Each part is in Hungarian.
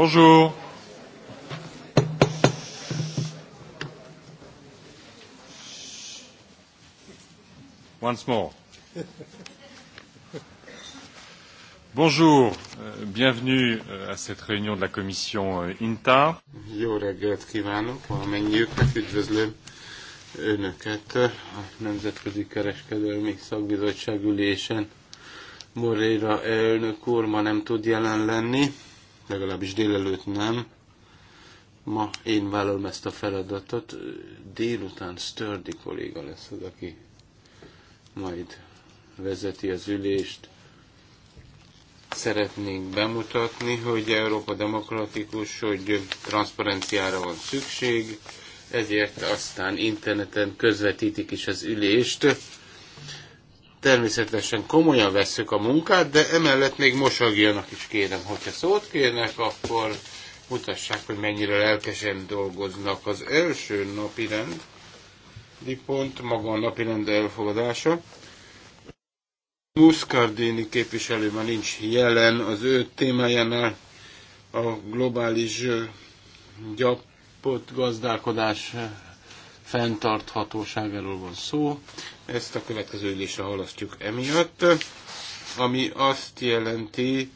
Bonjour. Once more. Bonjour, euh, bienvenue euh, à cette réunion de la commission euh, INTA. Jó reggelt kívánok, valamennyiüknek üdvözlöm Önöket a Nemzetközi Kereskedelmi Szakbizottság ülésen. Moreira elnök úr ma nem tud jelen lenni, legalábbis délelőtt nem. Ma én vállalom ezt a feladatot, délután Stördi kolléga lesz az, aki majd vezeti az ülést. Szeretnénk bemutatni, hogy Európa demokratikus, hogy transzparenciára van szükség, ezért aztán interneten közvetítik is az ülést Természetesen komolyan veszük a munkát, de emellett még mosagjanak is kérem, hogyha szót kérnek, akkor mutassák, hogy mennyire lelkesen dolgoznak. Az első napi rendi pont maga a napi rend elfogadása. Muscardini képviselő már nincs jelen az ő témájánál a globális gyapott gazdálkodás fenntarthatóságáról van szó. Ezt a következő ülésre halasztjuk emiatt, ami azt jelenti,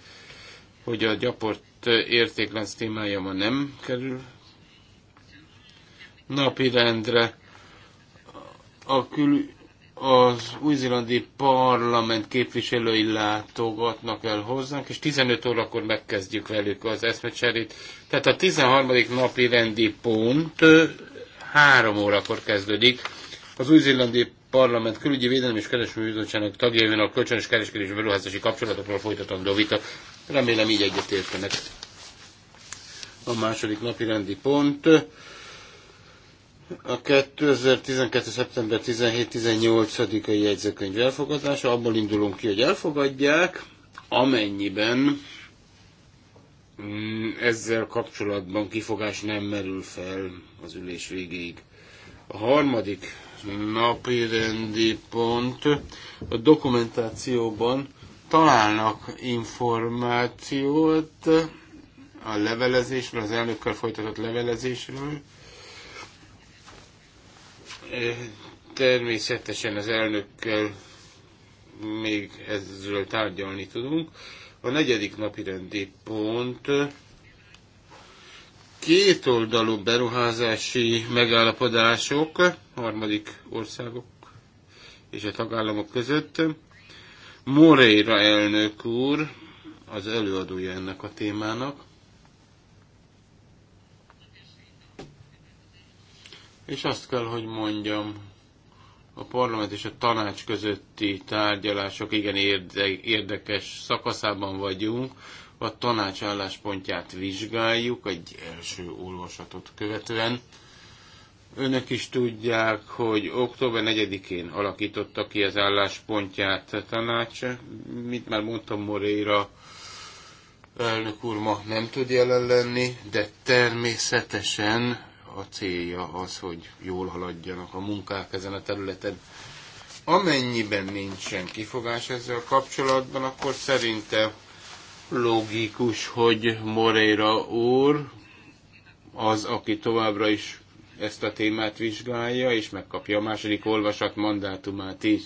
hogy a gyaport értéklánc témája ma nem kerül napirendre. A kül, az új-zélandi parlament képviselői látogatnak el hozzánk, és 15 órakor megkezdjük velük az eszmecserét. Tehát a 13. napi rendi pont három órakor kezdődik. Az új-zélandi parlament külügyi védelmi és kereskedelmi bizottságának tagjaival a kölcsönös kereskedés és beruházási kapcsolatokról folytatandó vita. Remélem így egyetértenek. A második napi rendi pont a 2012. szeptember 17-18-ai jegyzőkönyv elfogadása. Abból indulunk ki, hogy elfogadják, amennyiben Mm, ezzel kapcsolatban kifogás nem merül fel az ülés végéig. A harmadik napi rendi pont a dokumentációban találnak információt a levelezésről, az elnökkel folytatott levelezésről. E, természetesen az elnökkel még ezzel tárgyalni tudunk a negyedik napi rendi pont kétoldalú beruházási megállapodások harmadik országok és a tagállamok között. Moreira elnök úr az előadója ennek a témának. És azt kell, hogy mondjam, a parlament és a tanács közötti tárgyalások igen érdekes szakaszában vagyunk. A tanács álláspontját vizsgáljuk egy első olvasatot követően. Önök is tudják, hogy október 4-én alakította ki az álláspontját a tanács. Mint már mondtam, Moreira elnök úr ma nem tud jelen lenni, de természetesen a célja az, hogy jól haladjanak a munkák ezen a területen. Amennyiben nincsen kifogás ezzel kapcsolatban, akkor szerintem logikus, hogy Moreira úr az, aki továbbra is ezt a témát vizsgálja, és megkapja a második olvasat mandátumát is.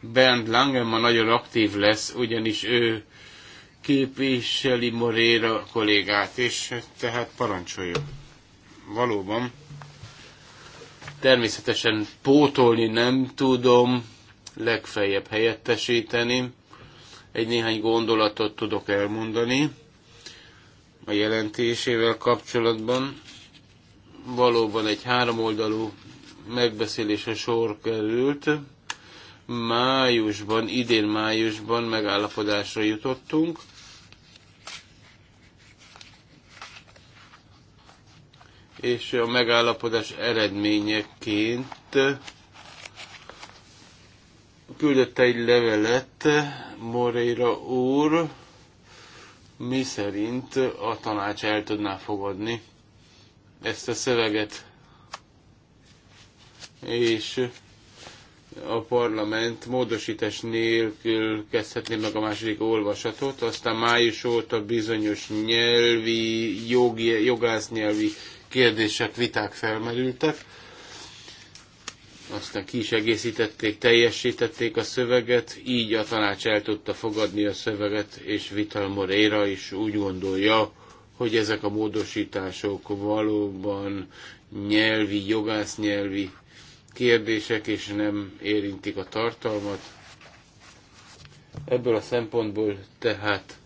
Bernd Lange ma nagyon aktív lesz, ugyanis ő képviseli Moréra kollégát, és tehát parancsoljon. Valóban. Természetesen pótolni nem tudom, legfeljebb helyettesíteni. Egy néhány gondolatot tudok elmondani a jelentésével kapcsolatban. Valóban egy háromoldalú megbeszélésre sor került, májusban, idén májusban megállapodásra jutottunk. És a megállapodás eredményeként küldött egy levelet Moreira úr, mi szerint a tanács el tudná fogadni ezt a szöveget. És a parlament módosítás nélkül kezdhetné meg a második olvasatot, aztán május óta bizonyos nyelvi, jogi, jogásznyelvi kérdések, viták felmerültek. Aztán ki is egészítették, teljesítették a szöveget, így a tanács el tudta fogadni a szöveget, és Vital Moreira is úgy gondolja, hogy ezek a módosítások valóban nyelvi, jogásznyelvi kérdések, és nem érintik a tartalmat. Ebből a szempontból tehát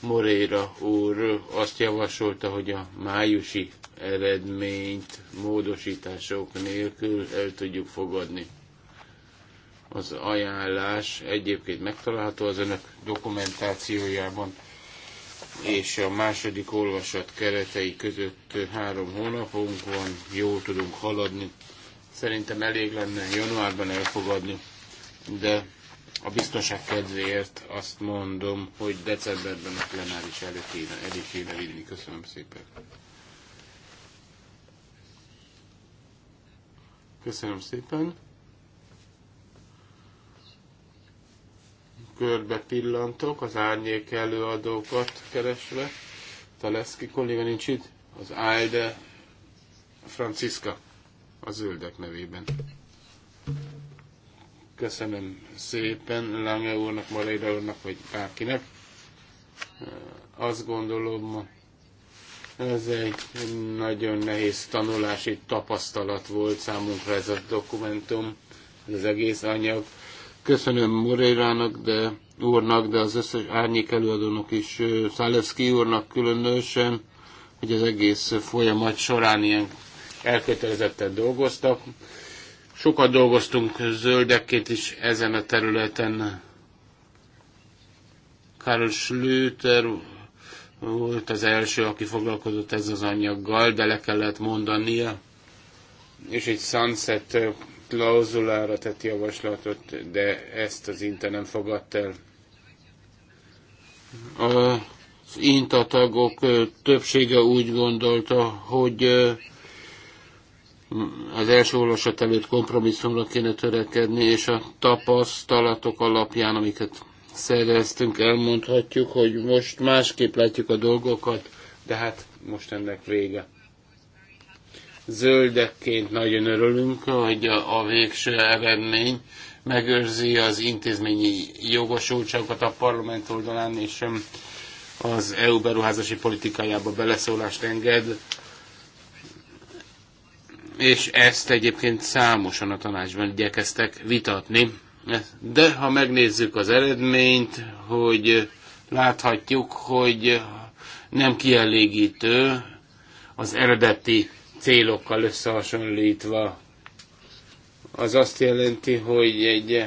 Moreira úr azt javasolta, hogy a májusi eredményt módosítások nélkül el tudjuk fogadni. Az ajánlás egyébként megtalálható az önök dokumentációjában, és a második olvasat keretei között három hónapunk van, jól tudunk haladni. Szerintem elég lenne januárban elfogadni, de a biztonság kedvéért azt mondom, hogy decemberben a plenáris előtt kéne, elé kéne vinni. Köszönöm szépen. Köszönöm szépen. Körbe pillantok az árnyék előadókat keresve. Taleszki kolléga nincs itt, az Ájde Franciszka a zöldek nevében. Köszönöm szépen Lange úrnak, Maréda úrnak, vagy bárkinek. Azt gondolom, ez egy nagyon nehéz tanulási tapasztalat volt számunkra ez a dokumentum, ez az egész anyag. Köszönöm Murérának, de úrnak, de az összes árnyék előadónak is, Szálevszki úrnak különösen, hogy az egész folyamat során ilyen elkötelezetten dolgoztak. Sokat dolgoztunk zöldekként is ezen a területen. Karl Schlüter volt az első, aki foglalkozott ez az anyaggal, de le kellett mondania, és egy sunset klauzulára tett javaslatot, de ezt az Inter nem fogadta el. Az Inta tagok többsége úgy gondolta, hogy az első olvasat előtt kompromisszumra kéne törekedni, és a tapasztalatok alapján, amiket szereztünk, elmondhatjuk, hogy most másképp látjuk a dolgokat, de hát most ennek vége. Zöldekként nagyon örülünk, hogy a, a végső eredmény megőrzi az intézményi jogosultságokat a parlament oldalán, és um, az EU beruházási politikájába beleszólást enged és ezt egyébként számosan a tanácsban igyekeztek vitatni. De ha megnézzük az eredményt, hogy láthatjuk, hogy nem kielégítő az eredeti célokkal összehasonlítva. Az azt jelenti, hogy egy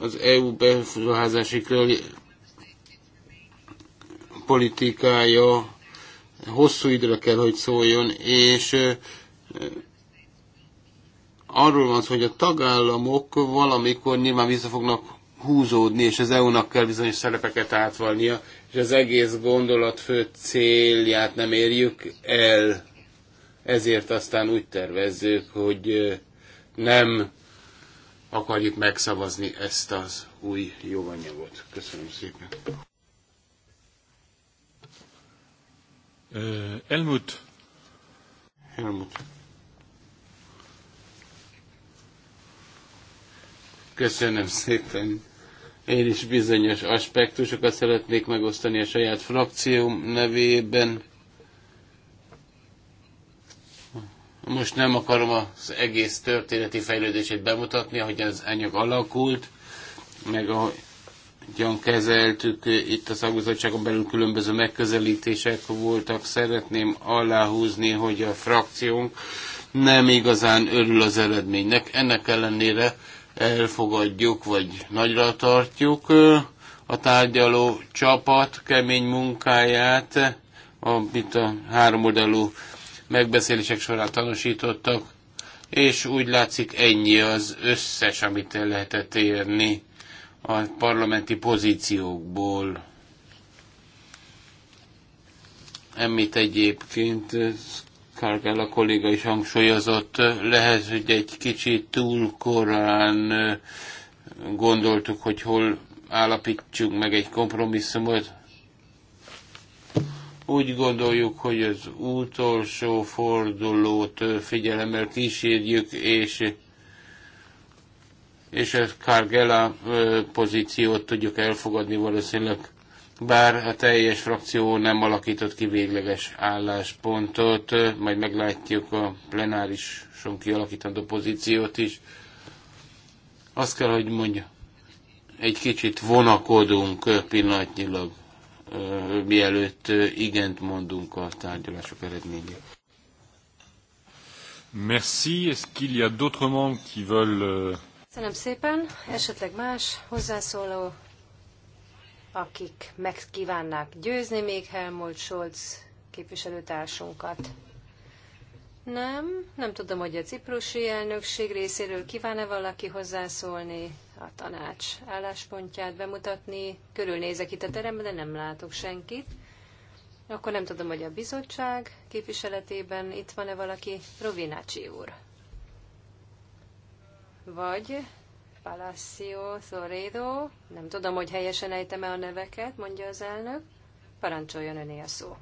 az EU beruházási politikája hosszú időre kell, hogy szóljon, és arról van szó, hogy a tagállamok valamikor nyilván vissza fognak húzódni, és az EU-nak kell bizonyos szerepeket átvalnia, és az egész gondolat fő célját nem érjük el. Ezért aztán úgy tervezzük, hogy nem akarjuk megszavazni ezt az új jóanyagot. Köszönöm szépen. Euh, Elmut. Helmut. Köszönöm szépen. Én is bizonyos aspektusokat szeretnék megosztani a saját frakcióm nevében. Most nem akarom az egész történeti fejlődését bemutatni, ahogy az anyag alakult, meg ahogy hogyan kezeltük. Itt a szakbizottságon belül különböző megközelítések voltak. Szeretném aláhúzni, hogy a frakciónk nem igazán örül az eredménynek. Ennek ellenére elfogadjuk, vagy nagyra tartjuk a tárgyaló csapat kemény munkáját, amit a háromoldalú megbeszélések során tanúsítottak, és úgy látszik ennyi az összes, amit el lehetett érni a parlamenti pozíciókból. Emmit egyébként Kárgál a kolléga is hangsúlyozott, lehet, hogy egy kicsit túl korán gondoltuk, hogy hol állapítsunk meg egy kompromisszumot. Úgy gondoljuk, hogy az utolsó fordulót figyelemmel kísérjük, és és a Kargela pozíciót tudjuk elfogadni valószínűleg, bár a teljes frakció nem alakított ki végleges álláspontot, majd meglátjuk a plenárison kialakítandó pozíciót is. Azt kell, hogy mondja, egy kicsit vonakodunk pillanatnyilag, mielőtt igent mondunk a tárgyalások eredményét. Merci. Est-ce qu'il y a d'autres membres qui veulent euh, Köszönöm szépen. Esetleg más hozzászóló, akik megkívánnák győzni még Helmut Scholz képviselőtársunkat. Nem, nem tudom, hogy a ciprusi elnökség részéről kíván-e valaki hozzászólni, a tanács álláspontját bemutatni. Körülnézek itt a teremben, de nem látok senkit. Akkor nem tudom, hogy a bizottság képviseletében itt van-e valaki. Rovinácsi úr vagy Palacio Zoredo, nem tudom, hogy helyesen ejtem-e a neveket, mondja az elnök, parancsoljon öné a szó.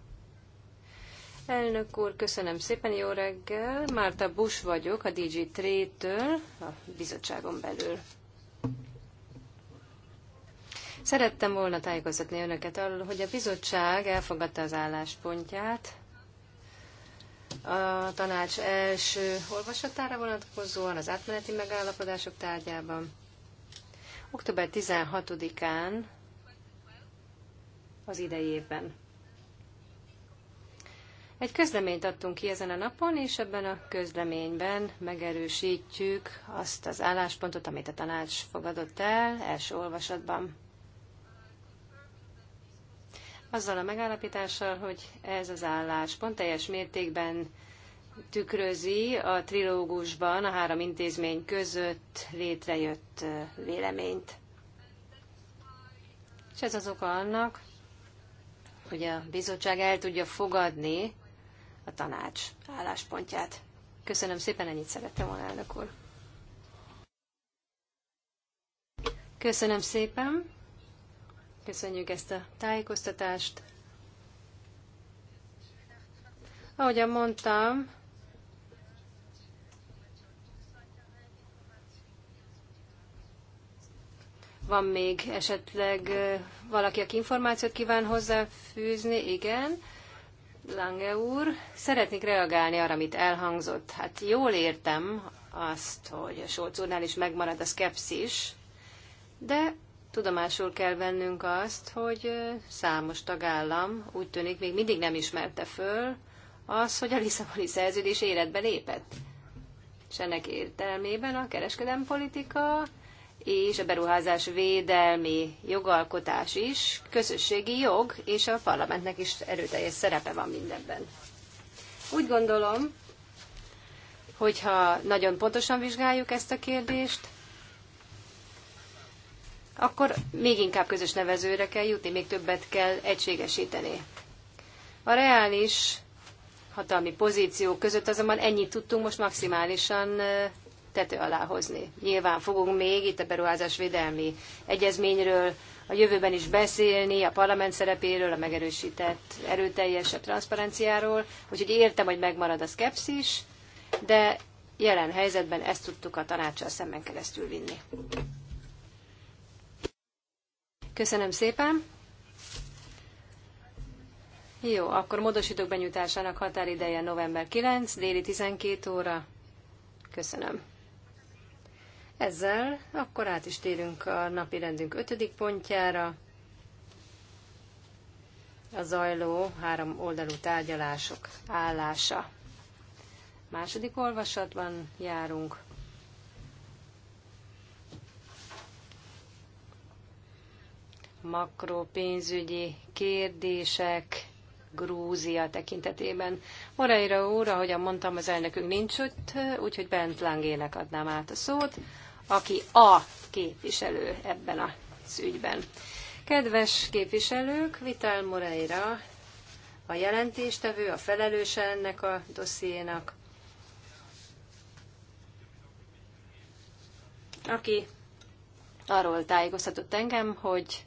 Elnök úr, köszönöm szépen, jó reggel. Márta Bush vagyok, a DG Trade-től, a bizottságon belül. Szerettem volna tájékoztatni önöket arról, hogy a bizottság elfogadta az álláspontját a tanács első olvasatára vonatkozóan az átmeneti megállapodások tárgyában. Október 16-án az idei évben. Egy közleményt adtunk ki ezen a napon, és ebben a közleményben megerősítjük azt az álláspontot, amit a tanács fogadott el első olvasatban azzal a megállapítással, hogy ez az álláspont teljes mértékben tükrözi a trilógusban a három intézmény között létrejött véleményt. És ez az oka annak, hogy a bizottság el tudja fogadni a tanács álláspontját. Köszönöm szépen, ennyit szerettem volna, elnök úr. Köszönöm szépen. Köszönjük ezt a tájékoztatást. Ahogyan mondtam, van még esetleg valaki, aki információt kíván hozzáfűzni? Igen. Lange úr, szeretnék reagálni arra, amit elhangzott. Hát jól értem azt, hogy a Solc úrnál is megmarad a szkepszis, de tudomásul kell vennünk azt, hogy számos tagállam úgy tűnik még mindig nem ismerte föl az, hogy a Lisszaboni szerződés életbe lépett. És ennek értelmében a kereskedelmpolitika és a beruházás védelmi jogalkotás is közösségi jog, és a parlamentnek is erőteljes szerepe van mindenben. Úgy gondolom, hogyha nagyon pontosan vizsgáljuk ezt a kérdést, akkor még inkább közös nevezőre kell jutni, még többet kell egységesíteni. A reális hatalmi pozíciók között azonban ennyit tudtunk most maximálisan tető alá hozni. Nyilván fogunk még itt a beruházás védelmi egyezményről a jövőben is beszélni, a parlament szerepéről, a megerősített, a transzparenciáról, úgyhogy értem, hogy megmarad a szkepszis, de jelen helyzetben ezt tudtuk a tanácssal szemben keresztül vinni. Köszönöm szépen. Jó, akkor módosítók benyújtásának határideje november 9, déli 12 óra. Köszönöm. Ezzel akkor át is térünk a napi rendünk ötödik pontjára, a zajló három oldalú tárgyalások állása. Második olvasatban járunk. makropénzügyi kérdések Grúzia tekintetében. Moreira úr, ahogy mondtam, az elnökünk nincs ott, úgyhogy Bent Langének adnám át a szót, aki a képviselő ebben a ügyben. Kedves képviselők, Vital Moreira a jelentéstevő, a felelőse ennek a dossziénak, aki arról tájékoztatott engem, hogy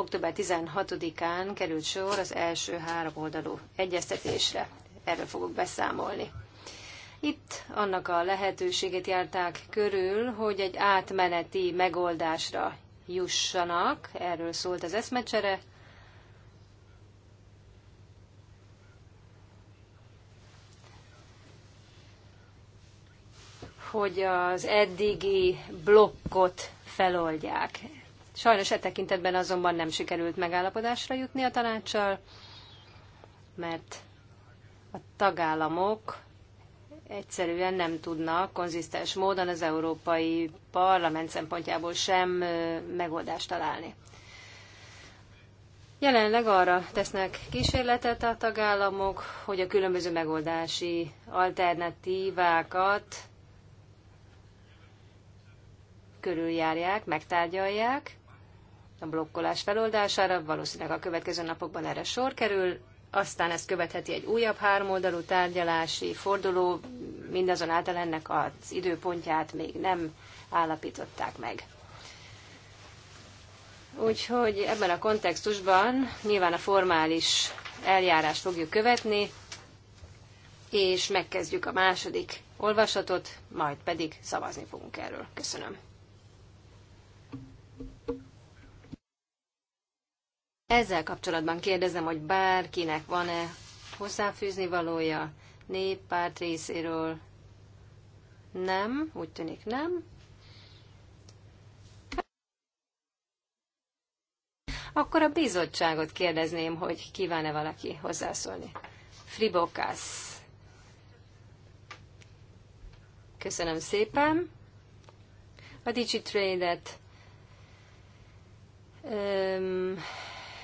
Október 16-án került sor az első három oldalú egyeztetésre. Erről fogok beszámolni. Itt annak a lehetőségét járták körül, hogy egy átmeneti megoldásra jussanak, erről szólt az eszmecsere, hogy az eddigi blokkot feloldják. Sajnos e tekintetben azonban nem sikerült megállapodásra jutni a tanácssal, mert a tagállamok egyszerűen nem tudnak konzisztens módon az Európai Parlament szempontjából sem megoldást találni. Jelenleg arra tesznek kísérletet a tagállamok, hogy a különböző megoldási alternatívákat körüljárják, megtárgyalják, a blokkolás feloldására, valószínűleg a következő napokban erre sor kerül, aztán ezt követheti egy újabb háromoldalú tárgyalási forduló, mindazonáltal ennek az időpontját még nem állapították meg. Úgyhogy ebben a kontextusban nyilván a formális eljárást fogjuk követni, és megkezdjük a második olvasatot, majd pedig szavazni fogunk erről. Köszönöm. Ezzel kapcsolatban kérdezem, hogy bárkinek van-e hozzáfűzni valója néppárt részéről. Nem, úgy tűnik nem. Akkor a bizottságot kérdezném, hogy kíván-e valaki hozzászólni. Fribokász. Köszönöm szépen. A DigiTrade-et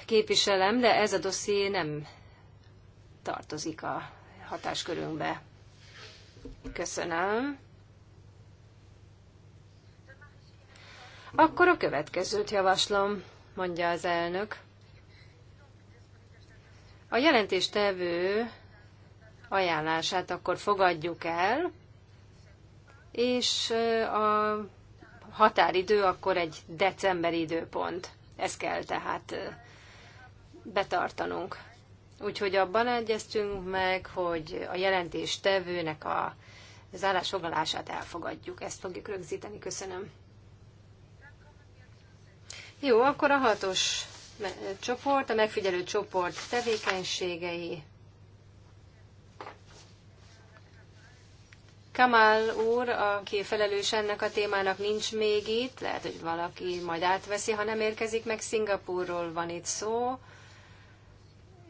képviselem, de ez a dosszié nem tartozik a hatáskörünkbe. Köszönöm. Akkor a következőt javaslom, mondja az elnök. A jelentéstevő ajánlását akkor fogadjuk el, és a határidő akkor egy decemberi időpont. Ez kell tehát betartanunk. Úgyhogy abban egyeztünk meg, hogy a jelentés tevőnek a, az állásfoglalását elfogadjuk. Ezt fogjuk rögzíteni. Köszönöm. Jó, akkor a hatos csoport, a megfigyelő csoport tevékenységei. Kamal úr, aki felelős ennek a témának, nincs még itt, lehet, hogy valaki majd átveszi, ha nem érkezik meg. Szingapúrról van itt szó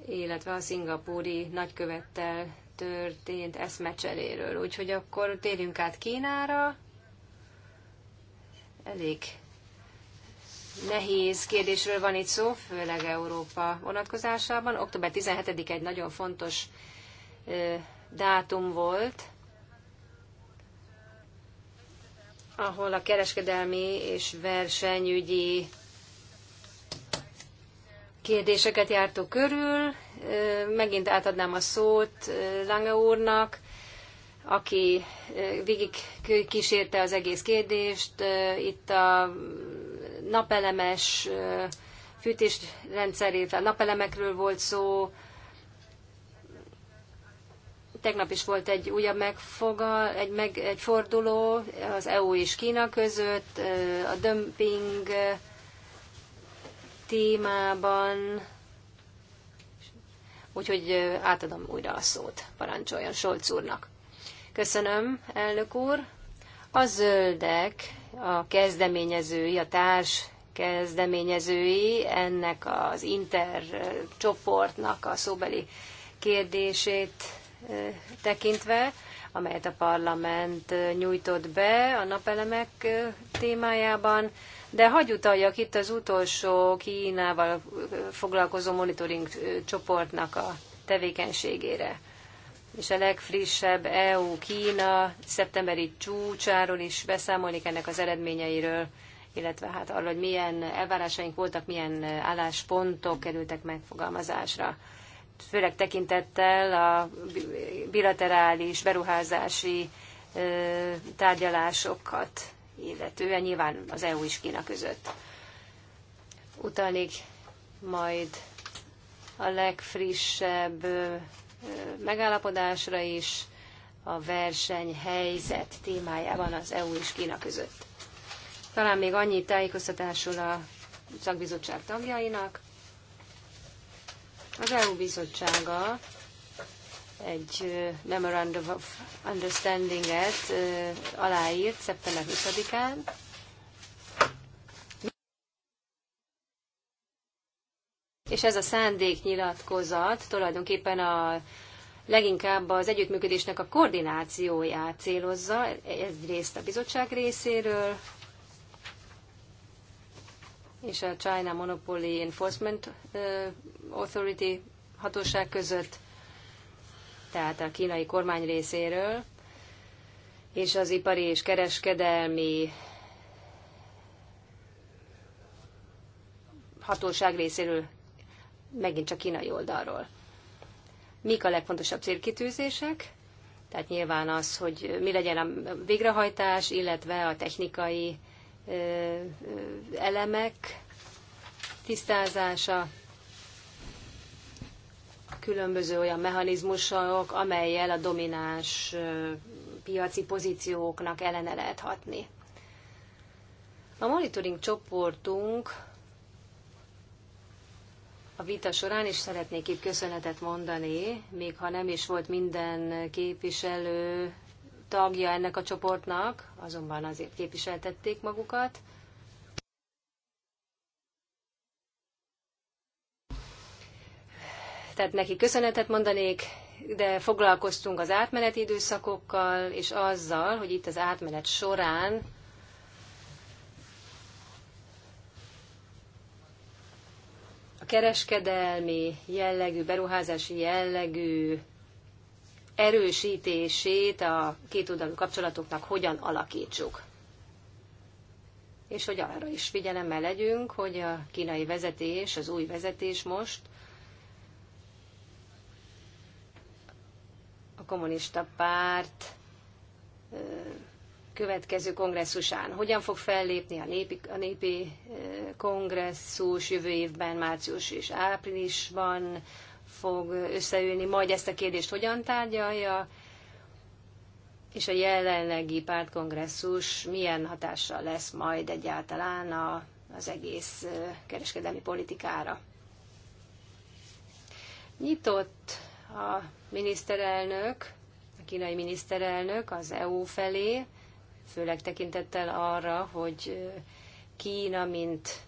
illetve a szingapúri nagykövettel történt eszmecseréről. Úgyhogy akkor térjünk át Kínára. Elég nehéz kérdésről van itt szó, főleg Európa vonatkozásában. Október 17 egy nagyon fontos ö, dátum volt, ahol a kereskedelmi és versenyügyi kérdéseket jártuk körül. Megint átadnám a szót Lange úrnak, aki végig kísérte az egész kérdést. Itt a napelemes fűtésrendszer, illetve napelemekről volt szó. Tegnap is volt egy újabb megfoga, egy, meg, egy forduló az EU és Kína között, a dömping témában, úgyhogy átadom újra a szót. Parancsoljon Solc úrnak. Köszönöm, elnök úr. A zöldek, a kezdeményezői, a társ kezdeményezői ennek az intercsoportnak a szóbeli kérdését tekintve, amelyet a parlament nyújtott be a napelemek témájában. De hagy utaljak itt az utolsó Kínával foglalkozó monitoring csoportnak a tevékenységére. És a legfrissebb EU-Kína szeptemberi csúcsáról is beszámolni ennek az eredményeiről, illetve hát arról, hogy milyen elvárásaink voltak, milyen álláspontok kerültek megfogalmazásra. Főleg tekintettel a bilaterális beruházási tárgyalásokat illetően nyilván az EU is Kína között. Utalnék majd a legfrissebb megállapodásra is a versenyhelyzet témájában az EU és Kína között. Talán még annyi tájékoztatásul a szakbizottság tagjainak. Az EU bizottsága egy Memorandum of Understanding-et aláírt szeptember 20-án. És ez a szándéknyilatkozat tulajdonképpen a leginkább az együttműködésnek a koordinációját célozza, egyrészt a bizottság részéről, és a China Monopoly Enforcement Authority hatóság között, tehát a kínai kormány részéről, és az ipari és kereskedelmi hatóság részéről, megint csak kínai oldalról. Mik a legfontosabb célkitűzések? Tehát nyilván az, hogy mi legyen a végrehajtás, illetve a technikai elemek tisztázása, különböző olyan mechanizmusok, amelyel a domináns piaci pozícióknak ellene lehet hatni. A monitoring csoportunk a vita során is szeretnék itt köszönetet mondani, még ha nem is volt minden képviselő tagja ennek a csoportnak, azonban azért képviseltették magukat. tehát neki köszönetet mondanék, de foglalkoztunk az átmeneti időszakokkal, és azzal, hogy itt az átmenet során a kereskedelmi jellegű, beruházási jellegű erősítését a kétoldalú kapcsolatoknak hogyan alakítsuk. És hogy arra is figyelemmel legyünk, hogy a kínai vezetés, az új vezetés most – kommunista párt következő kongresszusán. Hogyan fog fellépni a népi, a népi kongresszus jövő évben, március és áprilisban fog összeülni, majd ezt a kérdést hogyan tárgyalja, és a jelenlegi pártkongresszus milyen hatással lesz majd egyáltalán a, az egész kereskedelmi politikára. Nyitott a miniszterelnök, a kínai miniszterelnök az EU felé, főleg tekintettel arra, hogy Kína, mint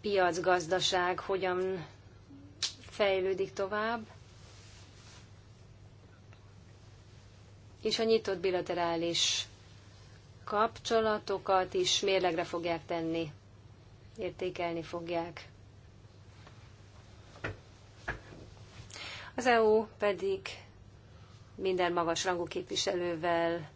piacgazdaság hogyan fejlődik tovább, és a nyitott bilaterális kapcsolatokat is mérlegre fogják tenni, értékelni fogják. Az EU pedig minden magas rangú képviselővel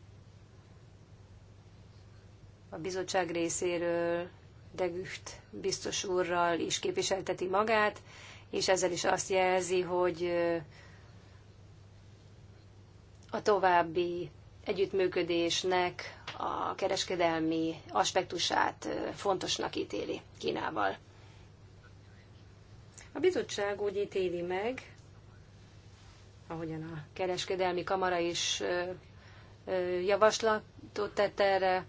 a bizottság részéről, de Gücht biztos úrral is képviselteti magát, és ezzel is azt jelzi, hogy a további együttműködésnek a kereskedelmi aspektusát fontosnak ítéli Kínával. A bizottság úgy ítéli meg, ahogyan a kereskedelmi kamara is javaslatot tett erre,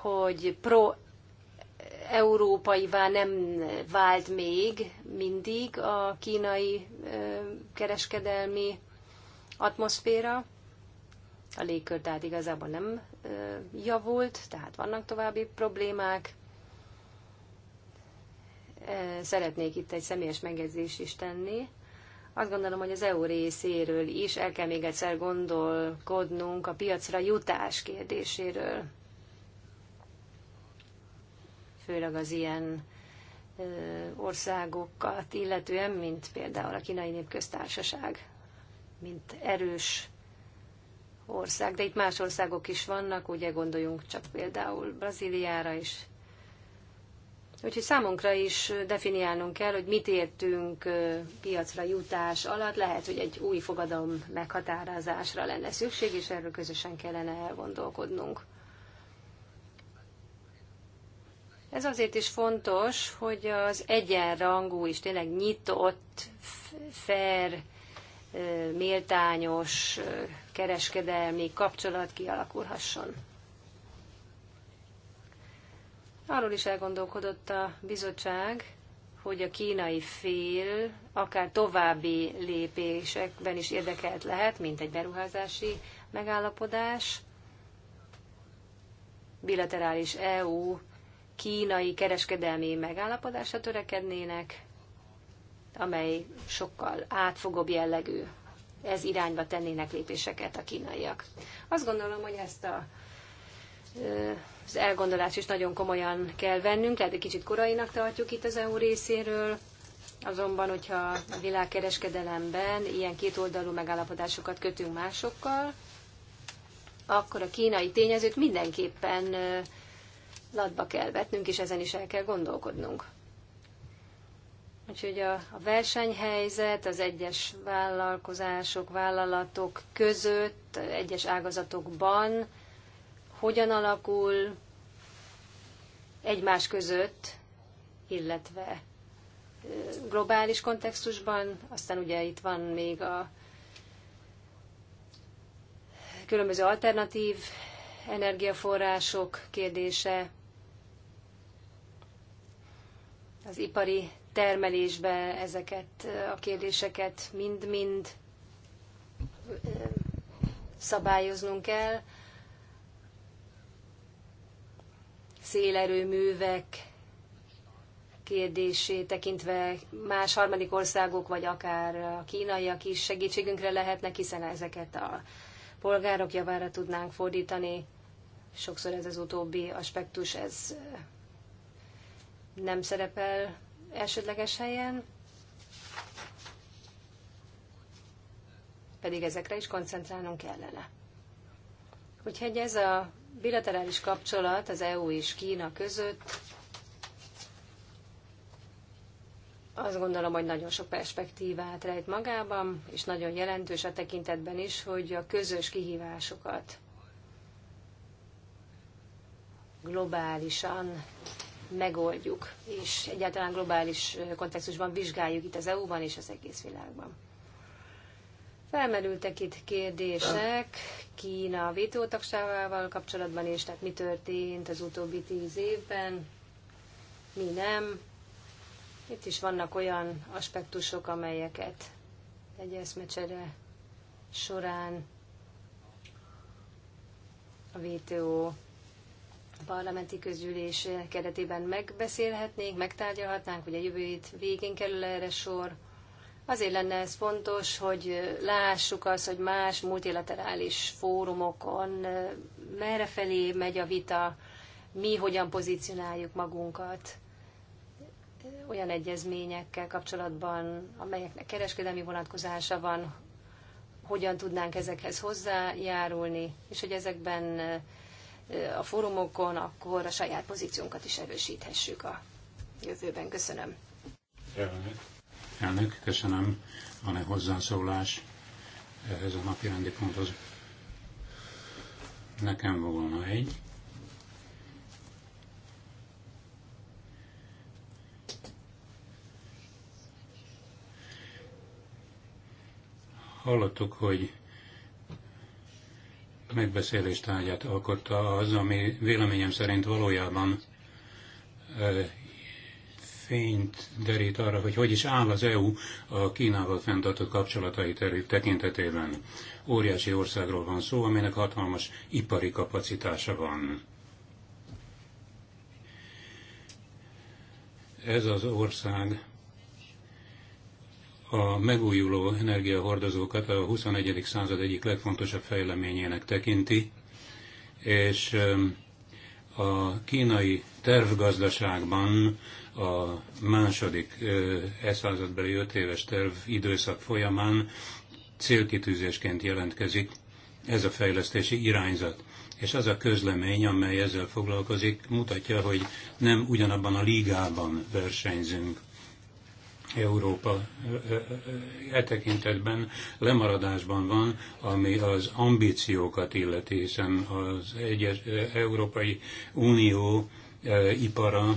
hogy pro európaivá nem vált még mindig a kínai kereskedelmi atmoszféra. A légkör tehát igazából nem javult, tehát vannak további problémák. Szeretnék itt egy személyes megjegyzést is tenni. Azt gondolom, hogy az EU részéről is el kell még egyszer gondolkodnunk a piacra jutás kérdéséről. Főleg az ilyen országokat illetően, mint például a kínai népköztársaság, mint erős ország. De itt más országok is vannak, ugye gondoljunk csak például Brazíliára is, Úgyhogy számunkra is definiálnunk kell, hogy mit értünk piacra jutás alatt. Lehet, hogy egy új fogadalom meghatározásra lenne szükség, és erről közösen kellene elgondolkodnunk. Ez azért is fontos, hogy az egyenrangú és tényleg nyitott, fair, méltányos kereskedelmi kapcsolat kialakulhasson. Arról is elgondolkodott a bizottság, hogy a kínai fél akár további lépésekben is érdekelt lehet, mint egy beruházási megállapodás, bilaterális EU kínai kereskedelmi megállapodásra törekednének, amely sokkal átfogóbb jellegű. Ez irányba tennének lépéseket a kínaiak. Azt gondolom, hogy ezt a az elgondolás is nagyon komolyan kell vennünk, lehet, egy kicsit korainak tartjuk itt az EU részéről, azonban, hogyha a világkereskedelemben ilyen kétoldalú megállapodásokat kötünk másokkal, akkor a kínai tényezőt mindenképpen latba kell vetnünk, és ezen is el kell gondolkodnunk. Úgyhogy a, a versenyhelyzet az egyes vállalkozások, vállalatok között, egyes ágazatokban hogyan alakul egymás között, illetve globális kontextusban. Aztán ugye itt van még a különböző alternatív energiaforrások kérdése, az ipari termelésbe ezeket a kérdéseket mind-mind szabályoznunk kell. szélerőművek kérdését tekintve más harmadik országok, vagy akár a kínaiak is segítségünkre lehetnek, hiszen ezeket a polgárok javára tudnánk fordítani. Sokszor ez az utóbbi aspektus, ez nem szerepel elsődleges helyen, pedig ezekre is koncentrálnunk kellene. Úgyhogy ez a bilaterális kapcsolat az EU és Kína között azt gondolom, hogy nagyon sok perspektívát rejt magában, és nagyon jelentős a tekintetben is, hogy a közös kihívásokat globálisan megoldjuk, és egyáltalán globális kontextusban vizsgáljuk itt az EU-ban és az egész világban. Felmerültek itt kérdések Kína vétótagsával kapcsolatban is, tehát mi történt az utóbbi tíz évben, mi nem. Itt is vannak olyan aspektusok, amelyeket egy eszmecsere során a VTO parlamenti közgyűlés keretében megbeszélhetnénk, megtárgyalhatnánk, ugye jövő hét végén kerül erre sor. Azért lenne ez fontos, hogy lássuk azt, hogy más multilaterális fórumokon eh, merre felé megy a vita, mi hogyan pozícionáljuk magunkat eh, olyan egyezményekkel kapcsolatban, amelyeknek kereskedelmi vonatkozása van, hogyan tudnánk ezekhez hozzájárulni, és hogy ezekben eh, a fórumokon akkor a saját pozíciónkat is erősíthessük a jövőben. Köszönöm. Köszönöm. Elnök, köszönöm. Van-e hozzászólás ehhez a napi rendi ponthoz? Nekem volna egy. Hallottuk, hogy megbeszélés tárgyát alkotta az, ami véleményem szerint valójában eh, fényt derít arra, hogy hogy is áll az EU a Kínával fenntartott kapcsolatai tekintetében. Óriási országról van szó, aminek hatalmas ipari kapacitása van. Ez az ország a megújuló energiahordozókat a 21. század egyik legfontosabb fejleményének tekinti, és a kínai tervgazdaságban a második eszázadbeli öt éves terv időszak folyamán célkitűzésként jelentkezik ez a fejlesztési irányzat. És az a közlemény, amely ezzel foglalkozik, mutatja, hogy nem ugyanabban a ligában versenyzünk. Európa e tekintetben lemaradásban van, ami az ambíciókat illeti, hiszen az egyes, Európai Unió e, ipara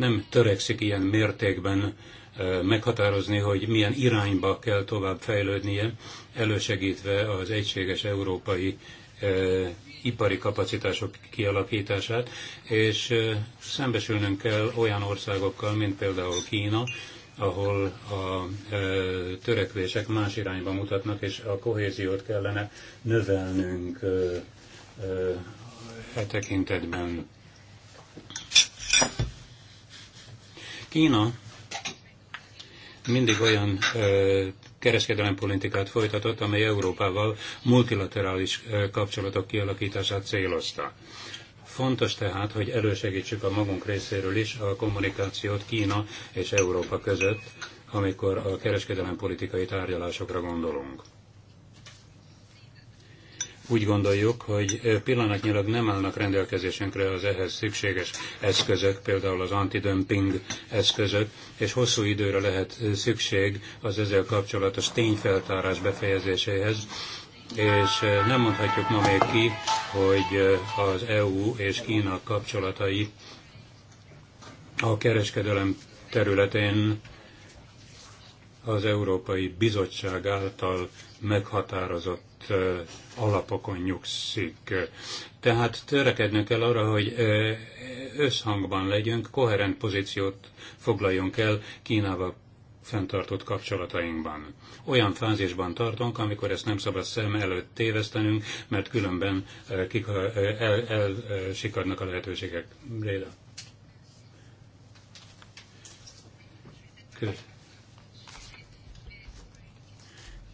nem törekszik ilyen mértékben meghatározni, hogy milyen irányba kell tovább fejlődnie, elősegítve az egységes európai ipari kapacitások kialakítását, és szembesülnünk kell olyan országokkal, mint például Kína, ahol a törekvések más irányba mutatnak, és a kohéziót kellene növelnünk e tekintetben. Kína mindig olyan ö, kereskedelmi politikát folytatott, amely Európával multilaterális ö, kapcsolatok kialakítását célozta. Fontos tehát, hogy elősegítsük a magunk részéről is a kommunikációt Kína és Európa között, amikor a kereskedelmi politikai tárgyalásokra gondolunk úgy gondoljuk, hogy pillanatnyilag nem állnak rendelkezésünkre az ehhez szükséges eszközök, például az antidömping eszközök, és hosszú időre lehet szükség az ezzel kapcsolatos tényfeltárás befejezéséhez, és nem mondhatjuk ma még ki, hogy az EU és Kína kapcsolatai a kereskedelem területén az Európai Bizottság által meghatározott alapokon nyugszik. Tehát törekednünk kell arra, hogy összhangban legyünk, koherent pozíciót foglaljunk el Kínával fenntartott kapcsolatainkban. Olyan fázisban tartunk, amikor ezt nem szabad szem előtt tévesztenünk, mert különben elsikadnak el, el, a lehetőségek. Réda. Köszönöm.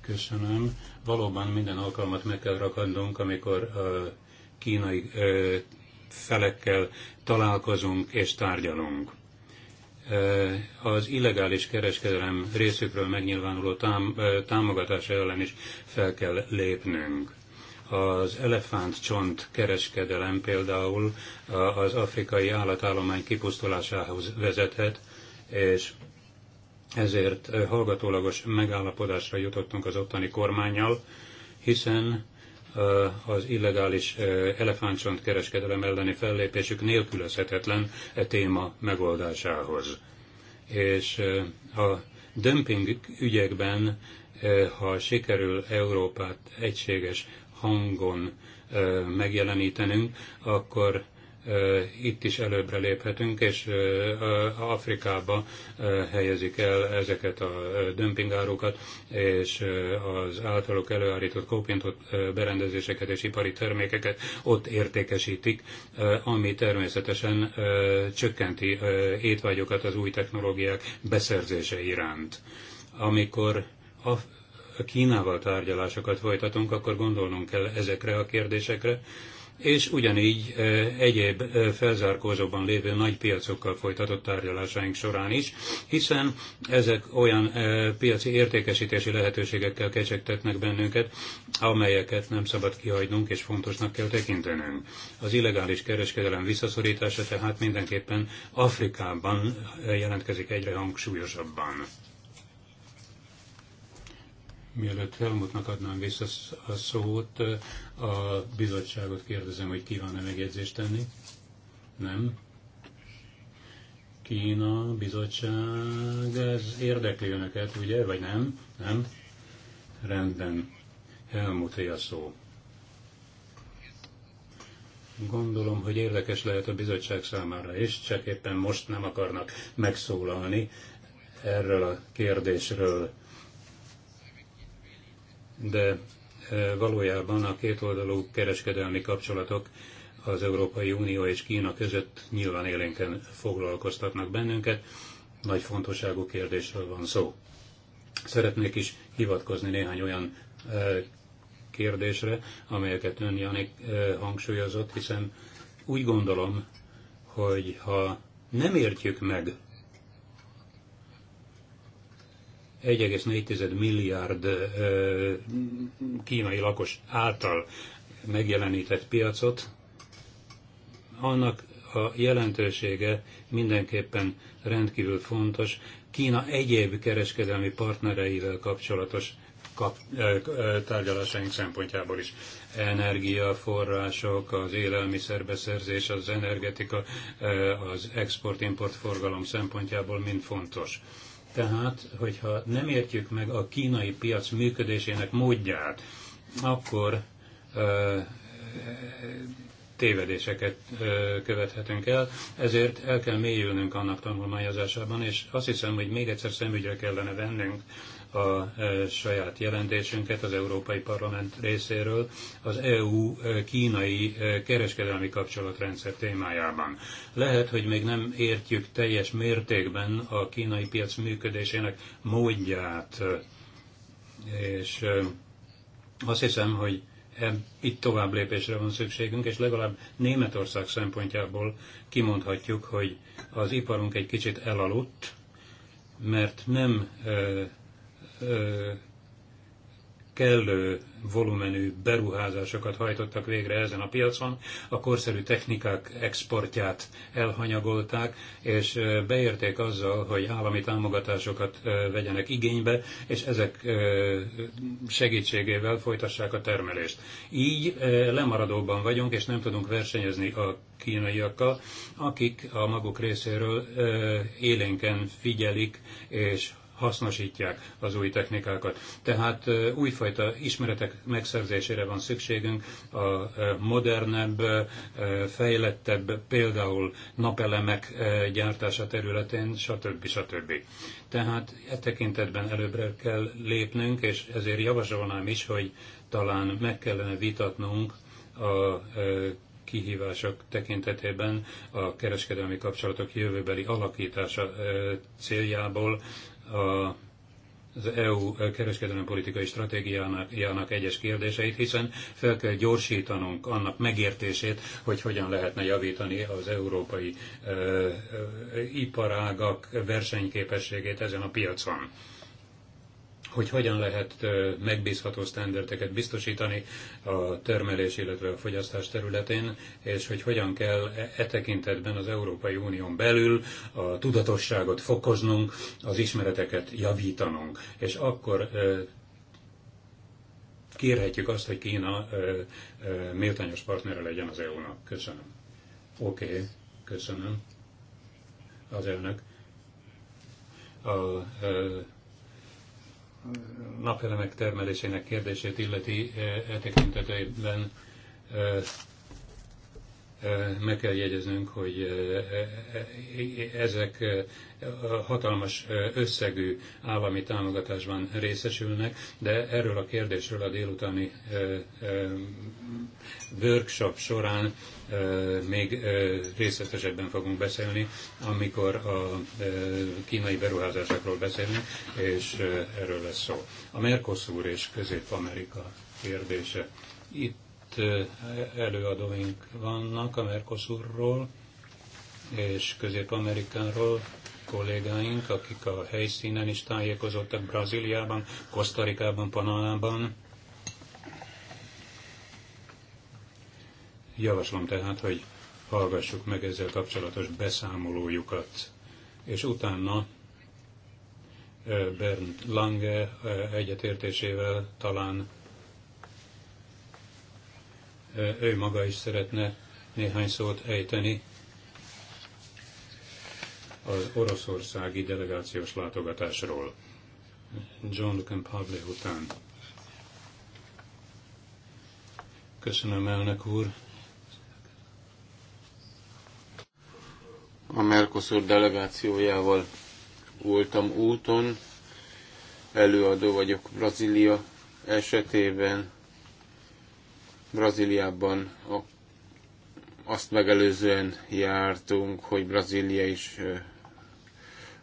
Köszönöm. Valóban minden alkalmat meg kell rakadnunk, amikor a kínai felekkel találkozunk és tárgyalunk. Az illegális kereskedelem részükről megnyilvánuló tám, támogatása ellen is fel kell lépnünk. Az elefántcsont kereskedelem például az afrikai állatállomány kipusztulásához vezethet, és ezért hallgatólagos megállapodásra jutottunk az ottani kormányjal, hiszen az illegális elefántcsont kereskedelem elleni fellépésük nélkülözhetetlen e téma megoldásához. És a dömping ügyekben, ha sikerül Európát egységes hangon megjelenítenünk, akkor itt is előbbre léphetünk, és Afrikába helyezik el ezeket a dömpingárukat, és az általuk előállított kópintott berendezéseket és ipari termékeket ott értékesítik, ami természetesen csökkenti étvágyokat az új technológiák beszerzése iránt. Amikor a Kínával tárgyalásokat folytatunk, akkor gondolnunk kell ezekre a kérdésekre, és ugyanígy egyéb felzárkózóban lévő nagy piacokkal folytatott tárgyalásaink során is, hiszen ezek olyan piaci értékesítési lehetőségekkel kecsegtetnek bennünket, amelyeket nem szabad kihagynunk és fontosnak kell tekintenünk. Az illegális kereskedelem visszaszorítása tehát mindenképpen Afrikában jelentkezik egyre hangsúlyosabban. Mielőtt Helmutnak adnám vissza a szót, a bizottságot kérdezem, hogy kíván-e megjegyzést tenni? Nem? Kína, bizottság, ez érdekli önöket, ugye, vagy nem? Nem? Rendben. Helmut a szó. Gondolom, hogy érdekes lehet a bizottság számára és csak éppen most nem akarnak megszólalni erről a kérdésről. De valójában a kétoldalú kereskedelmi kapcsolatok az Európai Unió és Kína között nyilván élénken foglalkoztatnak bennünket. Nagy fontosságú kérdésről van szó. Szeretnék is hivatkozni néhány olyan kérdésre, amelyeket ön Janik hangsúlyozott, hiszen úgy gondolom, hogy ha nem értjük meg 1,4 milliárd kínai lakos által megjelenített piacot, annak a jelentősége mindenképpen rendkívül fontos Kína egyéb kereskedelmi partnereivel kapcsolatos kap, ö, ö, tárgyalásaink szempontjából is. Energiaforrások, az élelmiszerbeszerzés, az energetika, ö, az export-import forgalom szempontjából mind fontos. Tehát, hogyha nem értjük meg a kínai piac működésének módját, akkor ö, tévedéseket ö, követhetünk el, ezért el kell mélyülnünk annak tanulmányozásában, és azt hiszem, hogy még egyszer szemügyre kellene vennünk a e, saját jelentésünket az Európai Parlament részéről az EU-kínai e, e, kereskedelmi kapcsolatrendszer témájában. Lehet, hogy még nem értjük teljes mértékben a kínai piac működésének módját, és azt hiszem, hogy itt tovább lépésre van szükségünk, és legalább Németország szempontjából kimondhatjuk, hogy az iparunk egy kicsit elaludt, mert nem kellő volumenű beruházásokat hajtottak végre ezen a piacon, a korszerű technikák exportját elhanyagolták, és beérték azzal, hogy állami támogatásokat vegyenek igénybe, és ezek segítségével folytassák a termelést. Így lemaradóban vagyunk, és nem tudunk versenyezni a kínaiakkal, akik a maguk részéről élénken figyelik és hasznosítják az új technikákat. Tehát újfajta ismeretek megszerzésére van szükségünk, a modernebb, fejlettebb, például napelemek gyártása területén, stb. stb. Tehát e tekintetben előbbre kell lépnünk, és ezért javasolnám is, hogy talán meg kellene vitatnunk a kihívások tekintetében a kereskedelmi kapcsolatok jövőbeli alakítása céljából a az EU kereskedelmi politikai stratégiának egyes kérdéseit, hiszen fel kell gyorsítanunk annak megértését, hogy hogyan lehetne javítani az európai e, e, iparágak versenyképességét ezen a piacon hogy hogyan lehet megbízható sztenderteket biztosítani a termelés, illetve a fogyasztás területén, és hogy hogyan kell e, e tekintetben az Európai Unión belül a tudatosságot fokoznunk, az ismereteket javítanunk. És akkor kérhetjük azt, hogy Kína méltányos partnere legyen az EU-nak. Köszönöm. Oké, okay, köszönöm. Az elnök. A, napelemek termelésének kérdését illeti e, e tekintetében e, meg kell jegyeznünk, hogy ezek hatalmas összegű állami támogatásban részesülnek, de erről a kérdésről a délutáni workshop során még részletesebben fogunk beszélni, amikor a kínai beruházásokról beszélünk, és erről lesz szó. A Mercosur és Közép-Amerika kérdése. Itt előadóink vannak a Mercosurról és Közép-Amerikáról kollégáink, akik a helyszínen is tájékozottak Brazíliában, Kosztarikában, Panamában. Javaslom tehát, hogy hallgassuk meg ezzel kapcsolatos beszámolójukat, és utána Bernd Lange egyetértésével talán ő maga is szeretne néhány szót ejteni az oroszországi delegációs látogatásról. John Campable után. Köszönöm, elnök úr. A Mercosur delegációjával voltam úton, előadó vagyok Brazília esetében, Brazíliában a, azt megelőzően jártunk, hogy Brazília és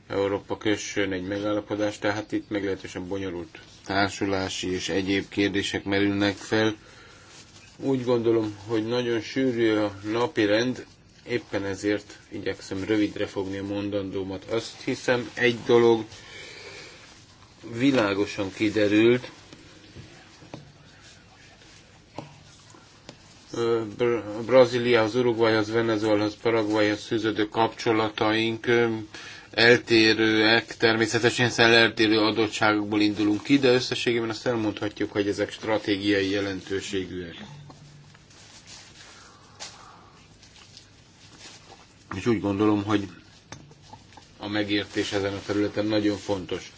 Európa kössön egy megállapodást, tehát itt meglehetősen bonyolult társulási és egyéb kérdések merülnek fel. Úgy gondolom, hogy nagyon sűrű a napi rend, éppen ezért igyekszem rövidre fogni a mondandómat. Azt hiszem, egy dolog világosan kiderült, Brazíliához, Uruguayhoz, Venezuelhoz, Paraguayhoz szűződő kapcsolataink eltérőek, természetesen hiszen eltérő adottságokból indulunk ki, de összességében azt elmondhatjuk, hogy ezek stratégiai jelentőségűek. És úgy gondolom, hogy a megértés ezen a területen nagyon fontos.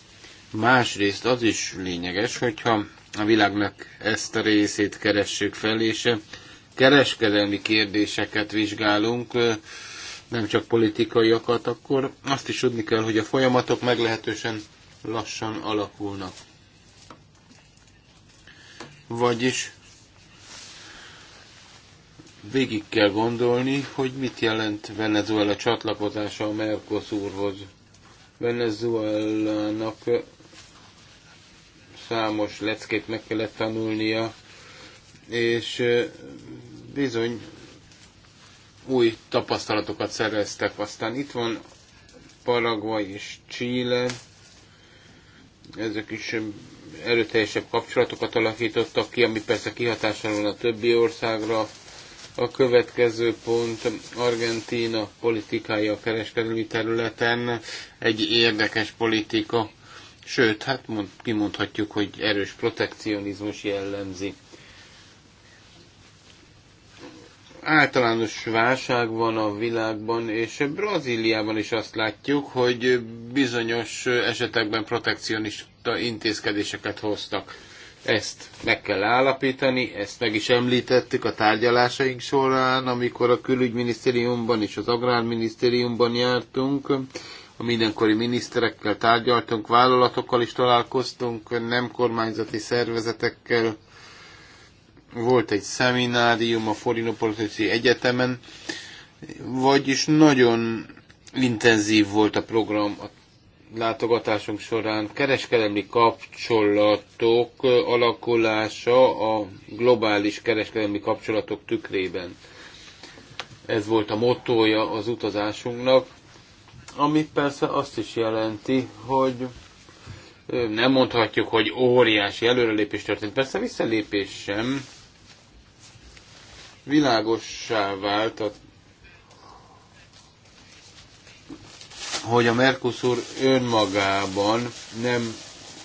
Másrészt az is lényeges, hogyha a világnak ezt a részét keressük fel, és kereskedelmi kérdéseket vizsgálunk, nem csak politikaiakat, akkor azt is tudni kell, hogy a folyamatok meglehetősen lassan alakulnak. Vagyis végig kell gondolni, hogy mit jelent Venezuela csatlakozása a Mercosurhoz. Venezuelának számos leckét meg kellett tanulnia, és bizony új tapasztalatokat szereztek. Aztán itt van Paraguay és Chile, ezek is erőteljesebb kapcsolatokat alakítottak ki, ami persze kihatással van a többi országra. A következő pont Argentína politikája a kereskedelmi területen egy érdekes politika, sőt, hát mond, kimondhatjuk, hogy erős protekcionizmus jellemzi általános válság van a világban, és Brazíliában is azt látjuk, hogy bizonyos esetekben protekcionista intézkedéseket hoztak. Ezt meg kell állapítani, ezt meg is említettük a tárgyalásaink során, amikor a külügyminisztériumban és az agrárminisztériumban jártunk, a mindenkori miniszterekkel tárgyaltunk, vállalatokkal is találkoztunk, nem kormányzati szervezetekkel, volt egy szeminárium a Forinopolitici Egyetemen, vagyis nagyon intenzív volt a program a látogatásunk során. Kereskedelmi kapcsolatok alakulása a globális kereskedelmi kapcsolatok tükrében. Ez volt a motója az utazásunknak, ami persze azt is jelenti, hogy nem mondhatjuk, hogy óriási előrelépés történt. Persze visszalépés sem, világossá vált, hogy a Merkuszur önmagában nem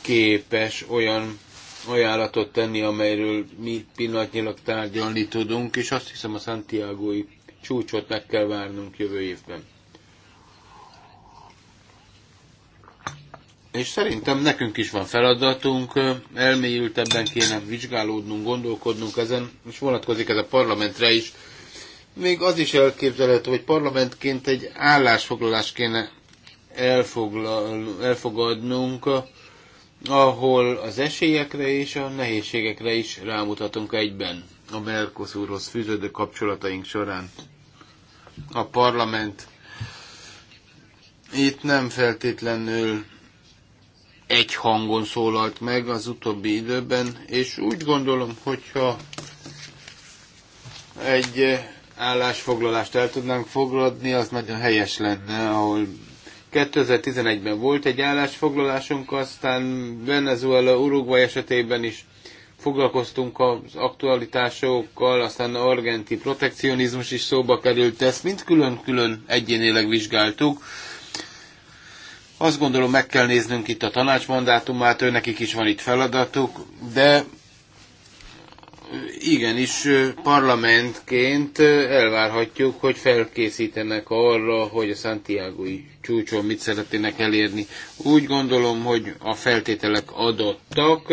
képes olyan ajánlatot tenni, amelyről mi pillanatnyilag tárgyalni tudunk, és azt hiszem a Santiago-i csúcsot meg kell várnunk jövő évben. És szerintem nekünk is van feladatunk, ebben kéne vizsgálódnunk, gondolkodnunk ezen, és vonatkozik ez a parlamentre is. Még az is elképzelhető, hogy parlamentként egy állásfoglalást kéne elfoglal, elfogadnunk, ahol az esélyekre és a nehézségekre is rámutatunk egyben a Mercosurhoz fűződő kapcsolataink során. A parlament itt nem feltétlenül egy hangon szólalt meg az utóbbi időben, és úgy gondolom, hogyha egy állásfoglalást el tudnánk foglalni, az nagyon helyes lenne, ahol 2011-ben volt egy állásfoglalásunk, aztán Venezuela, Uruguay esetében is foglalkoztunk az aktualitásokkal, aztán argenti protekcionizmus is szóba került, ezt mind külön-külön egyénileg vizsgáltuk, azt gondolom meg kell néznünk itt a tanácsmandátumát, őnekik is van itt feladatuk, de igenis parlamentként elvárhatjuk, hogy felkészítenek arra, hogy a Santiago-i csúcson mit szeretnének elérni. Úgy gondolom, hogy a feltételek adottak.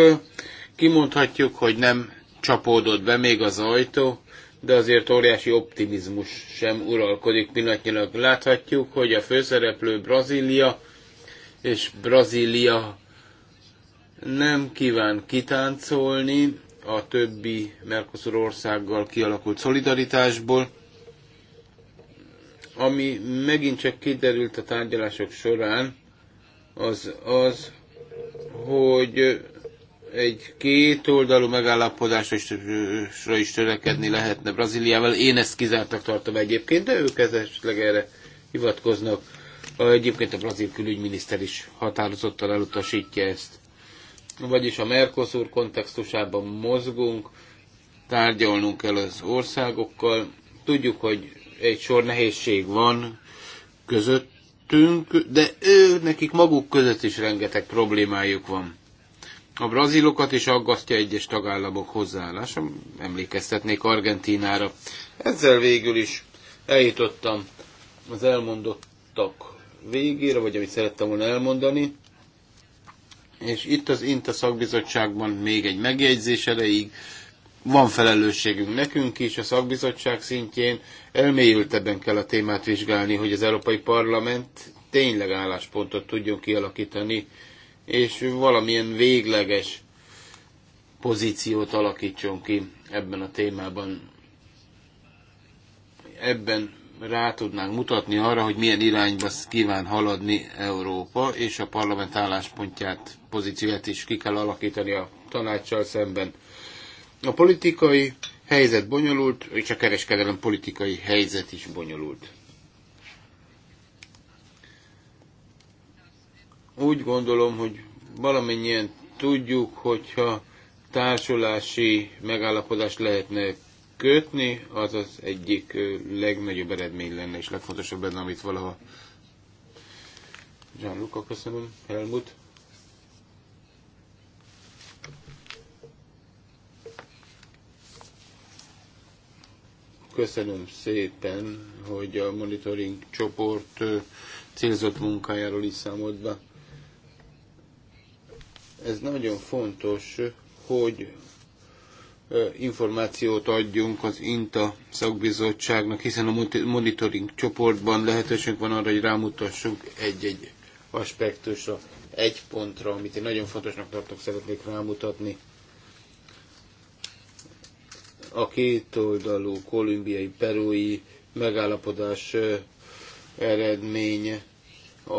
Kimondhatjuk, hogy nem csapódott be még az ajtó, de azért óriási optimizmus sem uralkodik pillanatnyilag. Láthatjuk, hogy a főszereplő Brazília és Brazília nem kíván kitáncolni a többi Mercosur országgal kialakult szolidaritásból, ami megint csak kiderült a tárgyalások során, az az, hogy egy kétoldalú megállapodásra is, is törekedni lehetne Brazíliával. Én ezt kizártak tartom egyébként, de ők esetleg erre hivatkoznak. Egyébként a brazil külügyminiszter is határozottan elutasítja ezt. Vagyis a Mercosur kontextusában mozgunk, tárgyalnunk kell az országokkal. Tudjuk, hogy egy sor nehézség van közöttünk, de ő, nekik maguk között is rengeteg problémájuk van. A brazilokat is aggasztja egyes tagállamok hozzáállása, emlékeztetnék Argentinára. Ezzel végül is eljutottam az elmondottak végére, vagy amit szerettem volna elmondani. És itt az INTA szakbizottságban még egy megjegyzés elejéig van felelősségünk nekünk is, a szakbizottság szintjén elmélyültebben kell a témát vizsgálni, hogy az Európai Parlament tényleg álláspontot tudjon kialakítani, és valamilyen végleges pozíciót alakítson ki ebben a témában. Ebben rá tudnánk mutatni arra, hogy milyen irányba kíván haladni Európa, és a parlament álláspontját, pozícióját is ki kell alakítani a tanácssal szemben. A politikai helyzet bonyolult, és a kereskedelem politikai helyzet is bonyolult. Úgy gondolom, hogy valamennyien tudjuk, hogyha társulási megállapodást lehetne kötni, az az egyik legnagyobb eredmény lenne, és legfontosabb lenne, amit valaha Gianluca, köszönöm, Helmut. Köszönöm szépen, hogy a monitoring csoport célzott munkájáról is számolt be. Ez nagyon fontos, hogy információt adjunk az INTA szakbizottságnak, hiszen a monitoring csoportban lehetőségünk van arra, hogy rámutassunk egy-egy aspektusra, egy pontra, amit én nagyon fontosnak tartok, szeretnék rámutatni. A kétoldalú kolumbiai, perui megállapodás eredménye, a,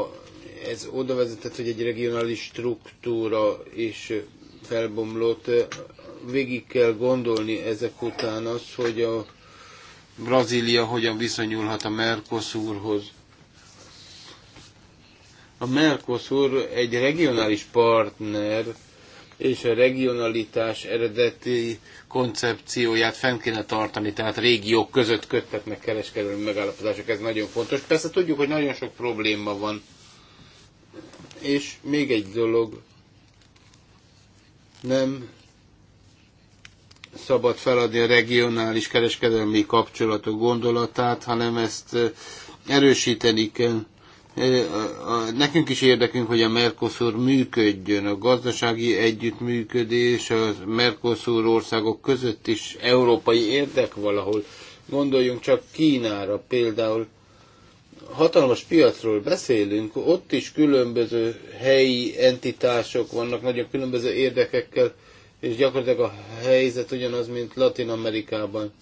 ez oda vezetett, hogy egy regionális struktúra is felbomlott, végig kell gondolni ezek után az, hogy a Brazília hogyan viszonyulhat a Mercosurhoz. A Mercosur egy regionális partner, és a regionalitás eredeti koncepcióját fenn kéne tartani, tehát régiók között köttetnek kereskedelmi megállapodások, ez nagyon fontos. Persze tudjuk, hogy nagyon sok probléma van. És még egy dolog, nem szabad feladni a regionális kereskedelmi kapcsolatok gondolatát, hanem ezt erősíteni kell. Nekünk is érdekünk, hogy a Mercosur működjön. A gazdasági együttműködés a Mercosur országok között is európai érdek valahol. Gondoljunk csak Kínára például. Hatalmas piacról beszélünk, ott is különböző helyi entitások vannak, nagyon különböző érdekekkel és gyakorlatilag a helyzet ugyanaz, mint Latin Amerikában.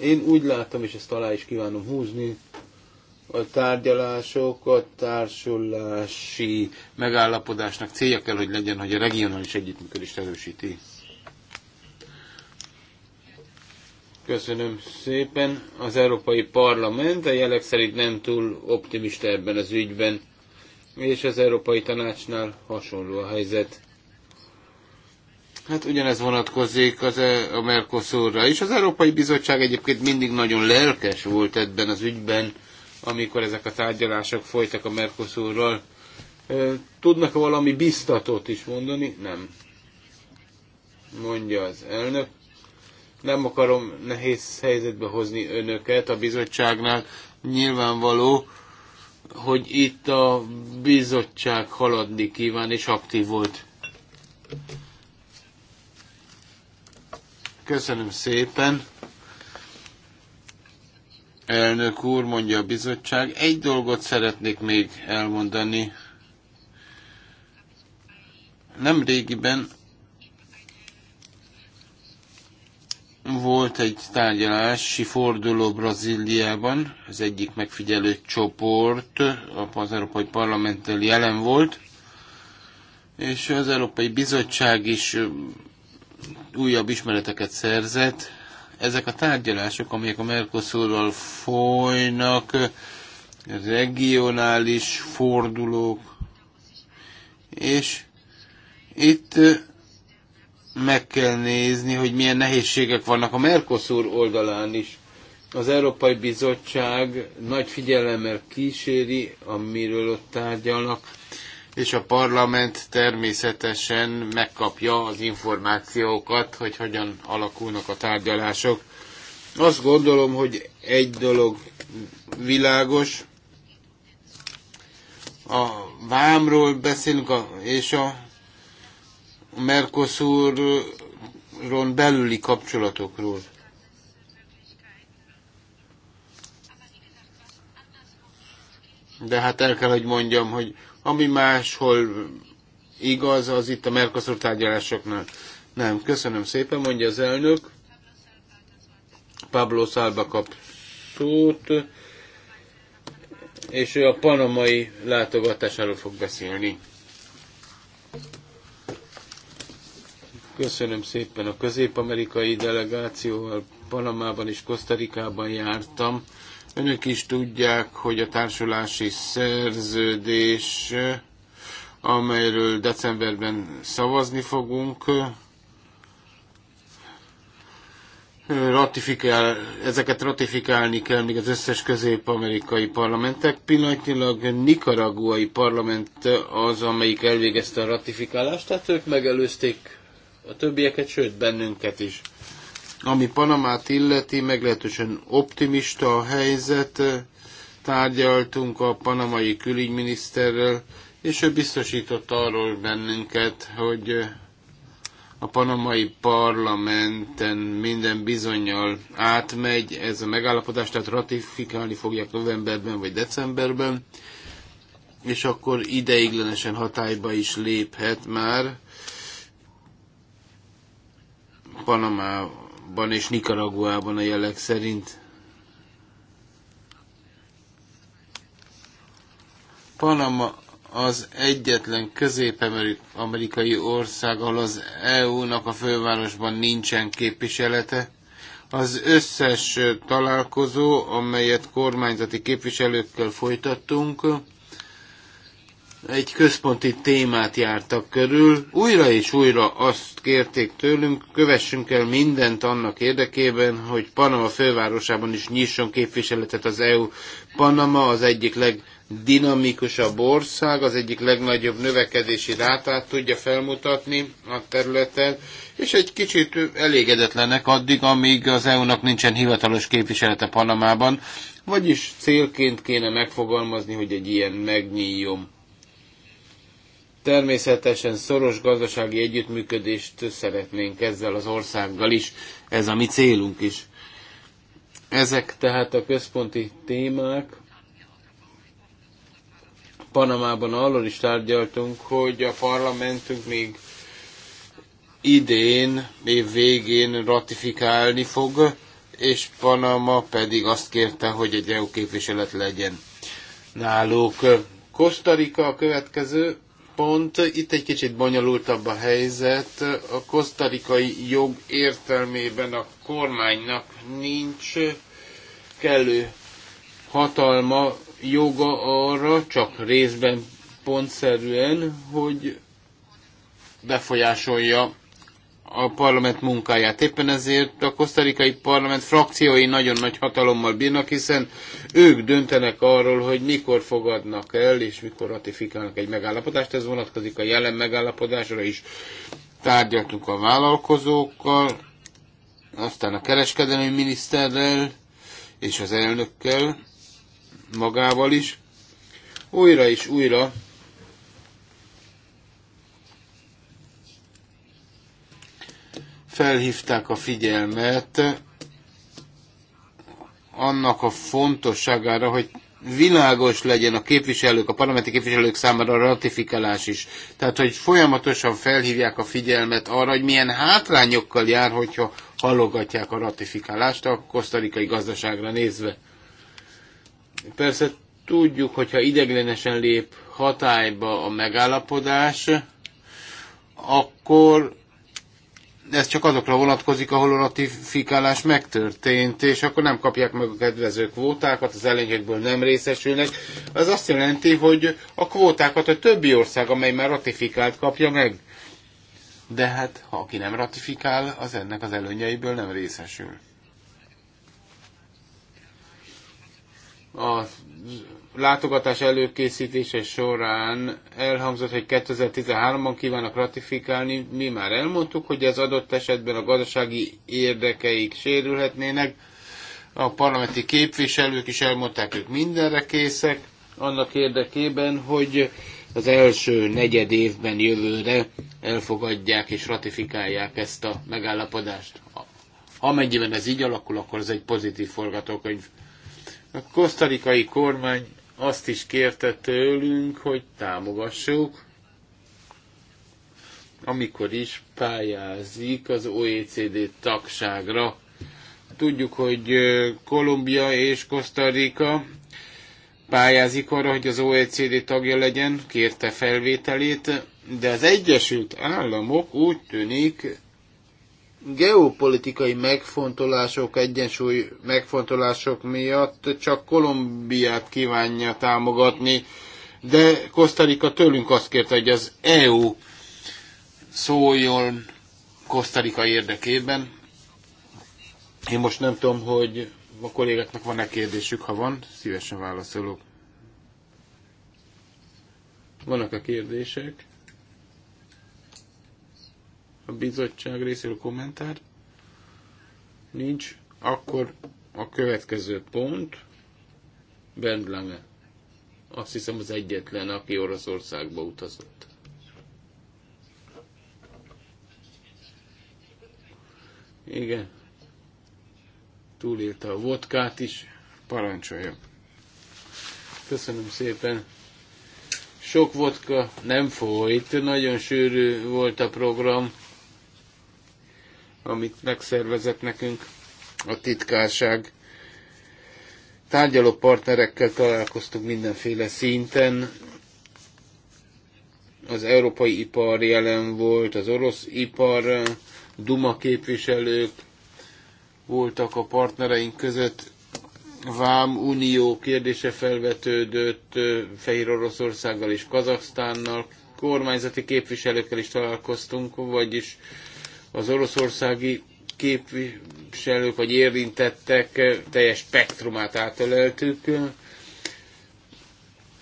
Én úgy látom, és ezt alá is kívánom húzni, a tárgyalások a társulási megállapodásnak célja kell, hogy legyen, hogy a regionális együttműködést erősíti. Köszönöm szépen. Az Európai Parlament a jelek szerint nem túl optimista ebben az ügyben, és az Európai Tanácsnál hasonló a helyzet. Hát ugyanez vonatkozik az, e- a Mercosurra is. Az Európai Bizottság egyébként mindig nagyon lelkes volt ebben az ügyben, amikor ezek a tárgyalások folytak a Mercosurral. Tudnak valami biztatót is mondani? Nem. Mondja az elnök. Nem akarom nehéz helyzetbe hozni önöket a bizottságnál. Nyilvánvaló, hogy itt a bizottság haladni kíván, és aktív volt. Köszönöm szépen. Elnök úr, mondja a bizottság. Egy dolgot szeretnék még elmondani. Nem régiben volt egy tárgyalási forduló Brazíliában, az egyik megfigyelő csoport az Európai Parlamenttel jelen volt, és az Európai Bizottság is újabb ismereteket szerzett. Ezek a tárgyalások, amelyek a Mercosurral folynak, regionális fordulók, és itt meg kell nézni, hogy milyen nehézségek vannak a Mercosur oldalán is. Az Európai Bizottság nagy figyelemmel kíséri, amiről ott tárgyalnak, és a parlament természetesen megkapja az információkat, hogy hogyan alakulnak a tárgyalások. Azt gondolom, hogy egy dolog világos, a vámról beszélünk, a, és a Mercosuron belüli kapcsolatokról. De hát el kell, hogy mondjam, hogy ami máshol igaz, az itt a Mercosur tárgyalásoknál. Nem, köszönöm szépen, mondja az elnök. Pablo Szálba kap szót, és ő a panamai látogatásáról fog beszélni. Köszönöm szépen a közép-amerikai delegációval, Panamában és Kosztarikában jártam, Önök is tudják, hogy a társulási szerződés, amelyről decemberben szavazni fogunk, ratifikál, ezeket ratifikálni kell még az összes közép-amerikai parlamentek. Pillanatilag nikaraguai parlament az, amelyik elvégezte a ratifikálást, tehát ők megelőzték a többieket, sőt bennünket is. Ami Panamát illeti, meglehetősen optimista a helyzet. Tárgyaltunk a panamai külügyminiszterrel, és ő biztosított arról bennünket, hogy a panamai parlamenten minden bizonyal átmegy ez a megállapodás, tehát ratifikálni fogják novemberben vagy decemberben, és akkor ideiglenesen hatályba is léphet már. Panama. Venezuelában és Nicaraguában a jelek szerint. Panama az egyetlen közép-amerikai ország, ahol az EU-nak a fővárosban nincsen képviselete. Az összes találkozó, amelyet kormányzati képviselőkkel folytattunk, egy központi témát jártak körül. Újra és újra azt kérték tőlünk, kövessünk el mindent annak érdekében, hogy Panama fővárosában is nyisson képviseletet az EU. Panama az egyik legdinamikusabb ország, az egyik legnagyobb növekedési rátát tudja felmutatni a területen, és egy kicsit elégedetlenek addig, amíg az EU-nak nincsen hivatalos képviselete Panamában, vagyis célként kéne megfogalmazni, hogy egy ilyen megnyíljon Természetesen szoros gazdasági együttműködést szeretnénk ezzel az országgal is, ez a mi célunk is. Ezek tehát a központi témák. Panamában arról is tárgyaltunk, hogy a parlamentünk még idén, év végén ratifikálni fog, és Panama pedig azt kérte, hogy egy EU képviselet legyen náluk. Kosztarika a következő, pont. Itt egy kicsit bonyolultabb a helyzet. A kosztarikai jog értelmében a kormánynak nincs kellő hatalma, joga arra, csak részben pontszerűen, hogy befolyásolja a parlament munkáját. Éppen ezért a kosztarikai parlament frakciói nagyon nagy hatalommal bírnak, hiszen ők döntenek arról, hogy mikor fogadnak el és mikor ratifikálnak egy megállapodást. Ez vonatkozik a jelen megállapodásra is. Tárgyaltunk a vállalkozókkal, aztán a kereskedelmi miniszterrel és az elnökkel magával is. Újra és újra felhívták a figyelmet annak a fontosságára, hogy világos legyen a képviselők, a parlamenti képviselők számára a ratifikálás is. Tehát, hogy folyamatosan felhívják a figyelmet arra, hogy milyen hátrányokkal jár, hogyha halogatják a ratifikálást a kosztarikai gazdaságra nézve. Persze tudjuk, hogyha ideglenesen lép hatályba a megállapodás, akkor ez csak azokra vonatkozik, ahol a ratifikálás megtörtént, és akkor nem kapják meg a kedvező kvótákat, az elényekből nem részesülnek. Ez azt jelenti, hogy a kvótákat a többi ország, amely már ratifikált, kapja meg. De hát, ha aki nem ratifikál, az ennek az előnyeiből nem részesül. A látogatás előkészítése során elhangzott, hogy 2013-ban kívánnak ratifikálni. Mi már elmondtuk, hogy ez adott esetben a gazdasági érdekeik sérülhetnének. A parlamenti képviselők is elmondták, ők mindenre készek annak érdekében, hogy az első negyed évben jövőre elfogadják és ratifikálják ezt a megállapodást. Amennyiben ez így alakul, akkor ez egy pozitív forgatókönyv. A kosztarikai kormány azt is kérte tőlünk, hogy támogassuk, amikor is pályázik az OECD tagságra. Tudjuk, hogy Kolumbia és Costa Rica pályázik arra, hogy az OECD tagja legyen, kérte felvételét, de az Egyesült Államok úgy tűnik geopolitikai megfontolások, egyensúly megfontolások miatt csak Kolumbiát kívánja támogatni, de Kosztarika tőlünk azt kérte, hogy az EU szóljon Kosztarika érdekében. Én most nem tudom, hogy a kollégáknak van-e kérdésük, ha van, szívesen válaszolok. Vannak a kérdések? a bizottság részéről kommentár? Nincs. Akkor a következő pont, Bernd Lange. Azt hiszem az egyetlen, aki Oroszországba utazott. Igen. Túlélte a vodkát is. Parancsolja. Köszönöm szépen. Sok vodka nem folyt, nagyon sűrű volt a program amit megszervezett nekünk a titkárság. Tárgyaló partnerekkel találkoztuk mindenféle szinten. Az európai ipar jelen volt, az orosz ipar, Duma képviselők voltak a partnereink között. Vám Unió kérdése felvetődött Fehér Oroszországgal és Kazaksztánnal, kormányzati képviselőkkel is találkoztunk, vagyis az oroszországi képviselők vagy érintettek teljes spektrumát átöleltük.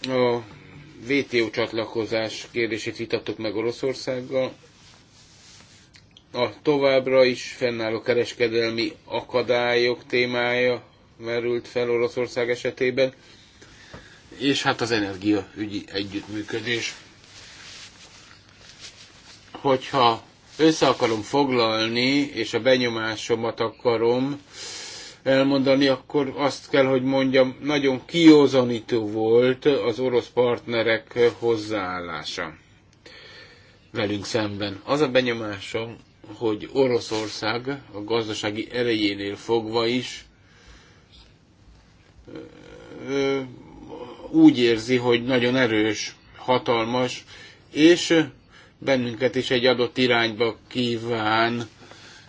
A VTO csatlakozás kérdését vitattuk meg Oroszországgal. A továbbra is fennálló kereskedelmi akadályok témája merült fel Oroszország esetében, és hát az energiaügyi együttműködés. Hogyha össze akarom foglalni, és a benyomásomat akarom elmondani, akkor azt kell, hogy mondjam, nagyon kiózanító volt az orosz partnerek hozzáállása velünk szemben. Az a benyomásom, hogy Oroszország a gazdasági erejénél fogva is úgy érzi, hogy nagyon erős, hatalmas, és bennünket is egy adott irányba kíván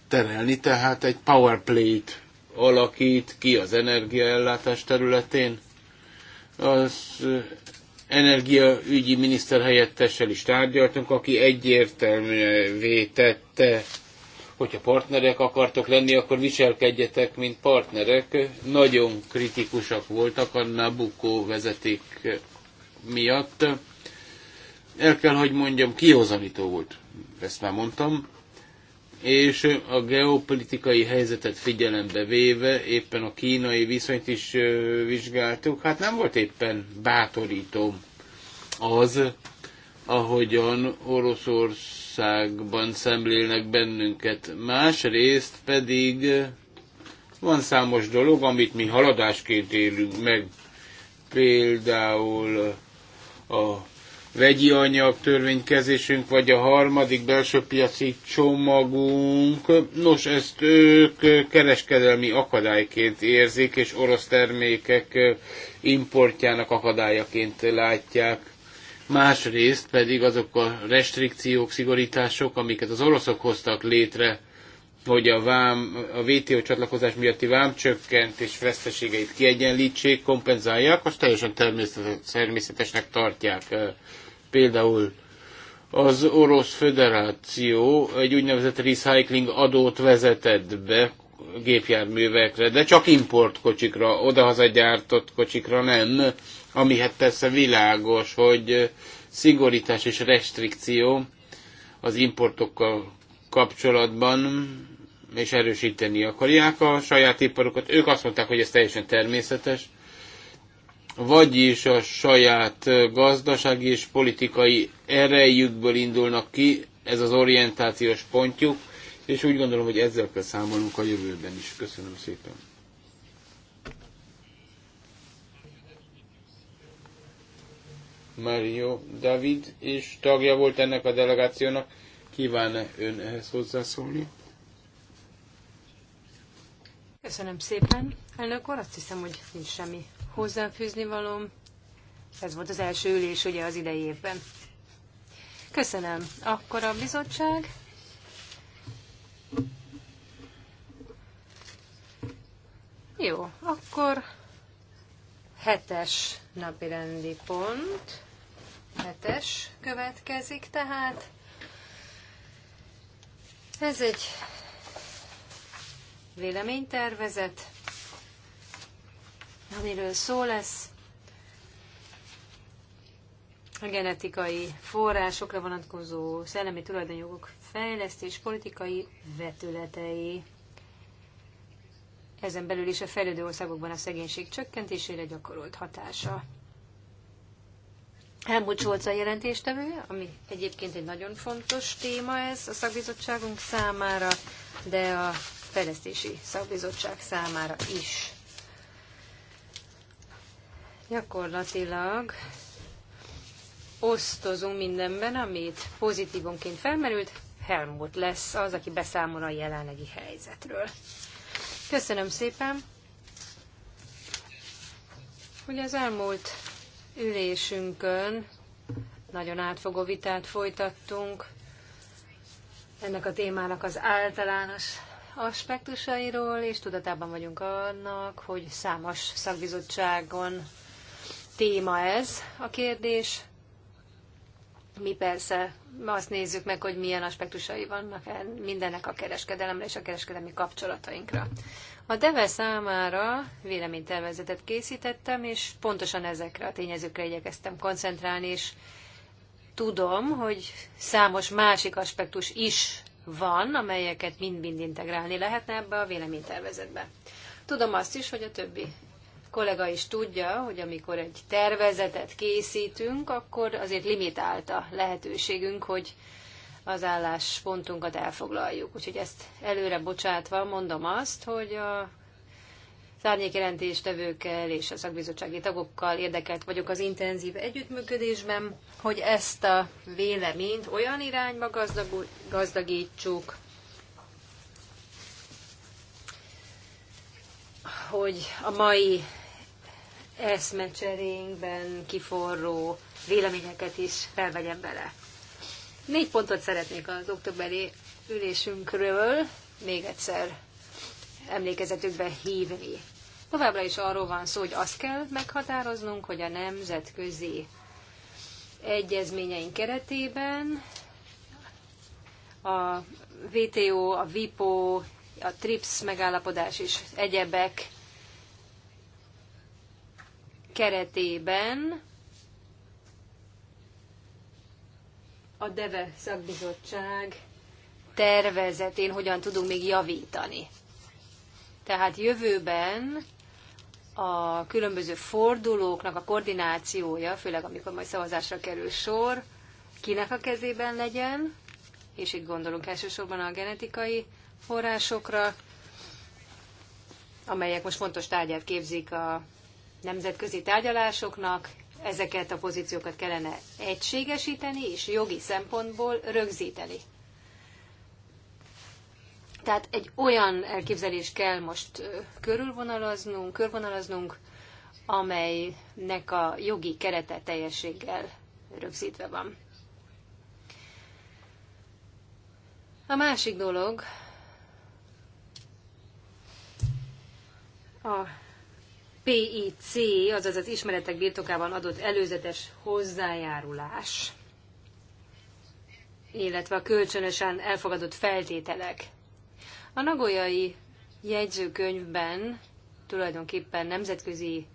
terelni, tehát egy power plate alakít ki az energiaellátás területén. Az eh, energiaügyi miniszter helyettessel is tárgyaltunk, aki egyértelművé tette, hogyha partnerek akartok lenni, akkor viselkedjetek, mint partnerek. Nagyon kritikusak voltak a Nabucco vezeték miatt el kell, hogy mondjam, kihozanító volt, ezt már mondtam, és a geopolitikai helyzetet figyelembe véve éppen a kínai viszonyt is vizsgáltuk, hát nem volt éppen bátorító az, ahogyan Oroszországban szemlélnek bennünket. Másrészt pedig van számos dolog, amit mi haladásként élünk meg. Például a vegyi anyag törvénykezésünk, vagy a harmadik belső piaci csomagunk. Nos, ezt ők kereskedelmi akadályként érzik, és orosz termékek importjának akadályaként látják. Másrészt pedig azok a restrikciók, szigorítások, amiket az oroszok hoztak létre, hogy a, vám, a WTO csatlakozás miatti vám és veszteségeit kiegyenlítsék, kompenzálják, azt teljesen természetesnek tartják. Például az Orosz Föderáció egy úgynevezett recycling adót vezetett be gépjárművekre, de csak importkocsikra, odahaza gyártott kocsikra nem, ami hát persze világos, hogy szigorítás és restrikció az importokkal kapcsolatban, és erősíteni akarják a saját iparukat. Ők azt mondták, hogy ez teljesen természetes, vagyis a saját gazdasági és politikai erejükből indulnak ki, ez az orientációs pontjuk, és úgy gondolom, hogy ezzel kell számolnunk a jövőben is. Köszönöm szépen. Mario David és tagja volt ennek a delegációnak. Kíván-e ön ehhez hozzászólni? Köszönöm szépen. Elnök úr, azt hiszem, hogy nincs semmi hozzáfűzni valóm. Ez volt az első ülés ugye az idei évben. Köszönöm. Akkor a bizottság. Jó, akkor hetes napi rendi pont. Hetes következik tehát. Ez egy véleménytervezet amiről szó lesz, a genetikai forrásokra vonatkozó szellemi tulajdonjogok fejlesztés politikai vetületei. Ezen belül is a fejlődő országokban a szegénység csökkentésére gyakorolt hatása. Helmut Scholz a jelentéstevő, ami egyébként egy nagyon fontos téma ez a szakbizottságunk számára, de a fejlesztési szakbizottság számára is. Gyakorlatilag osztozunk mindenben, amit pozitívonként felmerült. Helmut lesz az, aki beszámol a jelenlegi helyzetről. Köszönöm szépen, hogy az elmúlt ülésünkön nagyon átfogó vitát folytattunk ennek a témának az általános aspektusairól, és tudatában vagyunk annak, hogy számos szakbizottságon téma ez a kérdés. Mi persze azt nézzük meg, hogy milyen aspektusai vannak mindennek a kereskedelemre és a kereskedelmi kapcsolatainkra. A DEVE számára véleménytervezetet készítettem, és pontosan ezekre a tényezőkre igyekeztem koncentrálni, és tudom, hogy számos másik aspektus is van, amelyeket mind-mind integrálni lehetne ebbe a véleménytervezetbe. Tudom azt is, hogy a többi kollega is tudja, hogy amikor egy tervezetet készítünk, akkor azért limitált a lehetőségünk, hogy az álláspontunkat elfoglaljuk. Úgyhogy ezt előre bocsátva mondom azt, hogy a szárnyékjelentéstevőkkel és a szakbizottsági tagokkal érdekelt vagyok az intenzív együttműködésben, hogy ezt a véleményt olyan irányba gazdagítsuk, hogy a mai eszmecserénkben kiforró véleményeket is felvegyem bele. Négy pontot szeretnék az októberi ülésünkről még egyszer emlékezetükbe hívni. Továbbra is arról van szó, hogy azt kell meghatároznunk, hogy a nemzetközi egyezményeink keretében a VTO, a WIPO, a TRIPS megállapodás és egyebek keretében a DEVE szakbizottság tervezetén hogyan tudunk még javítani. Tehát jövőben a különböző fordulóknak a koordinációja, főleg amikor majd szavazásra kerül sor, kinek a kezében legyen, és itt gondolunk elsősorban a genetikai forrásokra, amelyek most fontos tárgyát képzik a nemzetközi tárgyalásoknak ezeket a pozíciókat kellene egységesíteni és jogi szempontból rögzíteni. Tehát egy olyan elképzelést kell most körülvonalaznunk, körvonalaznunk, amelynek a jogi kerete teljességgel rögzítve van. A másik dolog a PIC, azaz az ismeretek birtokában adott előzetes hozzájárulás, illetve a kölcsönösen elfogadott feltételek. A nagolyai jegyzőkönyvben tulajdonképpen nemzetközi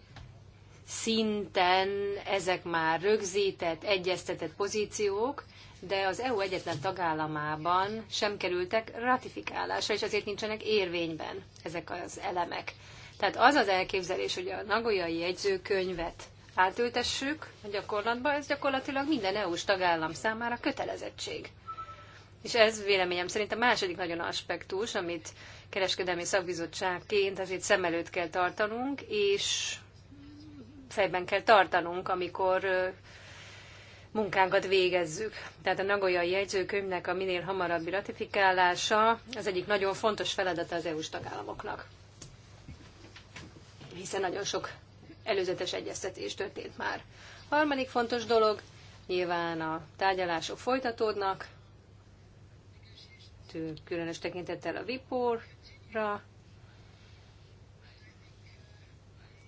szinten ezek már rögzített, egyeztetett pozíciók, de az EU egyetlen tagállamában sem kerültek ratifikálásra, és azért nincsenek érvényben ezek az elemek. Tehát az az elképzelés, hogy a Nagoyai jegyzőkönyvet átültessük a gyakorlatba, ez gyakorlatilag minden EU-s tagállam számára kötelezettség. És ez véleményem szerint a második nagyon aspektus, amit kereskedelmi szakbizottságként azért szem előtt kell tartanunk, és fejben kell tartanunk, amikor munkánkat végezzük. Tehát a Nagoyai jegyzőkönyvnek a minél hamarabbi ratifikálása az egyik nagyon fontos feladata az EU-s tagállamoknak hiszen nagyon sok előzetes egyeztetés történt már. Harmadik fontos dolog, nyilván a tárgyalások folytatódnak, különös tekintettel a VIPOR-ra,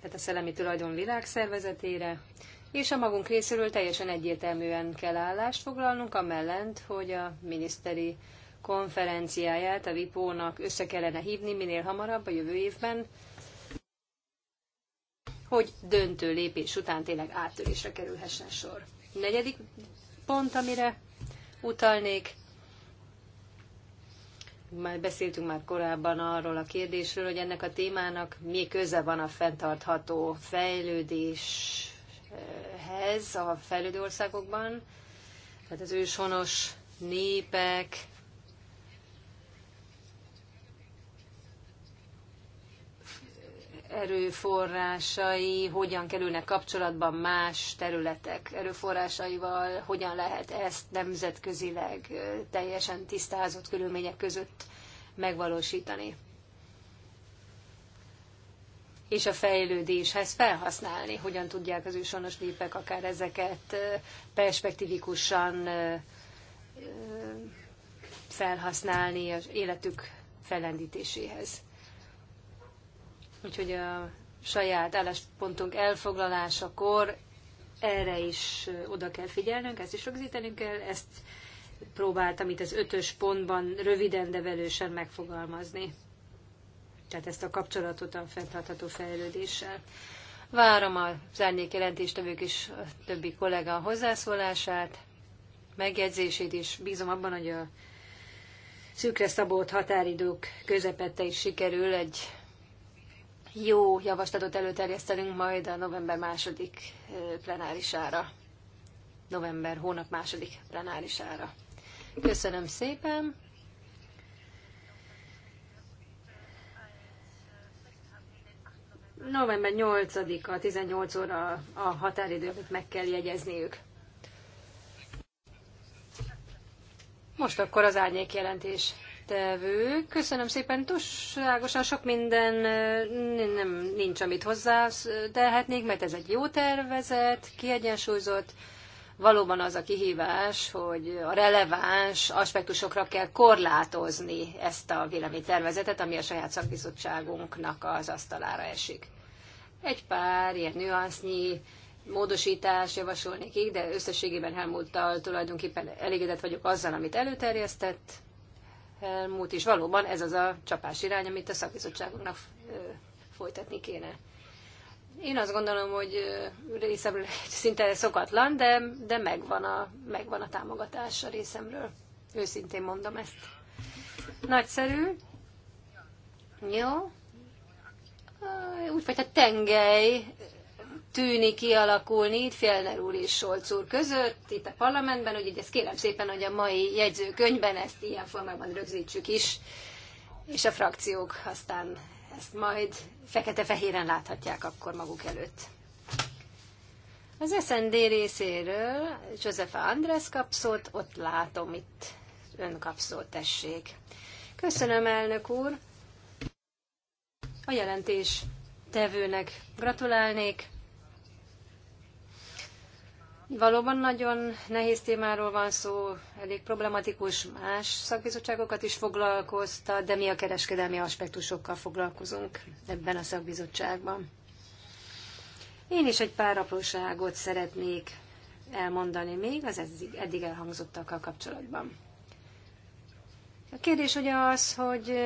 tehát a Szellemi Tulajdon Világszervezetére, és a magunk részéről teljesen egyértelműen kell állást foglalnunk, amellett, hogy a miniszteri konferenciáját a Vipónak össze kellene hívni minél hamarabb a jövő évben, hogy döntő lépés után tényleg áttörésre kerülhessen sor. Negyedik pont, amire utalnék, már beszéltünk már korábban arról a kérdésről, hogy ennek a témának mi köze van a fenntartható fejlődéshez a fejlődő országokban. Tehát az őshonos népek erőforrásai hogyan kerülnek kapcsolatban más területek erőforrásaival, hogyan lehet ezt nemzetközileg teljesen tisztázott körülmények között megvalósítani. És a fejlődéshez felhasználni, hogyan tudják az ősonos népek akár ezeket perspektívikusan felhasználni az életük felendítéséhez. Úgyhogy a saját álláspontunk elfoglalásakor erre is oda kell figyelnünk, ezt is rögzítenünk kell, ezt próbáltam itt az ötös pontban röviden, de velősen megfogalmazni. Tehát ezt a kapcsolatot a fenntartható fejlődéssel. Várom a zárnék jelentéstevők és a többi kollega hozzászólását, megjegyzését, is. bízom abban, hogy a szűkre szabott határidők közepette is sikerül egy jó javaslatot előterjesztenünk majd a november második plenárisára. November hónap második plenárisára. Köszönöm szépen! November 8-a, 18 óra a határidő, amit meg kell jegyezniük. Most akkor az árnyék jelentés jelentéstevő. Köszönöm szépen, túlságosan sok minden nem, nincs, amit hozzátehetnék, mert ez egy jó tervezet, kiegyensúlyozott. Valóban az a kihívás, hogy a releváns aspektusokra kell korlátozni ezt a véleménytervezetet, ami a saját szakbizottságunknak az asztalára esik. Egy pár ilyen nüansznyi módosítás javasolnék így, de összességében elmúlttal tulajdonképpen elégedett vagyok azzal, amit előterjesztett elmúlt, és valóban ez az a csapás irány, amit a szakbizottságunknak folytatni kéne. Én azt gondolom, hogy részemről szinte szokatlan, de, de megvan, a, megvan a támogatás a részemről. Őszintén mondom ezt. Nagyszerű. Jó. Úgy vagy a tengely tűnik kialakulni itt Fjellner úr és Solc úr között, itt a parlamentben, úgyhogy ezt kérem szépen, hogy a mai jegyzőkönyvben ezt ilyen formában rögzítsük is, és a frakciók aztán ezt majd fekete-fehéren láthatják akkor maguk előtt. Az SND részéről Josefa András kapszót, ott látom itt ön kapszót, tessék. Köszönöm, elnök úr! A jelentés tevőnek gratulálnék, Valóban nagyon nehéz témáról van szó, elég problematikus, más szakbizottságokat is foglalkozta, de mi a kereskedelmi aspektusokkal foglalkozunk ebben a szakbizottságban. Én is egy pár apróságot szeretnék elmondani még az eddig elhangzottakkal kapcsolatban. A kérdés ugye az, hogy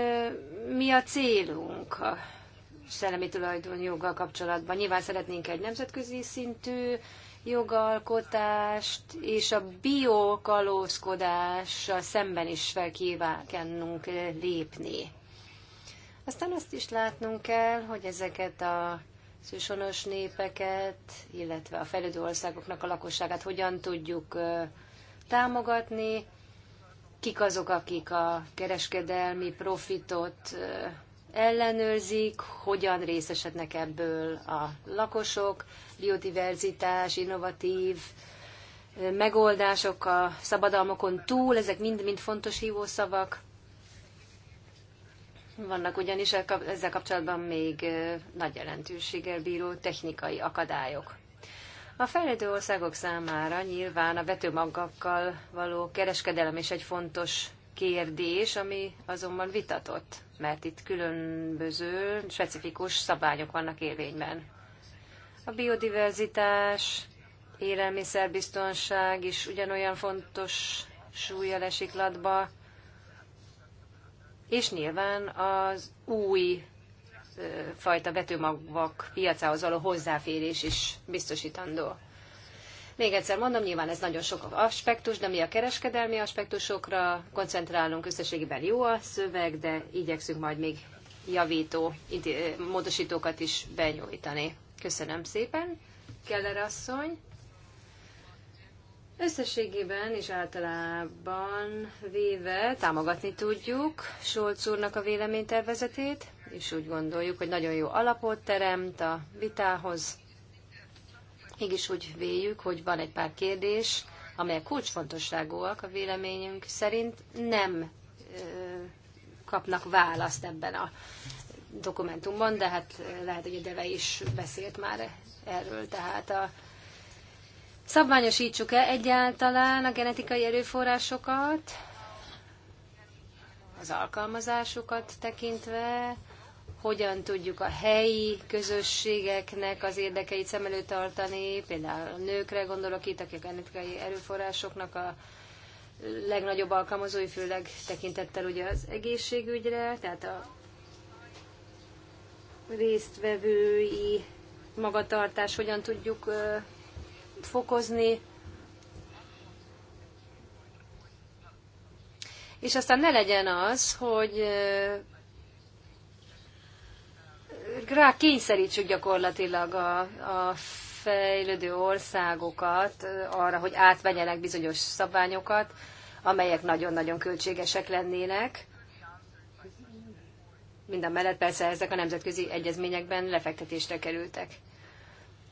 mi a célunk a szellemi tulajdonjoggal kapcsolatban. Nyilván szeretnénk egy nemzetközi szintű jogalkotást és a biokalózkodással szemben is fel kívánunk eh, lépni. Aztán azt is látnunk kell, hogy ezeket a szűsonos népeket, illetve a fejlődő országoknak a lakosságát hogyan tudjuk eh, támogatni, kik azok, akik a kereskedelmi profitot eh, ellenőrzik, hogyan részesednek ebből a lakosok, biodiverzitás, innovatív eh, megoldások a szabadalmakon túl, ezek mind-mind fontos hívószavak. Vannak ugyanis ezzel kapcsolatban még eh, nagy jelentőséggel bíró technikai akadályok. A fejlődő országok számára nyilván a vetőmagakkal való kereskedelem is egy fontos kérdés, ami azonban vitatott, mert itt különböző, specifikus szabályok vannak érvényben. A biodiverzitás, élelmiszerbiztonság is ugyanolyan fontos súlya lesiklatba, és nyilván az új fajta vetőmagvak piacához való hozzáférés is biztosítandó. Még egyszer mondom, nyilván ez nagyon sok aspektus, de mi a kereskedelmi aspektusokra koncentrálunk, összességében jó a szöveg, de igyekszünk majd még javító eh, módosítókat is benyújtani. Köszönöm szépen, Keller asszony. Összességében és általában véve támogatni tudjuk Solc úrnak a véleménytervezetét, és úgy gondoljuk, hogy nagyon jó alapot teremt a vitához, Mégis úgy véljük, hogy van egy pár kérdés, amelyek kulcsfontosságúak a véleményünk szerint nem kapnak választ ebben a dokumentumban, de hát lehet, hogy a Deve is beszélt már erről, tehát a szabványosítsuk-e egyáltalán a genetikai erőforrásokat, az alkalmazásukat tekintve, hogyan tudjuk a helyi közösségeknek az érdekeit szem előtt tartani, például a nőkre gondolok itt, akik genetikai erőforrásoknak a legnagyobb alkalmazói, főleg tekintettel ugye az egészségügyre, tehát a résztvevői magatartás hogyan tudjuk fokozni, és aztán ne legyen az, hogy rá kényszerítsük gyakorlatilag a, a fejlődő országokat arra, hogy átmenjenek bizonyos szabványokat, amelyek nagyon-nagyon költségesek lennének. Minden mellett persze ezek a nemzetközi egyezményekben lefektetésre kerültek.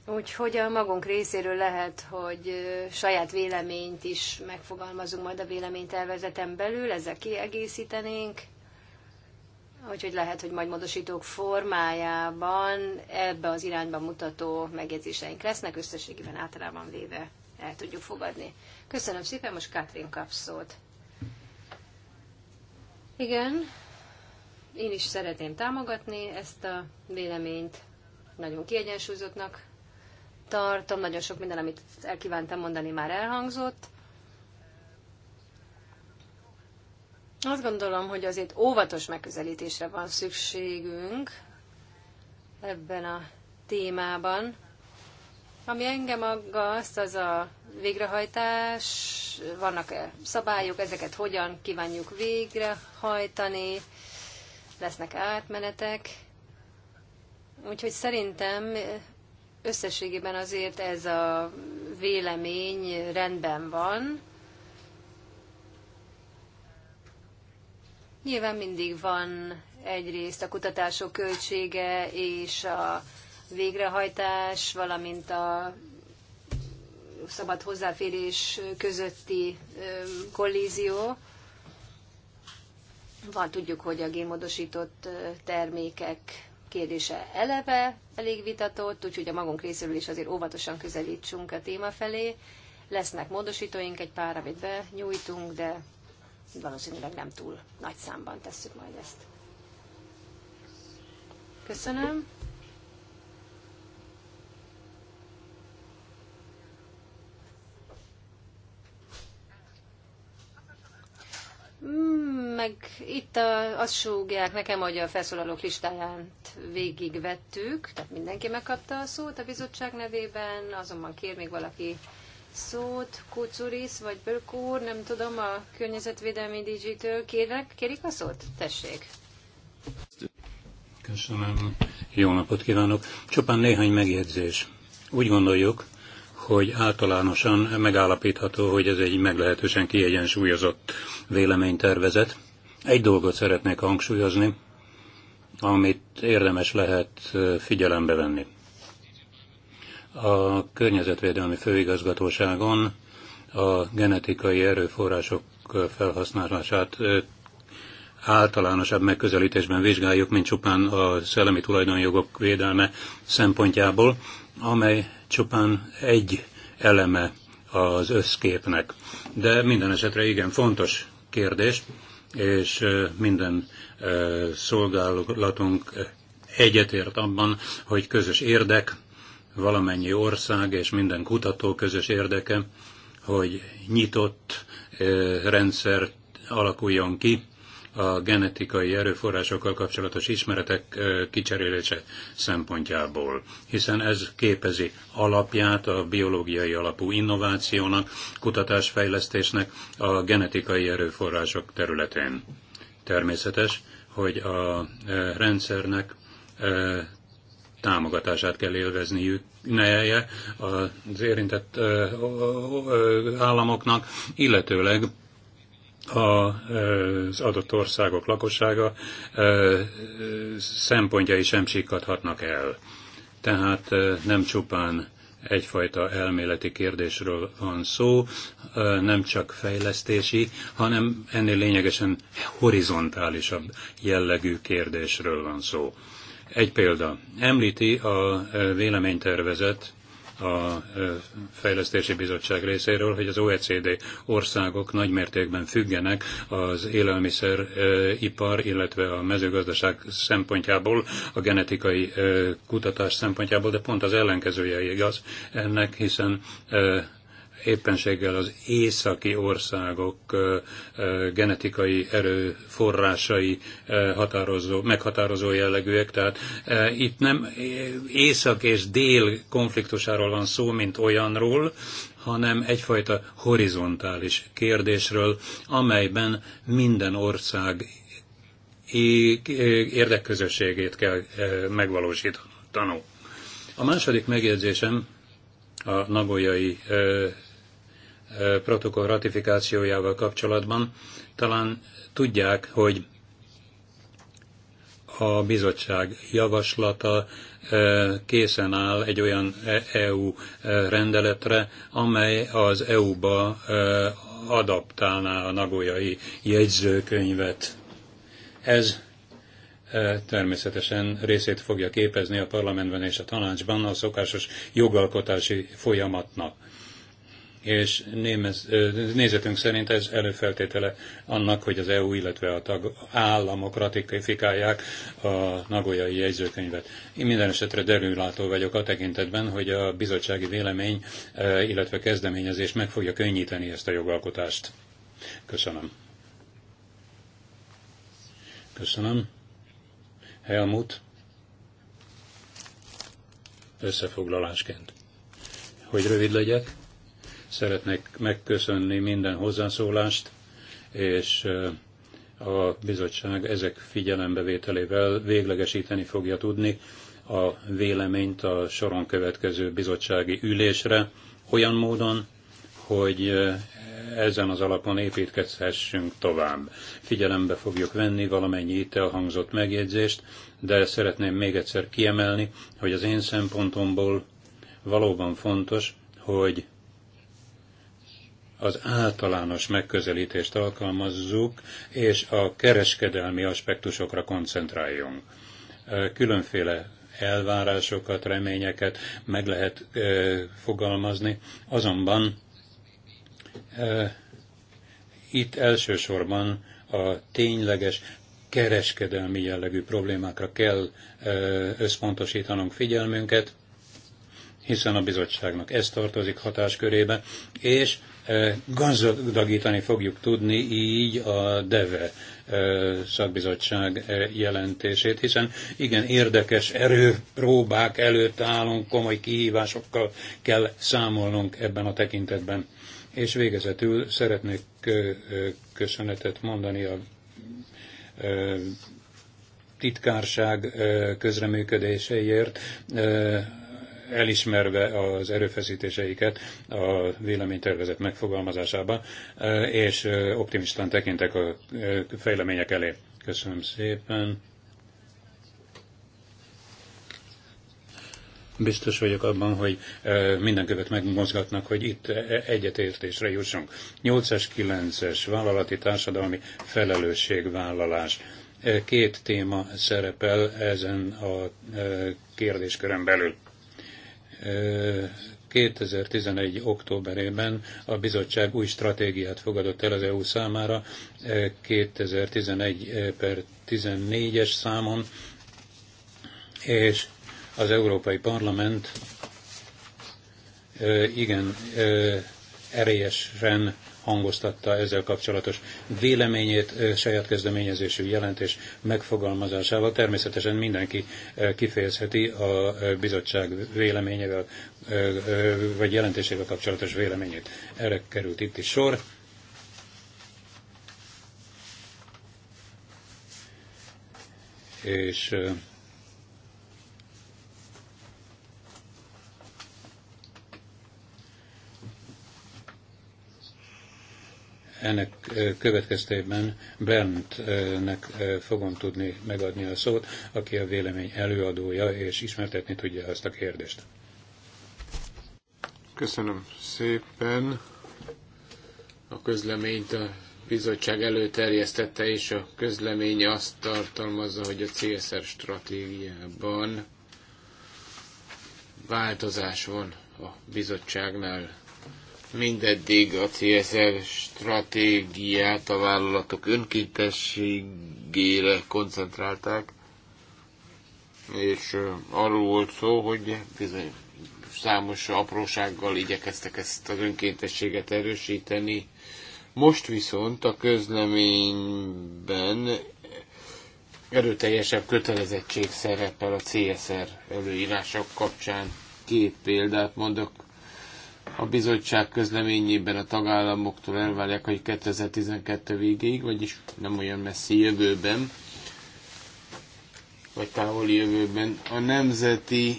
Úgyhogy a magunk részéről lehet, hogy saját véleményt is megfogalmazunk majd a véleményt elvezetem belül, ezzel kiegészítenénk Úgyhogy lehet, hogy majd módosítók formájában ebbe az irányba mutató megjegyzéseink lesznek, összességében általában véve el tudjuk fogadni. Köszönöm szépen, most Katrin kap szót. Igen, én is szeretném támogatni ezt a véleményt. Nagyon kiegyensúlyozottnak tartom, nagyon sok minden, amit elkívántam mondani, már elhangzott. Azt gondolom, hogy azért óvatos megközelítésre van szükségünk ebben a témában. Ami engem aggaszt, az a végrehajtás, vannak-e szabályok, ezeket hogyan kívánjuk végrehajtani, lesznek átmenetek. Úgyhogy szerintem összességében azért ez a vélemény rendben van, Nyilván mindig van egyrészt a kutatások költsége és a végrehajtás, valamint a szabad hozzáférés közötti kollízió. Van, tudjuk, hogy a gémodosított termékek kérdése eleve elég vitatott, úgyhogy a magunk részéről is azért óvatosan közelítsünk a téma felé. Lesznek módosítóink, egy pár, amit benyújtunk, de valószínűleg nem túl nagy számban tesszük majd ezt. Köszönöm. Hmm, meg itt azt súgják nekem, hogy a felszólalók listáját végigvettük, tehát mindenki megkapta a szót a bizottság nevében, azonban kér még valaki szót, Kucuris vagy Bölk úr, nem tudom, a Környezetvédelmi DG-től kérnek, kérik a szót? Tessék. Köszönöm. Jó napot kívánok. Csupán néhány megjegyzés. Úgy gondoljuk, hogy általánosan megállapítható, hogy ez egy meglehetősen kiegyensúlyozott véleménytervezet. Egy dolgot szeretnék hangsúlyozni, amit érdemes lehet figyelembe venni a Környezetvédelmi Főigazgatóságon a genetikai erőforrások felhasználását általánosabb megközelítésben vizsgáljuk, mint csupán a szellemi tulajdonjogok védelme szempontjából, amely csupán egy eleme az összképnek. De minden esetre igen fontos kérdés, és minden szolgálatunk egyetért abban, hogy közös érdek valamennyi ország és minden kutató közös érdeke, hogy nyitott rendszer alakuljon ki a genetikai erőforrásokkal kapcsolatos ismeretek kicserélése szempontjából, hiszen ez képezi alapját a biológiai alapú innovációnak, kutatásfejlesztésnek a genetikai erőforrások területén. Természetes, hogy a rendszernek támogatását kell élvezniük neje az érintett államoknak, illetőleg az adott országok lakossága szempontjai sem sikkadhatnak el. Tehát nem csupán egyfajta elméleti kérdésről van szó, nem csak fejlesztési, hanem ennél lényegesen horizontálisabb jellegű kérdésről van szó. Egy példa. Említi a e, véleménytervezet a e, Fejlesztési Bizottság részéről, hogy az OECD országok nagymértékben függenek az élelmiszeripar, e, illetve a mezőgazdaság szempontjából, a genetikai kutatás szempontjából, de pont az ellenkezője igaz ennek, hiszen éppenséggel az északi országok genetikai erőforrásai határozó, meghatározó jellegűek, tehát itt nem észak és dél konfliktusáról van szó, mint olyanról, hanem egyfajta horizontális kérdésről, amelyben minden ország érdekközösségét kell megvalósítanunk. A második megjegyzésem a nagolyai protokoll ratifikációjával kapcsolatban. Talán tudják, hogy a bizottság javaslata készen áll egy olyan EU e rendeletre, amely az EU-ba adaptálná a nagójai jegyzőkönyvet. Ez természetesen részét fogja képezni a parlamentben és a tanácsban a szokásos jogalkotási folyamatnak és némez, nézetünk szerint ez előfeltétele annak, hogy az EU, illetve a tag, államok ratifikálják a nagolyai jegyzőkönyvet. Én minden esetre derülátó vagyok a tekintetben, hogy a bizottsági vélemény, illetve kezdeményezés meg fogja könnyíteni ezt a jogalkotást. Köszönöm. Köszönöm. Helmut. Összefoglalásként. Hogy rövid legyek Szeretnék megköszönni minden hozzászólást, és a bizottság ezek figyelembevételével véglegesíteni fogja tudni a véleményt a soron következő bizottsági ülésre olyan módon, hogy ezen az alapon építkezhessünk tovább. Figyelembe fogjuk venni valamennyi itt elhangzott megjegyzést, de szeretném még egyszer kiemelni, hogy az én szempontomból valóban fontos, hogy az általános megközelítést alkalmazzuk, és a kereskedelmi aspektusokra koncentráljunk. Különféle elvárásokat, reményeket meg lehet fogalmazni, azonban itt elsősorban a tényleges kereskedelmi jellegű problémákra kell összpontosítanunk figyelmünket, hiszen a bizottságnak ez tartozik hatáskörébe, és gazdagítani fogjuk tudni így a DEVE szakbizottság jelentését, hiszen igen érdekes erőpróbák előtt állunk, komoly kihívásokkal kell számolnunk ebben a tekintetben. És végezetül szeretnék köszönetet mondani a titkárság közreműködéseiért, elismerve az erőfeszítéseiket a véleménytervezet megfogalmazásában, és optimistán tekintek a fejlemények elé. Köszönöm szépen. Biztos vagyok abban, hogy minden követ megmozgatnak, hogy itt e, e, egyetértésre jussunk. 8-es, 9-es vállalati társadalmi felelősségvállalás két téma szerepel ezen a kérdéskörön belül. 2011. októberében a bizottság új stratégiát fogadott el az EU számára 2011 per 14-es számon, és az Európai Parlament igen erélyesen hangoztatta ezzel kapcsolatos véleményét saját kezdeményezésű jelentés megfogalmazásával. Természetesen mindenki kifejezheti a bizottság véleményével, vagy jelentésével kapcsolatos véleményét. Erre került itt is sor. És Ennek következtében Berntnek fogom tudni megadni a szót, aki a vélemény előadója, és ismertetni tudja azt a kérdést. Köszönöm szépen. A közleményt a bizottság előterjesztette, és a közlemény azt tartalmazza, hogy a CSR stratégiában változás van a bizottságnál mindeddig a CSR stratégiát a vállalatok önkéntességére koncentrálták, és arról volt szó, hogy bizony számos aprósággal igyekeztek ezt az önkéntességet erősíteni. Most viszont a közleményben erőteljesebb kötelezettség szerepel a CSR előírások kapcsán. Két példát mondok a bizottság közleményében a tagállamoktól elvárják, hogy 2012 végéig, vagyis nem olyan messzi jövőben, vagy távoli jövőben a nemzeti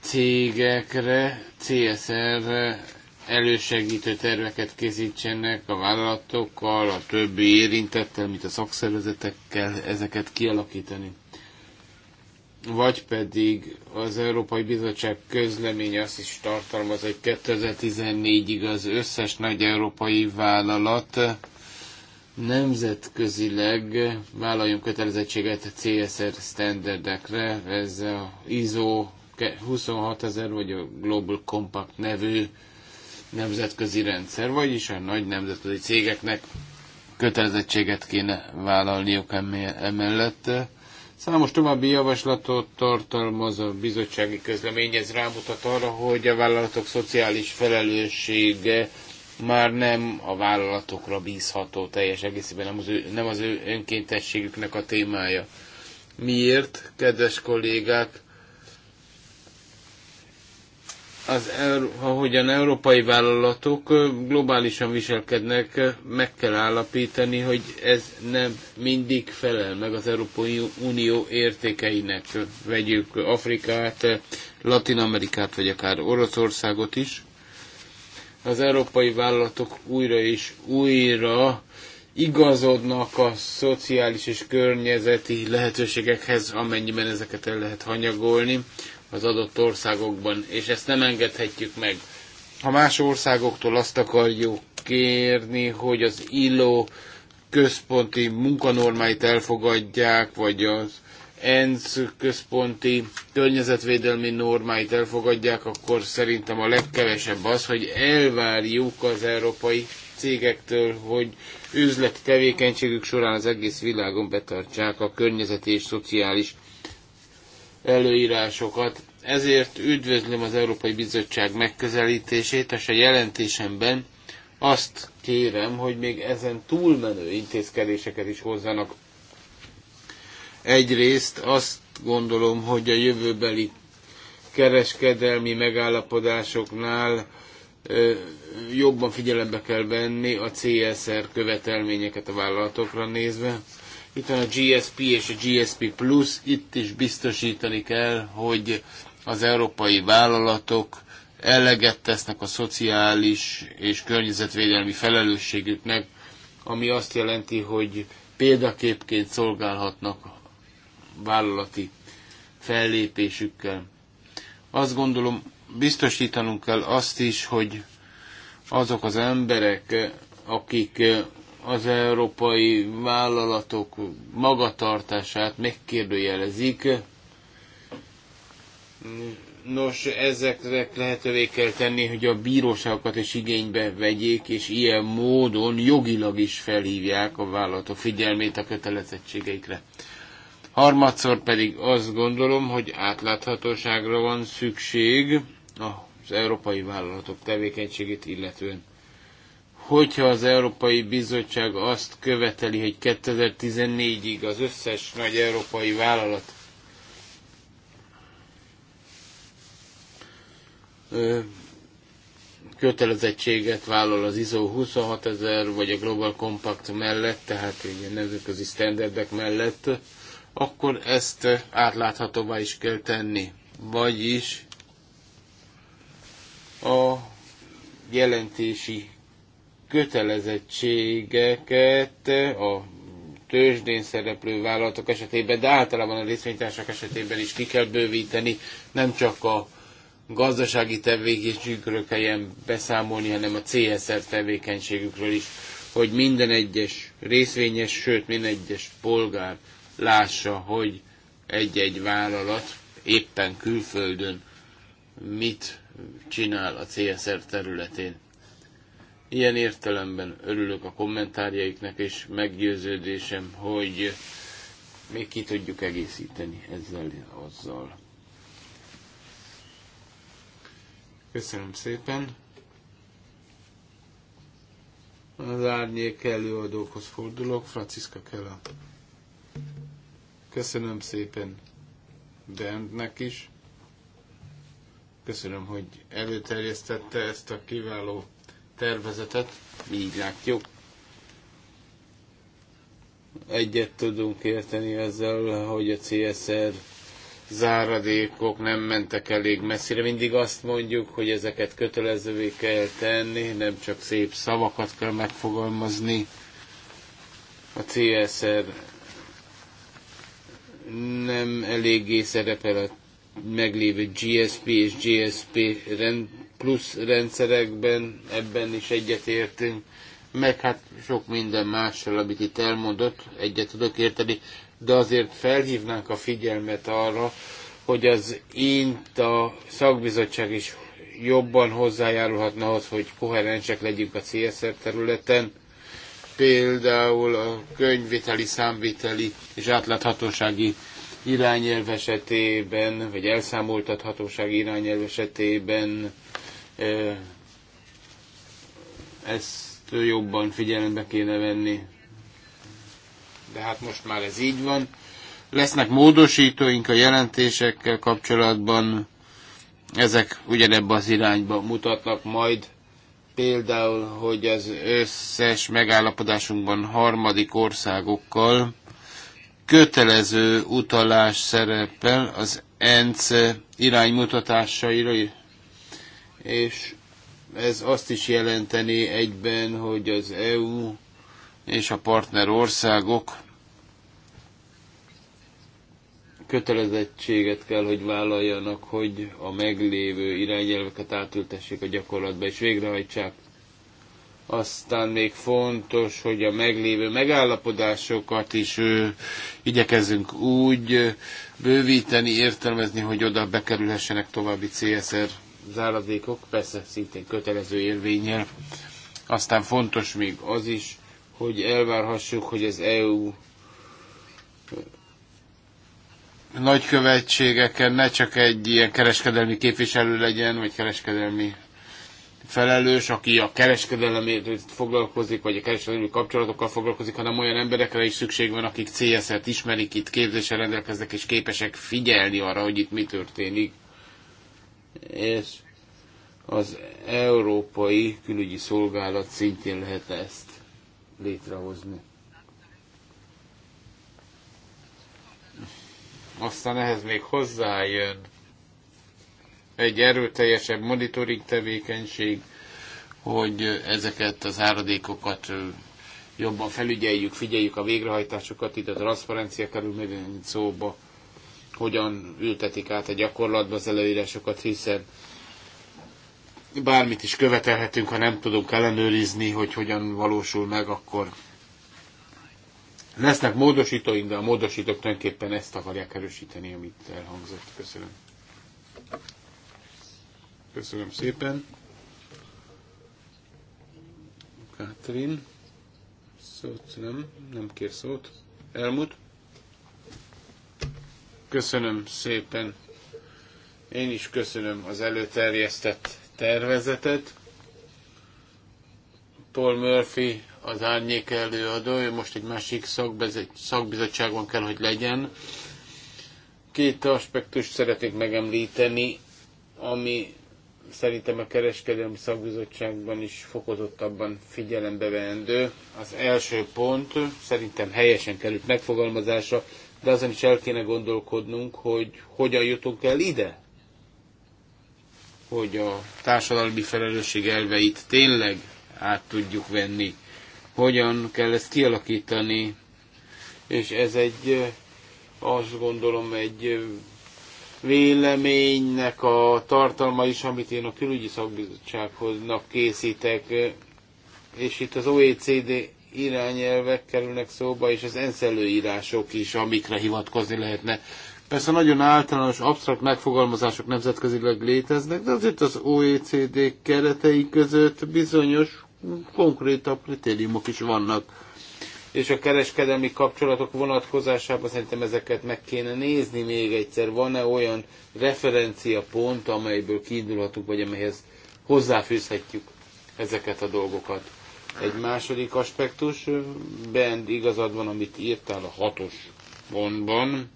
cégekre, CSR-re elősegítő terveket készítsenek a vállalatokkal, a többi érintettel, mint a szakszervezetekkel ezeket kialakítani vagy pedig az Európai Bizottság közleménye azt is tartalmaz, hogy 2014-ig az összes nagy európai vállalat nemzetközileg vállaljon kötelezettséget a CSR standardekre, ez a ISO 26000 vagy a Global Compact nevű nemzetközi rendszer, vagyis a nagy nemzetközi cégeknek kötelezettséget kéne vállalniuk emellett. Számos szóval további javaslatot tartalmaz a bizottsági közlemény, ez rámutat arra, hogy a vállalatok szociális felelőssége már nem a vállalatokra bízható teljes egészében, nem az ő, nem az ő önkéntességüknek a témája. Miért, kedves kollégák? az, ahogyan európai vállalatok globálisan viselkednek, meg kell állapítani, hogy ez nem mindig felel meg az Európai Unió értékeinek. Vegyük Afrikát, Latin Amerikát, vagy akár Oroszországot is. Az európai vállalatok újra és újra igazodnak a szociális és környezeti lehetőségekhez, amennyiben ezeket el lehet hanyagolni az adott országokban, és ezt nem engedhetjük meg. Ha más országoktól azt akarjuk kérni, hogy az ILO központi munkanormáit elfogadják, vagy az ENSZ központi környezetvédelmi normáit elfogadják, akkor szerintem a legkevesebb az, hogy elvárjuk az európai cégektől, hogy üzleti tevékenységük során az egész világon betartsák a környezeti és szociális előírásokat. Ezért üdvözlöm az Európai Bizottság megközelítését, és a jelentésemben azt kérem, hogy még ezen túlmenő intézkedéseket is hozzanak. Egyrészt azt gondolom, hogy a jövőbeli kereskedelmi megállapodásoknál jobban figyelembe kell venni a CSR követelményeket a vállalatokra nézve. Itt van a GSP és a GSP Plus, itt is biztosítani kell, hogy az európai vállalatok eleget tesznek a szociális és környezetvédelmi felelősségüknek, ami azt jelenti, hogy példaképként szolgálhatnak vállalati fellépésükkel. Azt gondolom, biztosítanunk kell azt is, hogy azok az emberek, akik az európai vállalatok magatartását megkérdőjelezik. Nos, ezekre lehetővé kell tenni, hogy a bíróságokat is igénybe vegyék, és ilyen módon jogilag is felhívják a vállalatok figyelmét a kötelezettségeikre. Harmadszor pedig azt gondolom, hogy átláthatóságra van szükség az európai vállalatok tevékenységét illetően hogyha az Európai Bizottság azt követeli, hogy 2014-ig az összes nagy európai vállalat kötelezettséget vállal az ISO 26000 vagy a Global Compact mellett, tehát ugye nemzetközi standardek mellett, akkor ezt átláthatóvá is kell tenni. Vagyis a jelentési kötelezettségeket a tőzsdén szereplő vállalatok esetében, de általában a részvénytársak esetében is ki kell bővíteni, nem csak a gazdasági tevékenységükről kelljen beszámolni, hanem a CSR tevékenységükről is, hogy minden egyes részvényes, sőt minden egyes polgár lássa, hogy egy-egy vállalat éppen külföldön mit csinál a CSR területén. Ilyen értelemben örülök a kommentárjaiknak, és meggyőződésem, hogy még ki tudjuk egészíteni ezzel, azzal. Köszönöm szépen. Az árnyék előadókhoz fordulok, Franciska Kella. Köszönöm szépen Bentnek is. Köszönöm, hogy előterjesztette ezt a kiváló tervezetet, így látjuk. Egyet tudunk érteni ezzel, hogy a CSR záradékok nem mentek elég messzire. Mindig azt mondjuk, hogy ezeket kötelezővé kell tenni, nem csak szép szavakat kell megfogalmazni. A CSR nem eléggé szerepel a meglévő GSP és GSP rend, plusz rendszerekben, ebben is egyetértünk, meg hát sok minden mással, amit itt elmondott, egyet tudok érteni, de azért felhívnánk a figyelmet arra, hogy az a szakbizottság is jobban hozzájárulhatna ahhoz, hogy koherensek legyünk a CSR területen, például a könyvviteli, számviteli és átláthatósági irányelv esetében, vagy elszámoltathatósági irányelv esetében ezt jobban figyelembe kéne venni. De hát most már ez így van. Lesznek módosítóink a jelentésekkel kapcsolatban. Ezek ugyanebb az irányba mutatnak majd például, hogy az összes megállapodásunkban harmadik országokkal kötelező utalás szerepel az ENC iránymutatásaira, és ez azt is jelenteni egyben, hogy az EU és a partner országok kötelezettséget kell, hogy vállaljanak, hogy a meglévő irányelveket átültessék a gyakorlatba és végrehajtsák. Aztán még fontos, hogy a meglévő megállapodásokat is ő, igyekezzünk úgy bővíteni, értelmezni, hogy oda bekerülhessenek további CSR záradékok, persze szintén kötelező érvényel. Aztán fontos még az is, hogy elvárhassuk, hogy az EU nagykövetségeken ne csak egy ilyen kereskedelmi képviselő legyen, vagy kereskedelmi felelős, aki a kereskedelemért foglalkozik, vagy a kereskedelmi kapcsolatokkal foglalkozik, hanem olyan emberekre is szükség van, akik CS-et ismerik, itt képzéssel rendelkeznek, és képesek figyelni arra, hogy itt mi történik és az Európai Külügyi Szolgálat szintjén lehet ezt létrehozni. Aztán ehhez még hozzájön egy erőteljesebb monitoring tevékenység, hogy ezeket az áradékokat jobban felügyeljük, figyeljük a végrehajtásokat, itt a transzparencia kerül megint szóba, hogyan ültetik át a gyakorlatba az előírásokat, hiszen bármit is követelhetünk, ha nem tudunk ellenőrizni, hogy hogyan valósul meg, akkor lesznek módosítóink, de a módosítók tulajdonképpen ezt akarják erősíteni, amit elhangzott. Köszönöm. Köszönöm szépen. Katrin. Szót nem, nem kér szót. Elmúlt. Köszönöm szépen. Én is köszönöm az előterjesztett tervezetet. Paul Murphy, az árnyék előadó, ő most egy másik szakbizottságon kell, hogy legyen. Két aspektust szeretnék megemlíteni, ami szerintem a kereskedelmi szakbizottságban is fokozottabban figyelembe veendő. Az első pont szerintem helyesen került megfogalmazásra, de azon is el kéne gondolkodnunk, hogy hogyan jutunk el ide, hogy a társadalmi felelősség elveit tényleg át tudjuk venni. Hogyan kell ezt kialakítani, és ez egy, azt gondolom, egy véleménynek a tartalma is, amit én a külügyi szakbizottsághoznak készítek, és itt az OECD irányelvek kerülnek szóba, és az ENSZ előírások is, amikre hivatkozni lehetne. Persze nagyon általános, absztrakt megfogalmazások nemzetközileg léteznek, de azért az OECD keretei között bizonyos konkrétabb kritériumok is vannak. És a kereskedelmi kapcsolatok vonatkozásában szerintem ezeket meg kéne nézni még egyszer. Van-e olyan referenciapont, amelyből kiindulhatunk, vagy amelyhez hozzáfűzhetjük ezeket a dolgokat? Egy második aspektus, Bend igazad van, amit írtál a hatos pontban.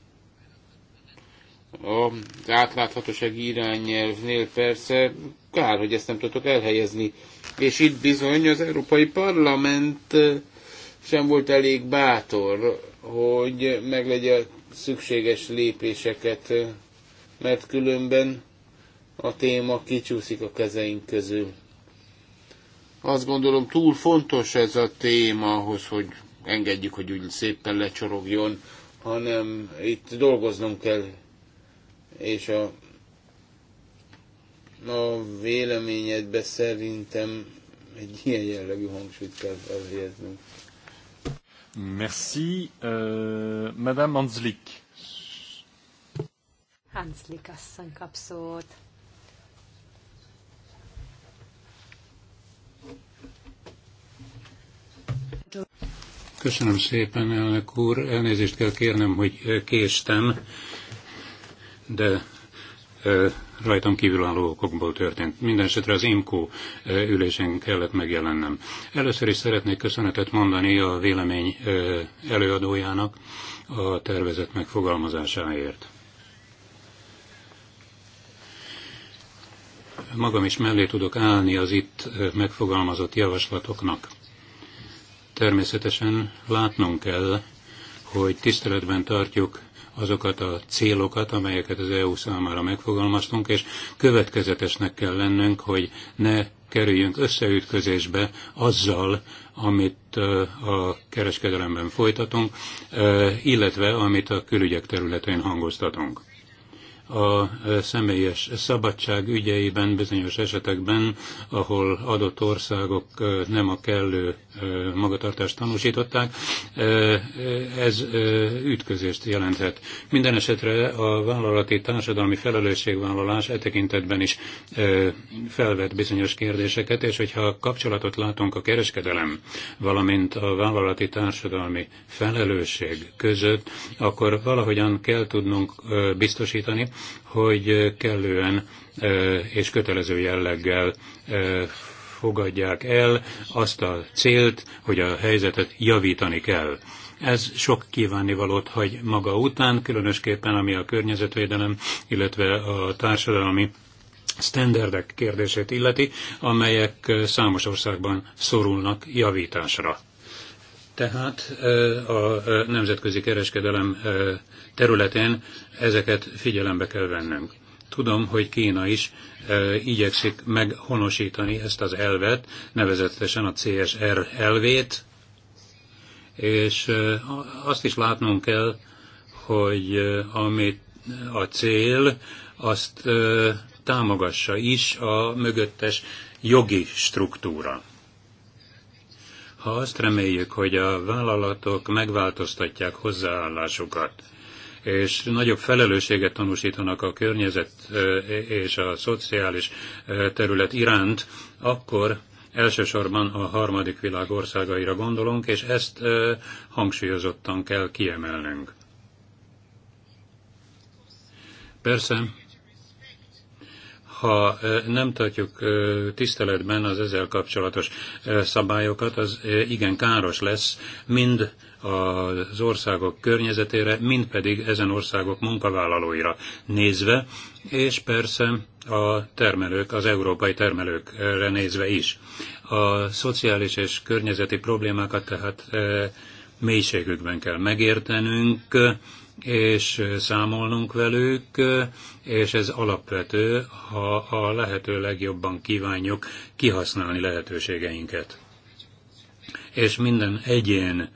A átláthatóság irányelvnél persze kár, hogy ezt nem tudtok elhelyezni. És itt bizony az Európai Parlament eh, sem volt elég bátor, hogy meglegye szükséges lépéseket, eh, mert különben a téma kicsúszik a kezeink közül. Azt gondolom túl fontos ez a téma ahhoz, hogy engedjük, hogy úgy szépen lecsorogjon, hanem itt dolgoznom kell, és a, a véleményedbe szerintem egy ilyen jellegű hangsúlyt kell elhelyeznünk. Merci. Uh, Madame Hanslik. Hanslik asszony kap szót. Köszönöm szépen, elnök úr. Elnézést kell kérnem, hogy késtem, de rajtam kívülálló okokból történt. Mindenesetre az IMCO ülésen kellett megjelennem. Először is szeretnék köszönetet mondani a vélemény előadójának a tervezet megfogalmazásáért. Magam is mellé tudok állni az itt megfogalmazott javaslatoknak. Természetesen látnunk kell, hogy tiszteletben tartjuk azokat a célokat, amelyeket az EU számára megfogalmaztunk, és következetesnek kell lennünk, hogy ne kerüljünk összeütközésbe azzal, amit a kereskedelemben folytatunk, illetve amit a külügyek területén hangoztatunk a személyes szabadság ügyeiben, bizonyos esetekben, ahol adott országok nem a kellő magatartást tanúsították, ez ütközést jelenthet. Minden esetre a vállalati társadalmi felelősségvállalás e tekintetben is felvet bizonyos kérdéseket, és hogyha kapcsolatot látunk a kereskedelem, valamint a vállalati társadalmi felelősség között, akkor valahogyan kell tudnunk biztosítani, hogy kellően és kötelező jelleggel fogadják el azt a célt, hogy a helyzetet javítani kell. Ez sok kívánivalót hagy maga után, különösképpen ami a környezetvédelem, illetve a társadalmi sztenderdek kérdését illeti, amelyek számos országban szorulnak javításra. Tehát a nemzetközi kereskedelem területén ezeket figyelembe kell vennünk. Tudom, hogy Kína is igyekszik meghonosítani ezt az elvet, nevezetesen a CSR elvét, és azt is látnunk kell, hogy amit a cél, azt támogassa is a mögöttes jogi struktúra. Ha azt reméljük, hogy a vállalatok megváltoztatják hozzáállásukat, és nagyobb felelősséget tanúsítanak a környezet és a szociális terület iránt, akkor elsősorban a harmadik világ országaira gondolunk, és ezt hangsúlyozottan kell kiemelnünk. Persze, ha nem tartjuk tiszteletben az ezzel kapcsolatos szabályokat, az igen káros lesz mind az országok környezetére, mind pedig ezen országok munkavállalóira nézve, és persze a termelők, az európai termelőkre nézve is. A szociális és környezeti problémákat tehát mélységükben kell megértenünk, és számolnunk velük, és ez alapvető, ha a lehető legjobban kívánjuk kihasználni lehetőségeinket. És minden egyén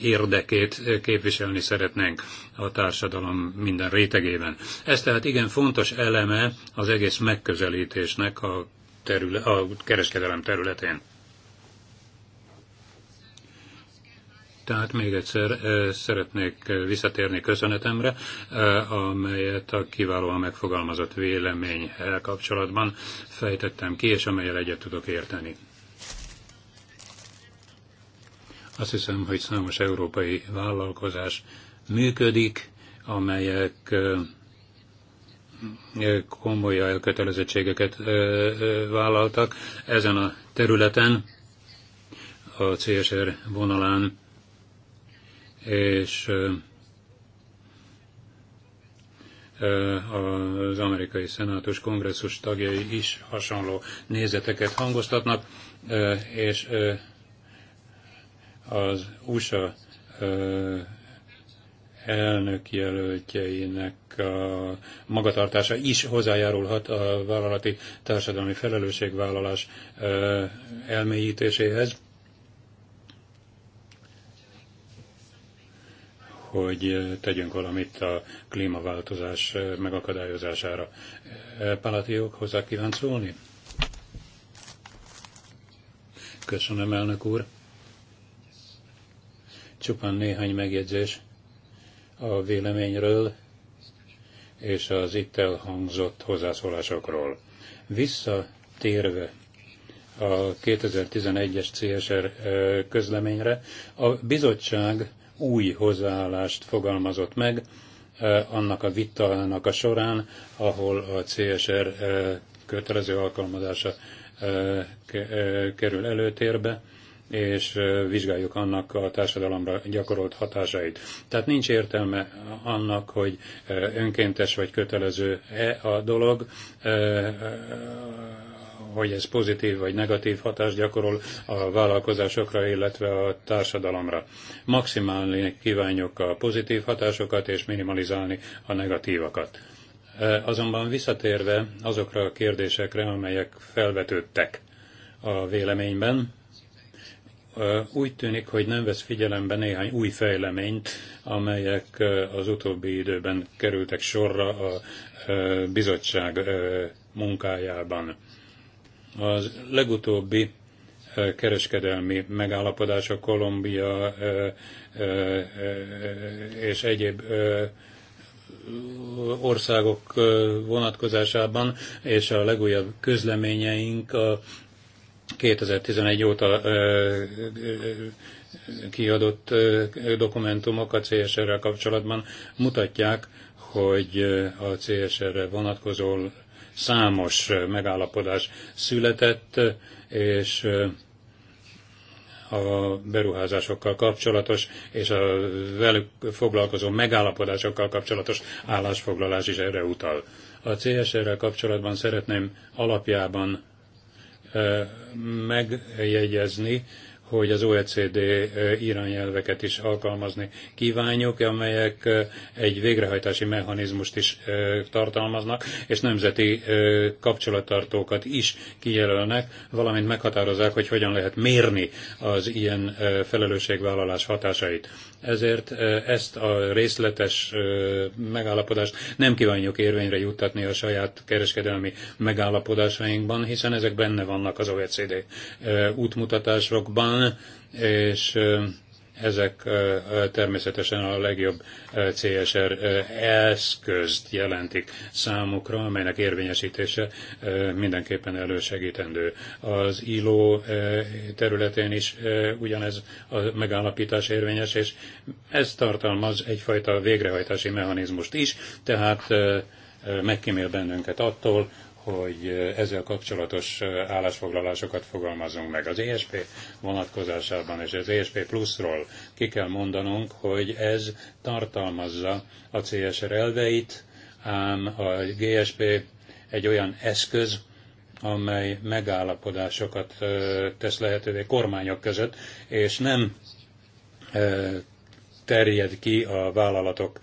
érdekét képviselni szeretnénk a társadalom minden rétegében. Ez tehát igen fontos eleme az egész megközelítésnek a, terület, a kereskedelem területén. Tehát még egyszer szeretnék visszatérni köszönetemre, amelyet a kiválóan megfogalmazott vélemény kapcsolatban fejtettem ki, és amelyel egyet tudok érteni. Azt hiszem, hogy számos európai vállalkozás működik, amelyek komoly elkötelezettségeket vállaltak ezen a területen, a CSR vonalán és az amerikai szenátus kongresszus tagjai is hasonló nézeteket hangoztatnak, és az USA elnök jelöltjeinek a magatartása is hozzájárulhat a vállalati társadalmi felelősségvállalás elmélyítéséhez hogy tegyünk valamit a klímaváltozás megakadályozására. Palatiók hozzá kíván szólni? Köszönöm, elnök úr. Csupán néhány megjegyzés a véleményről és az itt elhangzott hozzászólásokról. Visszatérve a 2011-es CSR közleményre, a bizottság új hozzáállást fogalmazott meg annak a vitának a során, ahol a CSR kötelező alkalmazása kerül előtérbe, és vizsgáljuk annak a társadalomra gyakorolt hatásait. Tehát nincs értelme annak, hogy önkéntes vagy kötelező-e a dolog, hogy ez pozitív vagy negatív hatást gyakorol a vállalkozásokra, illetve a társadalomra. Maximálni kívánjuk a pozitív hatásokat és minimalizálni a negatívakat. E, azonban visszatérve azokra a kérdésekre, amelyek felvetődtek a véleményben, e, úgy tűnik, hogy nem vesz figyelembe néhány új fejleményt, amelyek e, az utóbbi időben kerültek sorra a bizottság munkájában. Az legutóbbi kereskedelmi megállapodás a Kolumbia és egyéb országok vonatkozásában, és a legújabb közleményeink a 2011 óta kiadott dokumentumok a CSR-rel kapcsolatban mutatják, hogy a CSR-re vonatkozó számos megállapodás született, és a beruházásokkal kapcsolatos és a velük foglalkozó megállapodásokkal kapcsolatos állásfoglalás is erre utal. A CSR-rel kapcsolatban szeretném alapjában megjegyezni, hogy az OECD irányelveket is alkalmazni kívánjuk, amelyek egy végrehajtási mechanizmust is tartalmaznak, és nemzeti kapcsolattartókat is kijelölnek, valamint meghatározzák, hogy hogyan lehet mérni az ilyen felelősségvállalás hatásait ezért ezt a részletes megállapodást nem kívánjuk érvényre juttatni a saját kereskedelmi megállapodásainkban, hiszen ezek benne vannak az OECD útmutatásokban, és ezek természetesen a legjobb CSR eszközt jelentik számukra, amelynek érvényesítése mindenképpen elősegítendő. Az ILO területén is ugyanez a megállapítás érvényes, és ez tartalmaz egyfajta végrehajtási mechanizmust is, tehát megkímél bennünket attól, hogy ezzel kapcsolatos állásfoglalásokat fogalmazunk meg. Az ESP vonatkozásában és az ESP pluszról ki kell mondanunk, hogy ez tartalmazza a CSR elveit, ám a GSP egy olyan eszköz, amely megállapodásokat tesz lehetővé kormányok között, és nem terjed ki a vállalatok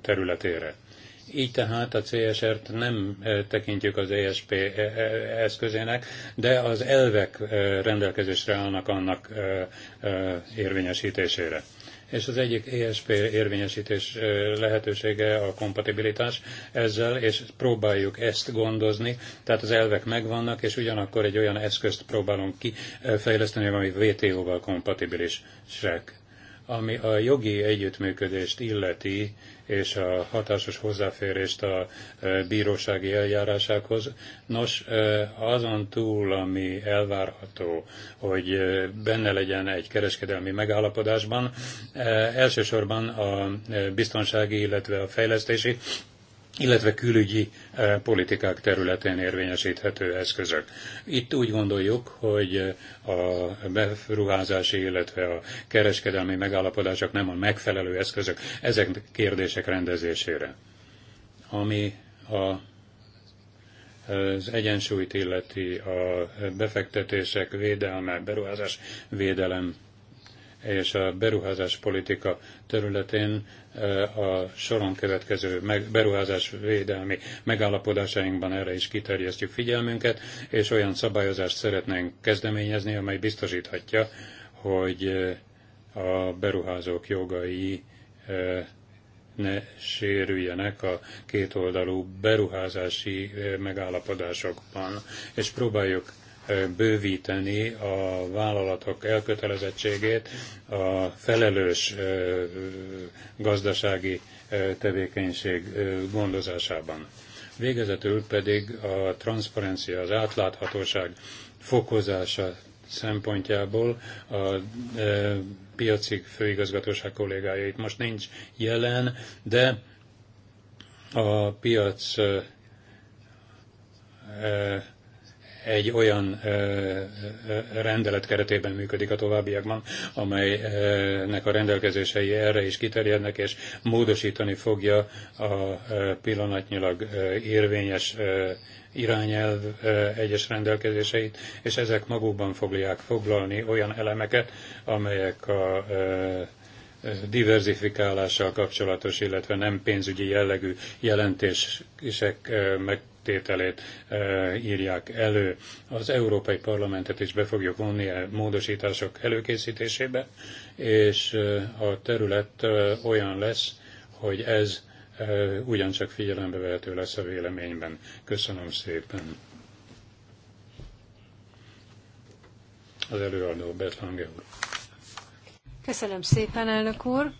területére. Így tehát a CSR-t nem eh, tekintjük az ESP eh, eh, eszközének, de az elvek rendelkezésre állnak annak érvényesítésére. És az egyik ESP érvényesítés lehetősége a kompatibilitás ezzel, és próbáljuk ezt gondozni, tehát az elvek megvannak, és ugyanakkor egy olyan eszközt próbálunk kifejleszteni, ami WTO-val kompatibilisek. Ami a jogi együttműködést illeti, és a hatásos hozzáférést a e, bírósági eljárásákhoz. Nos, e, azon túl, ami elvárható, hogy e, benne legyen egy kereskedelmi megállapodásban, elsősorban a biztonsági, illetve a fejlesztési illetve külügyi eh, politikák területén érvényesíthető eszközök. Itt úgy gondoljuk, hogy eh, a beruházási, illetve a kereskedelmi megállapodások nem a megfelelő eszközök ezek kérdések rendezésére. Ami a az egyensúlyt illeti a befektetések védelme, beruházás védelem és a beruházás politika területén eh, a soron következő beruházás védelmi megállapodásainkban erre is kiterjesztjük figyelmünket, és olyan szabályozást szeretnénk kezdeményezni, amely biztosíthatja, hogy eh, a beruházók jogai eh, ne sérüljenek a kétoldalú beruházási megállapodásokban, és próbáljuk bővíteni a vállalatok elkötelezettségét a felelős gazdasági tevékenység gondozásában. Végezetül pedig a transzparencia, az átláthatóság fokozása szempontjából a piaci főigazgatóság kollégája most nincs jelen, de a piac egy olyan rendelet keretében működik a továbbiakban, amelynek a rendelkezései erre is kiterjednek, és módosítani fogja a pillanatnyilag érvényes irányelv egyes rendelkezéseit, és ezek magukban fogják foglalni olyan elemeket, amelyek a diversifikálással kapcsolatos, illetve nem pénzügyi jellegű jelentések meg tételét eh, írják elő. Az Európai Parlamentet is be fogjuk vonni a módosítások előkészítésébe, és eh, a terület eh, olyan lesz, hogy ez ugyancsak figyelembe vehető lesz a véleményben. Köszönöm szépen. Az előadó Betlange úr. Köszönöm szépen, elnök úr.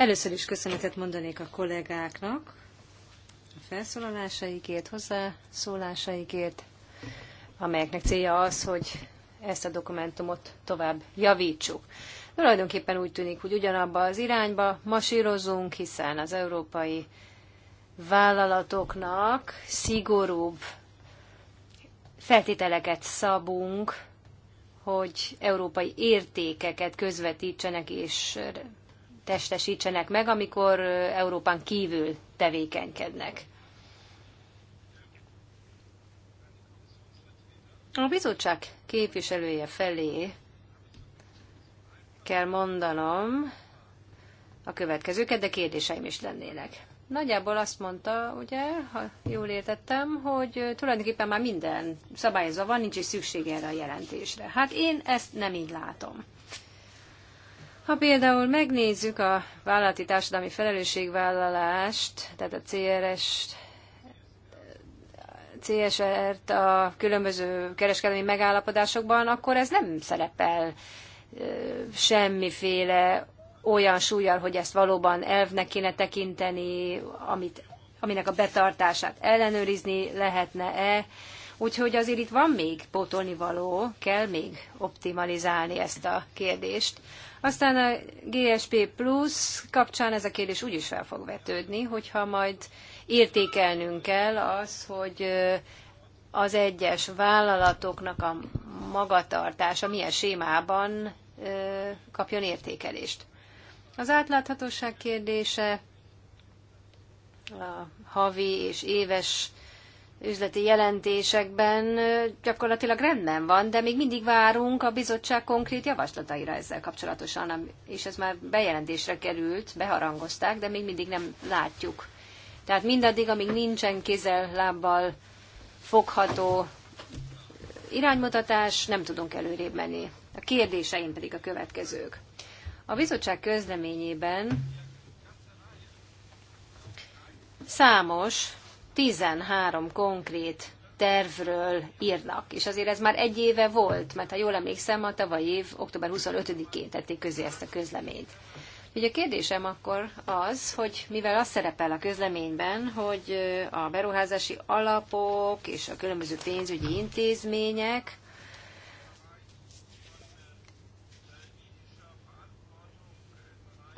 Először is köszönetet mondanék a kollégáknak a felszólalásaikért, hozzászólásaikért, amelyeknek célja az, hogy ezt a dokumentumot tovább javítsuk. Tulajdonképpen úgy tűnik, hogy ugyanabba az irányba masírozunk, hiszen az európai vállalatoknak szigorúbb feltételeket szabunk, hogy európai értékeket közvetítsenek és testesítsenek meg, amikor Európán kívül tevékenykednek. A bizottság képviselője felé kell mondanom a következőket, de kérdéseim is lennének. Nagyjából azt mondta, ugye, ha jól értettem, hogy tulajdonképpen már minden szabályozva van, nincs is szükség erre a jelentésre. Hát én ezt nem így látom. Ha például megnézzük a vállalati társadalmi felelősségvállalást, tehát a CRS CSR-t a különböző kereskedelmi megállapodásokban, akkor ez nem szerepel semmiféle olyan súlyal, hogy ezt valóban elvnek kéne tekinteni, amit, aminek a betartását ellenőrizni lehetne-e, Úgyhogy azért itt van még pótolni való, kell még optimalizálni ezt a kérdést. Aztán a GSP Plus kapcsán ez a kérdés úgy is fel fog vetődni, hogyha majd értékelnünk kell az, hogy az egyes vállalatoknak a magatartása milyen sémában kapjon értékelést. Az átláthatóság kérdése, a havi és éves üzleti jelentésekben gyakorlatilag rendben van, de még mindig várunk a bizottság konkrét javaslataira ezzel kapcsolatosan, és ez már bejelentésre került, beharangozták, de még mindig nem látjuk. Tehát mindaddig, amíg nincsen kézzel, lábbal fogható iránymutatás, nem tudunk előrébb menni. A kérdéseim pedig a következők. A bizottság közleményében számos 13 konkrét tervről írnak, és azért ez már egy éve volt, mert ha jól emlékszem, a tavaly év október 25-én tették közé ezt a közleményt. Ugye a kérdésem akkor az, hogy mivel az szerepel a közleményben, hogy a beruházási alapok és a különböző pénzügyi intézmények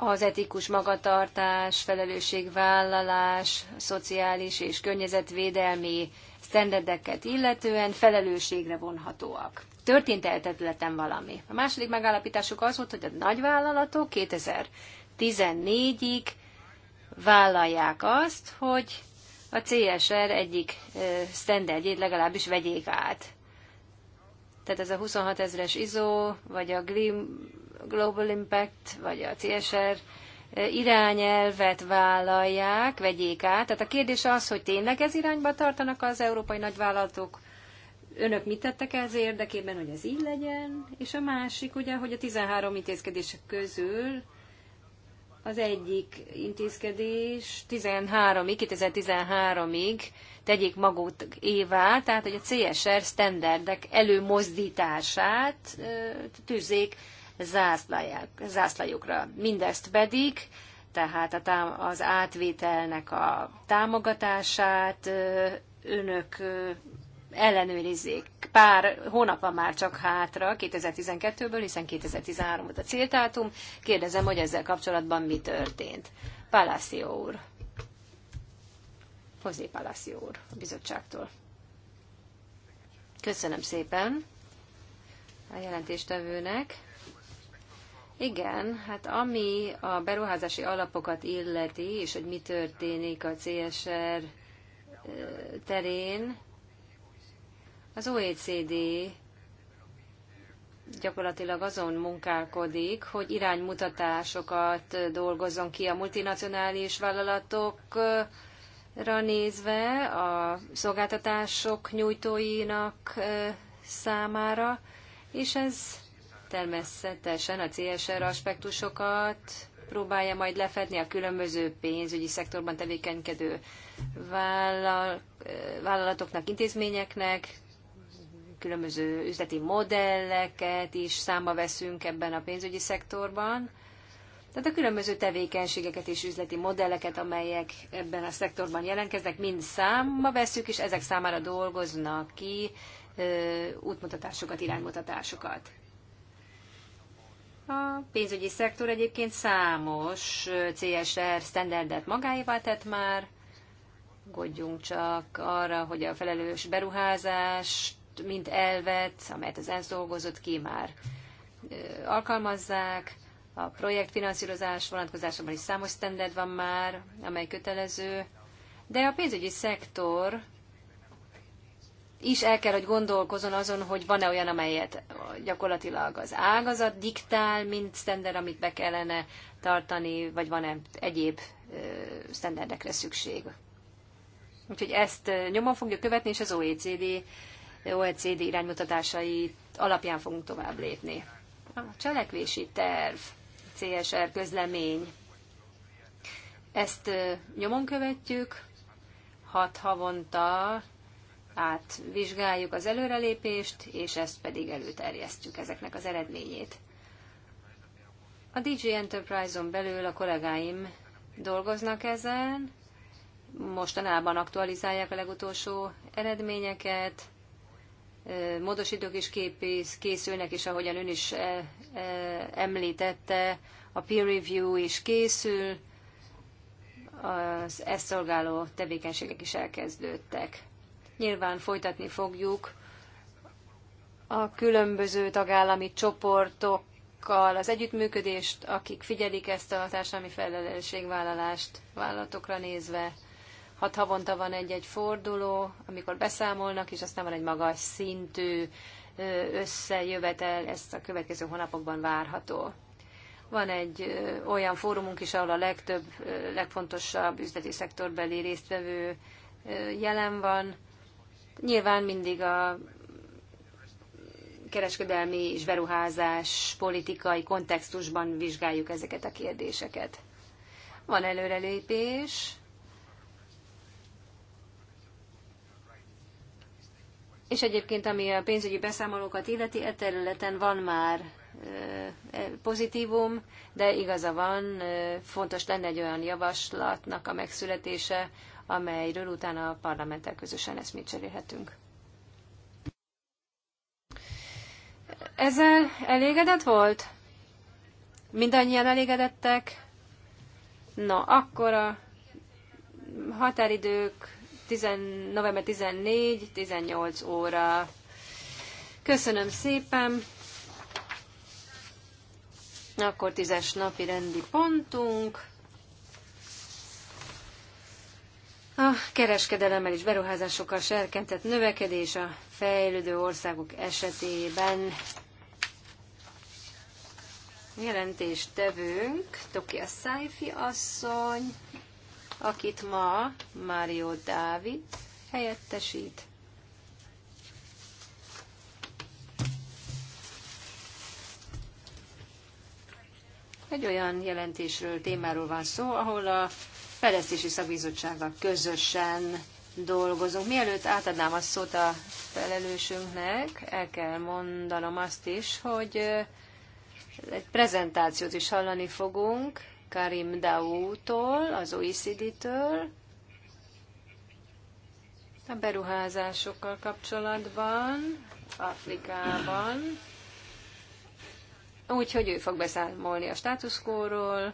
az etikus magatartás, felelősségvállalás, szociális és környezetvédelmi standardeket illetően felelősségre vonhatóak. Történt eltetleten valami. A második megállapításuk az volt, hogy a nagyvállalatok 2014-ig vállalják azt, hogy a CSR egyik standardjét legalábbis vegyék át. Tehát ez a 26 ezres ISO, vagy a GLIM Global Impact vagy a CSR eh, irányelvet vállalják, vegyék át. Tehát a kérdés az, hogy tényleg ez irányba tartanak az európai nagyvállalatok, önök mit tettek ez érdekében, hogy ez így legyen, és a másik ugye, hogy a 13 intézkedés közül az egyik intézkedés 13-ig, 2013-ig tegyék magukat évá, tehát hogy a CSR standardek előmozdítását eh, tűzzék zászlajukra. Mindezt pedig, tehát a tám- az átvételnek a támogatását önök ellenőrizzék. Pár hónap van már csak hátra 2012-ből, hiszen 2013 volt a céltátum. Kérdezem, hogy ezzel kapcsolatban mi történt. Palacio úr. Hozé Palacio úr a bizottságtól. Köszönöm szépen a jelentéstevőnek. Igen, hát ami a beruházási alapokat illeti, és hogy mi történik a CSR terén, az OECD gyakorlatilag azon munkálkodik, hogy iránymutatásokat dolgozzon ki a multinacionális vállalatokra nézve, a szolgáltatások nyújtóinak számára, és ez természetesen a CSR aspektusokat próbálja majd lefedni a különböző pénzügyi szektorban tevékenykedő vállalatoknak, intézményeknek, különböző üzleti modelleket is számba veszünk ebben a pénzügyi szektorban. Tehát a különböző tevékenységeket és üzleti modelleket, amelyek ebben a szektorban jelentkeznek mind számba veszük, és ezek számára dolgoznak ki útmutatásokat, iránymutatásokat. A pénzügyi szektor egyébként számos CSR standardet magáévá tett már, Gondjunk csak arra, hogy a felelős beruházást, mint elvet, amelyet az ENSZ dolgozott ki, már alkalmazzák. A projektfinanszírozás vonatkozásában is számos standard van már, amely kötelező. De a pénzügyi szektor is el kell, hogy gondolkozon azon, hogy van-e olyan, amelyet gyakorlatilag az ágazat diktál, mint standard, amit be kellene tartani, vagy van-e egyéb standardekre szükség. Úgyhogy ezt nyomon fogja követni, és az OECD, OECD iránymutatásai alapján fogunk tovább lépni. A cselekvési terv, CSR közlemény, ezt nyomon követjük, hat havonta átvizsgáljuk az előrelépést, és ezt pedig előterjesztjük ezeknek az eredményét. A DJ Enterprise-on belül a kollégáim dolgoznak ezen, mostanában aktualizálják a legutolsó eredményeket, módosítók is képész, készülnek, és ahogyan ön is e, e, említette, a peer review is készül, az ezt szolgáló tevékenységek is elkezdődtek. Nyilván folytatni fogjuk a különböző tagállami csoportokkal az együttműködést, akik figyelik ezt a társadalmi felelősségvállalást vállalatokra nézve. Hat havonta van egy-egy forduló, amikor beszámolnak, és aztán van egy magas szintű összejövetel, ezt a következő hónapokban várható. Van egy olyan fórumunk is, ahol a legtöbb, legfontosabb üzleti szektorbeli résztvevő jelen van, Nyilván mindig a kereskedelmi és beruházás politikai kontextusban vizsgáljuk ezeket a kérdéseket. Van előrelépés, és egyébként ami a pénzügyi beszámolókat illeti, e területen van már e, pozitívum, de igaza van, fontos lenne egy olyan javaslatnak a megszületése, amelyről utána a parlamenttel közösen eszmét cserélhetünk. Ezzel elégedett volt? Mindannyian elégedettek? Na, akkor a határidők 10, november 14-18 óra. Köszönöm szépen! Akkor tízes napi rendi pontunk. A kereskedelemmel és beruházásokkal serkentett növekedés a fejlődő országok esetében jelentéstevőnk Tokia Szájfi asszony, akit ma Mário Dávid helyettesít. Egy olyan jelentésről, témáról van szó, ahol a Fejlesztési Szakbizottsággal közösen dolgozunk. Mielőtt átadnám a szót a felelősünknek, el kell mondanom azt is, hogy egy prezentációt is hallani fogunk Karim Daútól, az OECD-től, a beruházásokkal kapcsolatban, Afrikában. Úgyhogy ő fog beszámolni a státuszkóról,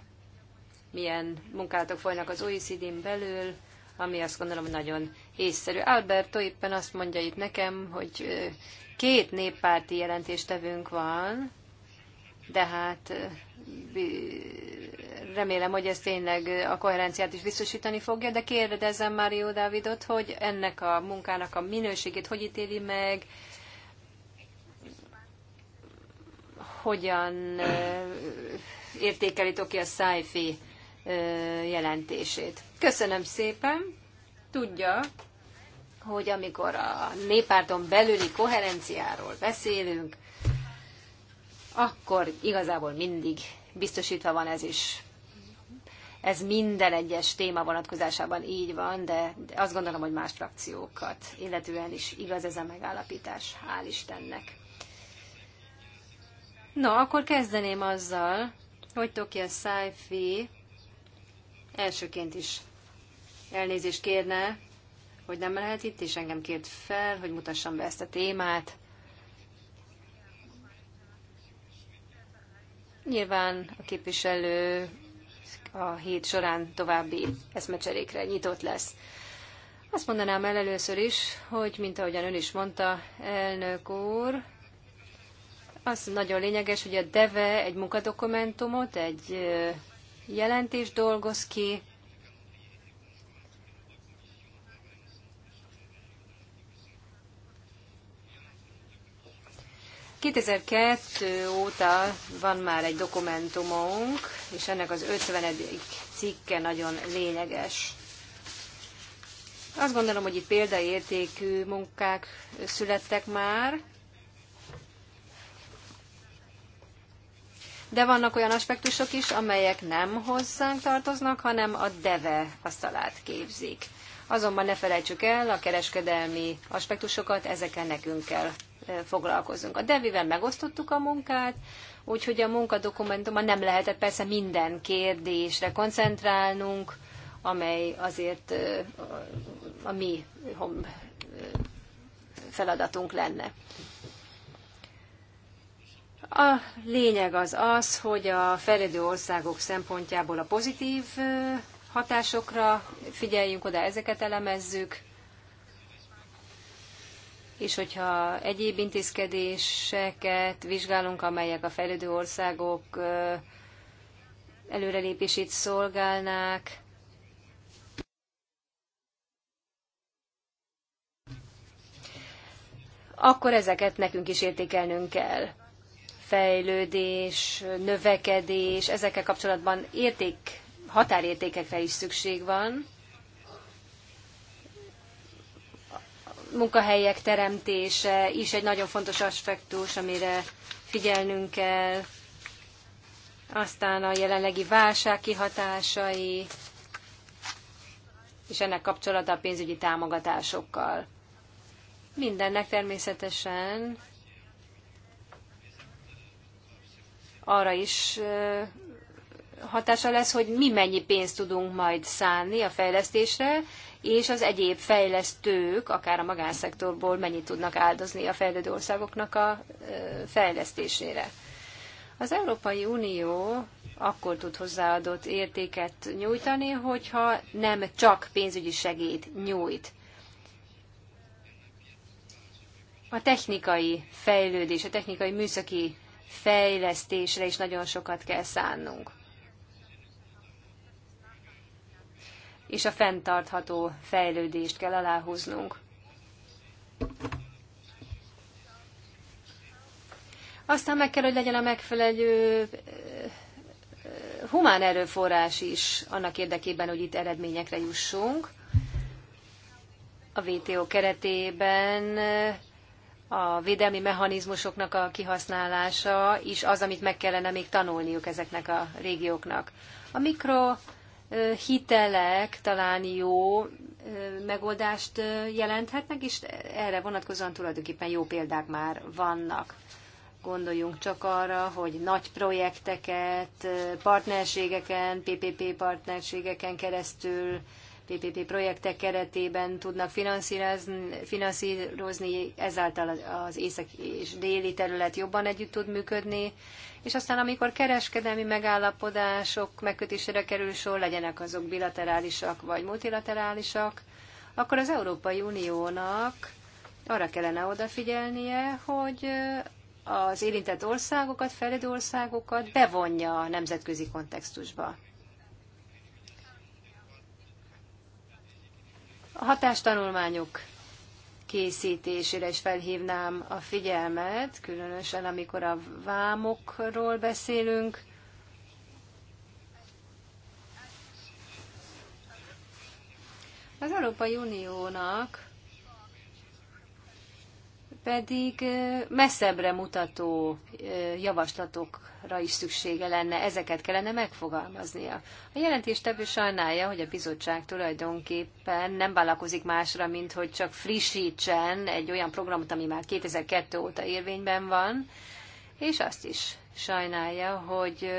milyen munkálatok folynak az OECD-n belül, ami azt gondolom nagyon észszerű. Alberto éppen azt mondja itt nekem, hogy két néppárti jelentéstevünk van, de hát remélem, hogy ez tényleg a koherenciát is biztosítani fogja, de kérdezem Mário Dávidot, hogy ennek a munkának a minőségét hogy ítéli meg, hogyan értékeli ki a szájfi jelentését. Köszönöm szépen. Tudja, hogy amikor a néppárton belüli koherenciáról beszélünk, akkor igazából mindig biztosítva van ez is. Ez minden egyes téma vonatkozásában így van, de azt gondolom, hogy más frakciókat illetően is igaz ez a megállapítás, hál' Istennek. Na, akkor kezdeném azzal, hogy Tokia Szájfi elsőként is elnézést kérne, hogy nem lehet itt, és engem kért fel, hogy mutassam be ezt a témát. Nyilván a képviselő a hét során további eszmecserékre nyitott lesz. Azt mondanám el először is, hogy mint ahogyan ön is mondta, elnök úr, az nagyon lényeges, hogy a DEVE egy munkadokumentumot, egy jelentést dolgoz ki, ...2002 óta van már egy dokumentumunk, és ennek az 50. cikke nagyon lényeges. Azt gondolom, hogy itt példaértékű munkák születtek már, de vannak olyan aspektusok is, amelyek nem hozzánk tartoznak, hanem a deve asztalát képzik. Azonban ne felejtsük el a kereskedelmi aspektusokat, ezeken nekünk kell foglalkozunk. A devivel megosztottuk a munkát, úgyhogy a munkadokumentumban nem lehetett persze minden kérdésre koncentrálnunk, amely azért a mi feladatunk lenne. A lényeg az az, hogy a fejlődő országok szempontjából a pozitív hatásokra figyeljünk oda, ezeket elemezzük, és hogyha egyéb intézkedéseket vizsgálunk, amelyek a fejlődő országok előrelépését szolgálnák, akkor ezeket nekünk is értékelnünk kell fejlődés, növekedés, ezekkel kapcsolatban érték, határértékekre is szükség van. Munkahelyek teremtése is egy nagyon fontos aspektus, amire figyelnünk kell. Aztán a jelenlegi válság kihatásai, és ennek kapcsolata a pénzügyi támogatásokkal. Mindennek természetesen arra is hatása lesz, hogy mi mennyi pénzt tudunk majd szánni a fejlesztésre, és az egyéb fejlesztők, akár a magánszektorból mennyit tudnak áldozni a fejlődő országoknak a fejlesztésére. Az Európai Unió akkor tud hozzáadott értéket nyújtani, hogyha nem csak pénzügyi segélyt nyújt. A technikai fejlődés, a technikai műszaki fejlesztésre is nagyon sokat kell szánnunk. És a fenntartható fejlődést kell aláhúznunk. Aztán meg kell, hogy legyen a megfelelő eh, eh, humán erőforrás is annak érdekében, hogy itt eredményekre jussunk. A VTO keretében eh, a védelmi mechanizmusoknak a kihasználása is az, amit meg kellene még tanulniuk ezeknek a régióknak. A mikro hitelek talán jó megoldást jelenthetnek, és erre vonatkozóan tulajdonképpen jó példák már vannak. Gondoljunk csak arra, hogy nagy projekteket, partnerségeken, PPP partnerségeken keresztül PPP projektek keretében tudnak finanszírozni, ezáltal az észak és déli terület jobban együtt tud működni, és aztán amikor kereskedelmi megállapodások megkötésére kerül sor, legyenek azok bilaterálisak vagy multilaterálisak, akkor az Európai Uniónak arra kellene odafigyelnie, hogy eh, az érintett országokat, fejlődő országokat bevonja a nemzetközi kontextusba. A hatástanulmányok készítésére is felhívnám a figyelmet, különösen amikor a vámokról beszélünk. Az Európai Uniónak pedig messzebbre mutató javaslatokra is szüksége lenne, ezeket kellene megfogalmaznia. A jelentéstevő sajnálja, hogy a bizottság tulajdonképpen nem vállalkozik másra, mint hogy csak frissítsen egy olyan programot, ami már 2002 óta érvényben van, és azt is sajnálja, hogy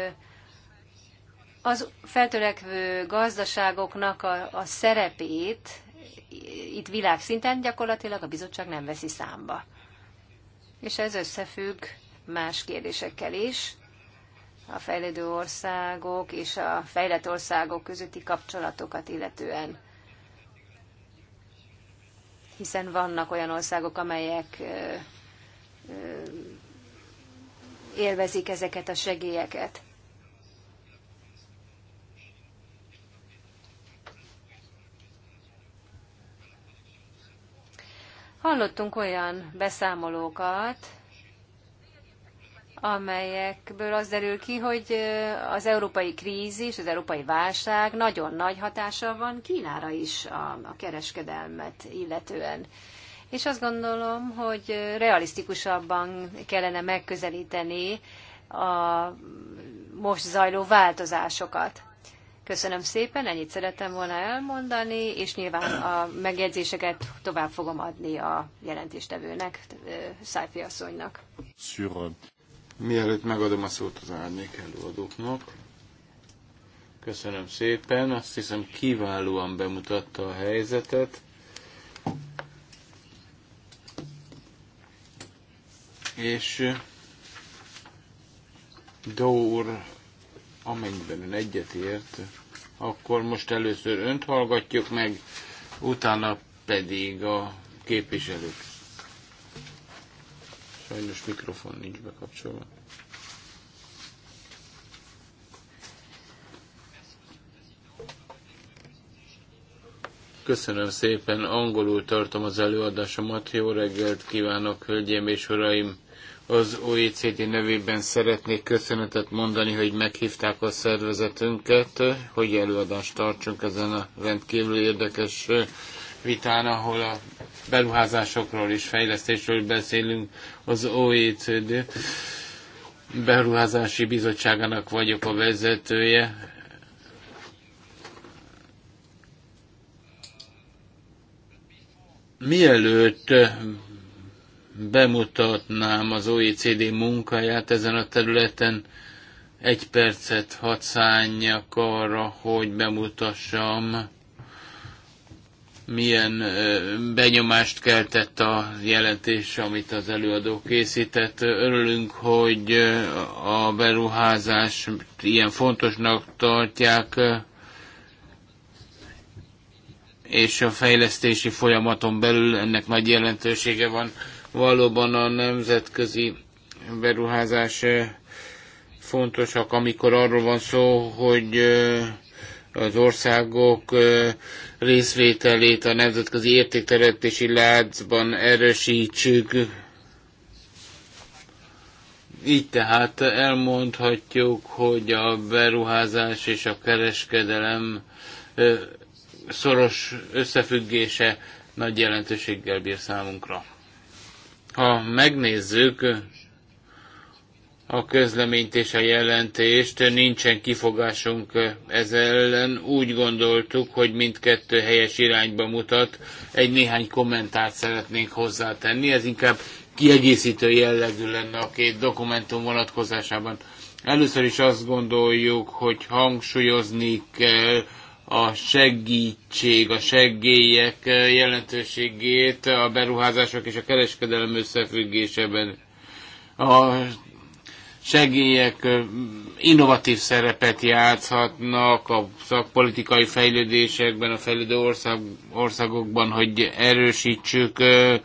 az feltörekvő gazdaságoknak a, a szerepét itt világszinten gyakorlatilag a bizottság nem veszi számba és ez összefügg más kérdésekkel is, a fejlődő országok és a fejlett országok közötti kapcsolatokat illetően. Hiszen vannak olyan országok, amelyek élvezik ezeket a segélyeket. Hallottunk olyan beszámolókat, amelyekből az derül ki, hogy az európai krízis, az európai válság nagyon nagy hatása van Kínára is a, a kereskedelmet illetően. És azt gondolom, hogy realisztikusabban kellene megközelíteni a most zajló változásokat. Köszönöm szépen, ennyit szerettem volna elmondani, és nyilván a megjegyzéseket tovább fogom adni a jelentéstevőnek, Szájfi asszonynak. Mielőtt megadom a szót az árnyék előadóknak, köszönöm szépen, azt hiszem kiválóan bemutatta a helyzetet. És Dór Amennyiben ön egyetért, akkor most először önt hallgatjuk meg, utána pedig a képviselők. Sajnos mikrofon nincs bekapcsolva. Köszönöm szépen, angolul tartom az előadásomat. Jó reggelt kívánok, hölgyeim és uraim! Az OECD nevében szeretnék köszönetet mondani, hogy meghívták a szervezetünket, hogy előadást tartsunk ezen a rendkívül érdekes vitán, ahol a beruházásokról és fejlesztésről beszélünk az OECD beruházási bizottságának vagyok a vezetője. Mielőtt bemutatnám az OECD munkáját ezen a területen. Egy percet hadd szálljak arra, hogy bemutassam, milyen benyomást keltett a jelentés, amit az előadó készített. Örülünk, hogy a beruházás ilyen fontosnak tartják, és a fejlesztési folyamaton belül ennek nagy jelentősége van. Valóban a nemzetközi beruházás eh, fontosak, amikor arról van szó, hogy eh, az országok eh, részvételét a nemzetközi értékteremtési láncban erősítsük. Így tehát elmondhatjuk, hogy a beruházás és a kereskedelem szoros összefüggése nagy jelentőséggel bír számunkra. Ha megnézzük a közleményt és a jelentést, nincsen kifogásunk ez ellen. Úgy gondoltuk, hogy mindkettő helyes irányba mutat. Egy néhány kommentárt szeretnénk hozzátenni, ez inkább kiegészítő jellegű lenne a két dokumentum vonatkozásában. Először is azt gondoljuk, hogy hangsúlyozni kell a segítség, a segélyek eh, jelentőségét a beruházások és a kereskedelem összefüggésében. A segélyek eh, innovatív szerepet játszhatnak a szakpolitikai fejlődésekben, a fejlődő ország, országokban, hogy erősítsük eh,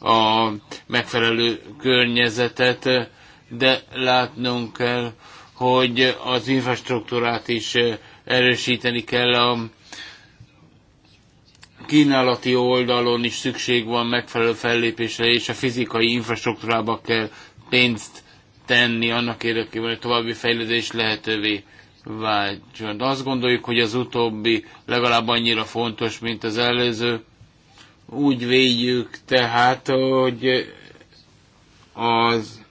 a megfelelő környezetet, de látnunk kell, hogy az infrastruktúrát is erősíteni kell a kínálati oldalon is szükség van megfelelő fellépésre, és a fizikai infrastruktúrába kell pénzt tenni annak érdekében, hogy további fejlődés lehetővé váltson. Azt gondoljuk, hogy az utóbbi legalább annyira fontos, mint az előző. Úgy védjük tehát, hogy az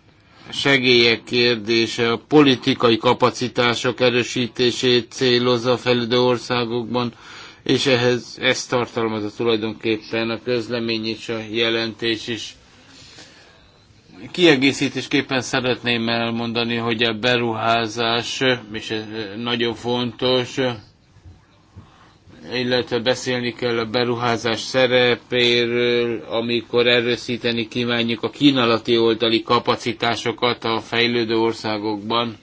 segélyek kérdése a politikai kapacitások erősítését célozza a felüldő országokban, és ehhez ezt tartalmazza tulajdonképpen a közlemény és a jelentés is. Kiegészítésképpen szeretném elmondani, hogy a beruházás, és ez nagyon fontos, illetve beszélni kell a beruházás szerepéről, amikor erőszíteni kívánjuk a kínálati oldali kapacitásokat a fejlődő országokban.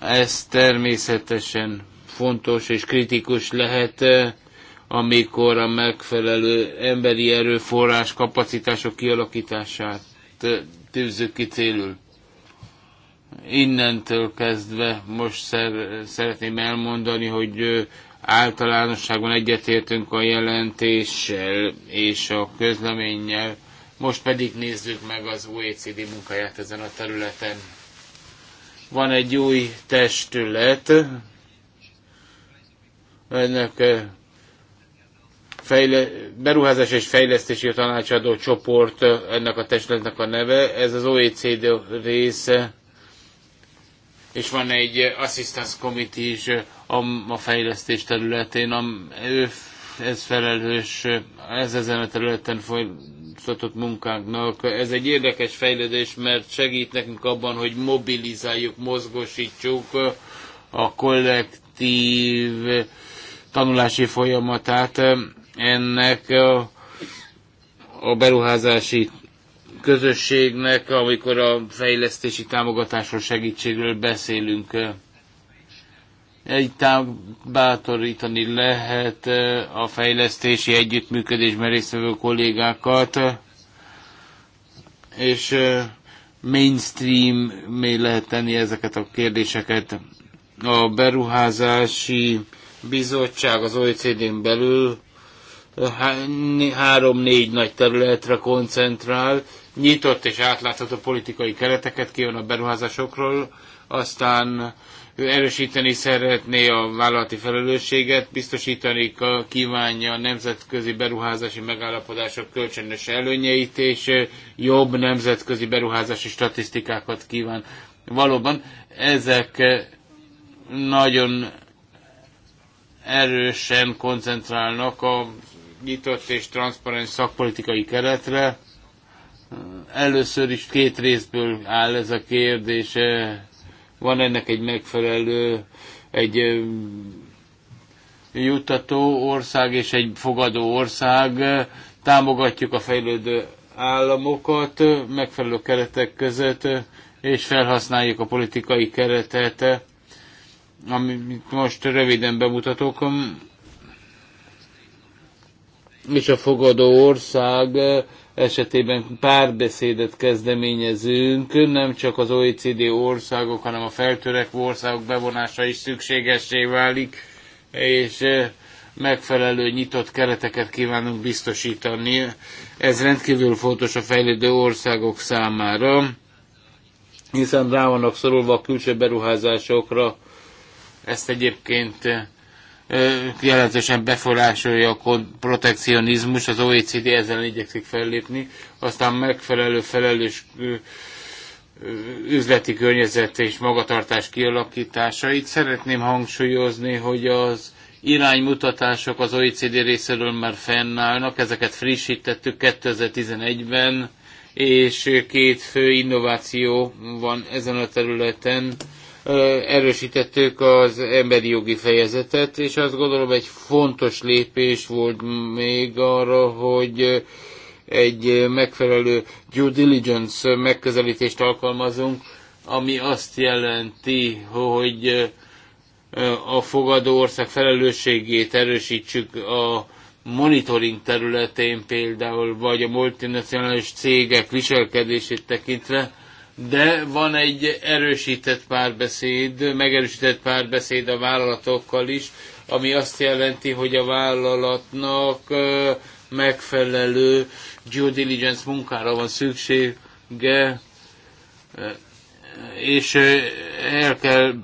Ez természetesen fontos és kritikus lehet, eh, amikor a megfelelő emberi erőforrás kapacitások kialakítását eh, tűzzük ki célul innentől kezdve most szer- szeretném elmondani, hogy általánosságban egyetértünk a jelentéssel és a közleménnyel, most pedig nézzük meg az OECD munkáját ezen a területen. Van egy új testület, ennek fejle- beruházás és fejlesztési tanácsadó csoport ennek a testületnek a neve, ez az OECD része és van egy eh, assistance committee is eh, a, a fejlesztés területén, am, ő ez felelős, eh, ez ezen a területen folytatott munkánknak. Ez egy érdekes fejlődés, mert segít nekünk abban, hogy mobilizáljuk, mozgosítsuk a kollektív tanulási folyamatát ennek a, a beruházási közösségnek, amikor a fejlesztési támogatásról, segítségről beszélünk. Egy bátorítani lehet a fejlesztési együttműködésben résztvevő kollégákat, és mainstream még lehet tenni ezeket a kérdéseket. A beruházási bizottság az OECD-n belül három-négy nagy területre koncentrál, nyitott és átlátható politikai kereteket kijön a beruházásokról, aztán erősíteni szeretné a vállalati felelősséget, biztosítani kívánja a nemzetközi beruházási megállapodások kölcsönös előnyeit, és jobb nemzetközi beruházási statisztikákat kíván. Valóban ezek nagyon erősen koncentrálnak a nyitott és transzparens szakpolitikai keretre, Először is két részből áll ez a kérdés. Van ennek egy megfelelő, egy juttató ország és egy fogadó ország. Támogatjuk a fejlődő államokat megfelelő keretek között, és felhasználjuk a politikai keretet, amit most röviden bemutatok. És a fogadó ország esetében párbeszédet kezdeményezünk, nem csak az OECD országok, hanem a feltörekvő országok bevonása is szükségessé válik, és eh, megfelelő nyitott kereteket kívánunk biztosítani. Ez rendkívül fontos a fejlődő országok számára, hiszen rá vannak szorulva a külső beruházásokra. Ezt egyébként eh, jelentősen befolyásolja a protekcionizmus, az OECD ezzel igyekszik fellépni, aztán megfelelő felelős üzleti környezet és magatartás kialakítása. Itt szeretném hangsúlyozni, hogy az iránymutatások az OECD részéről már fennállnak, ezeket frissítettük 2011-ben, és két fő innováció van ezen a területen erősítettük az emberi jogi fejezetet, és azt gondolom egy fontos lépés volt még arra, hogy egy megfelelő due diligence megközelítést alkalmazunk, ami azt jelenti, hogy a fogadó ország felelősségét erősítsük a monitoring területén például, vagy a multinacionális cégek viselkedését tekintve, de van egy erősített párbeszéd, megerősített párbeszéd a vállalatokkal is, ami azt jelenti, hogy a vállalatnak megfelelő due diligence munkára van szüksége, és el kell,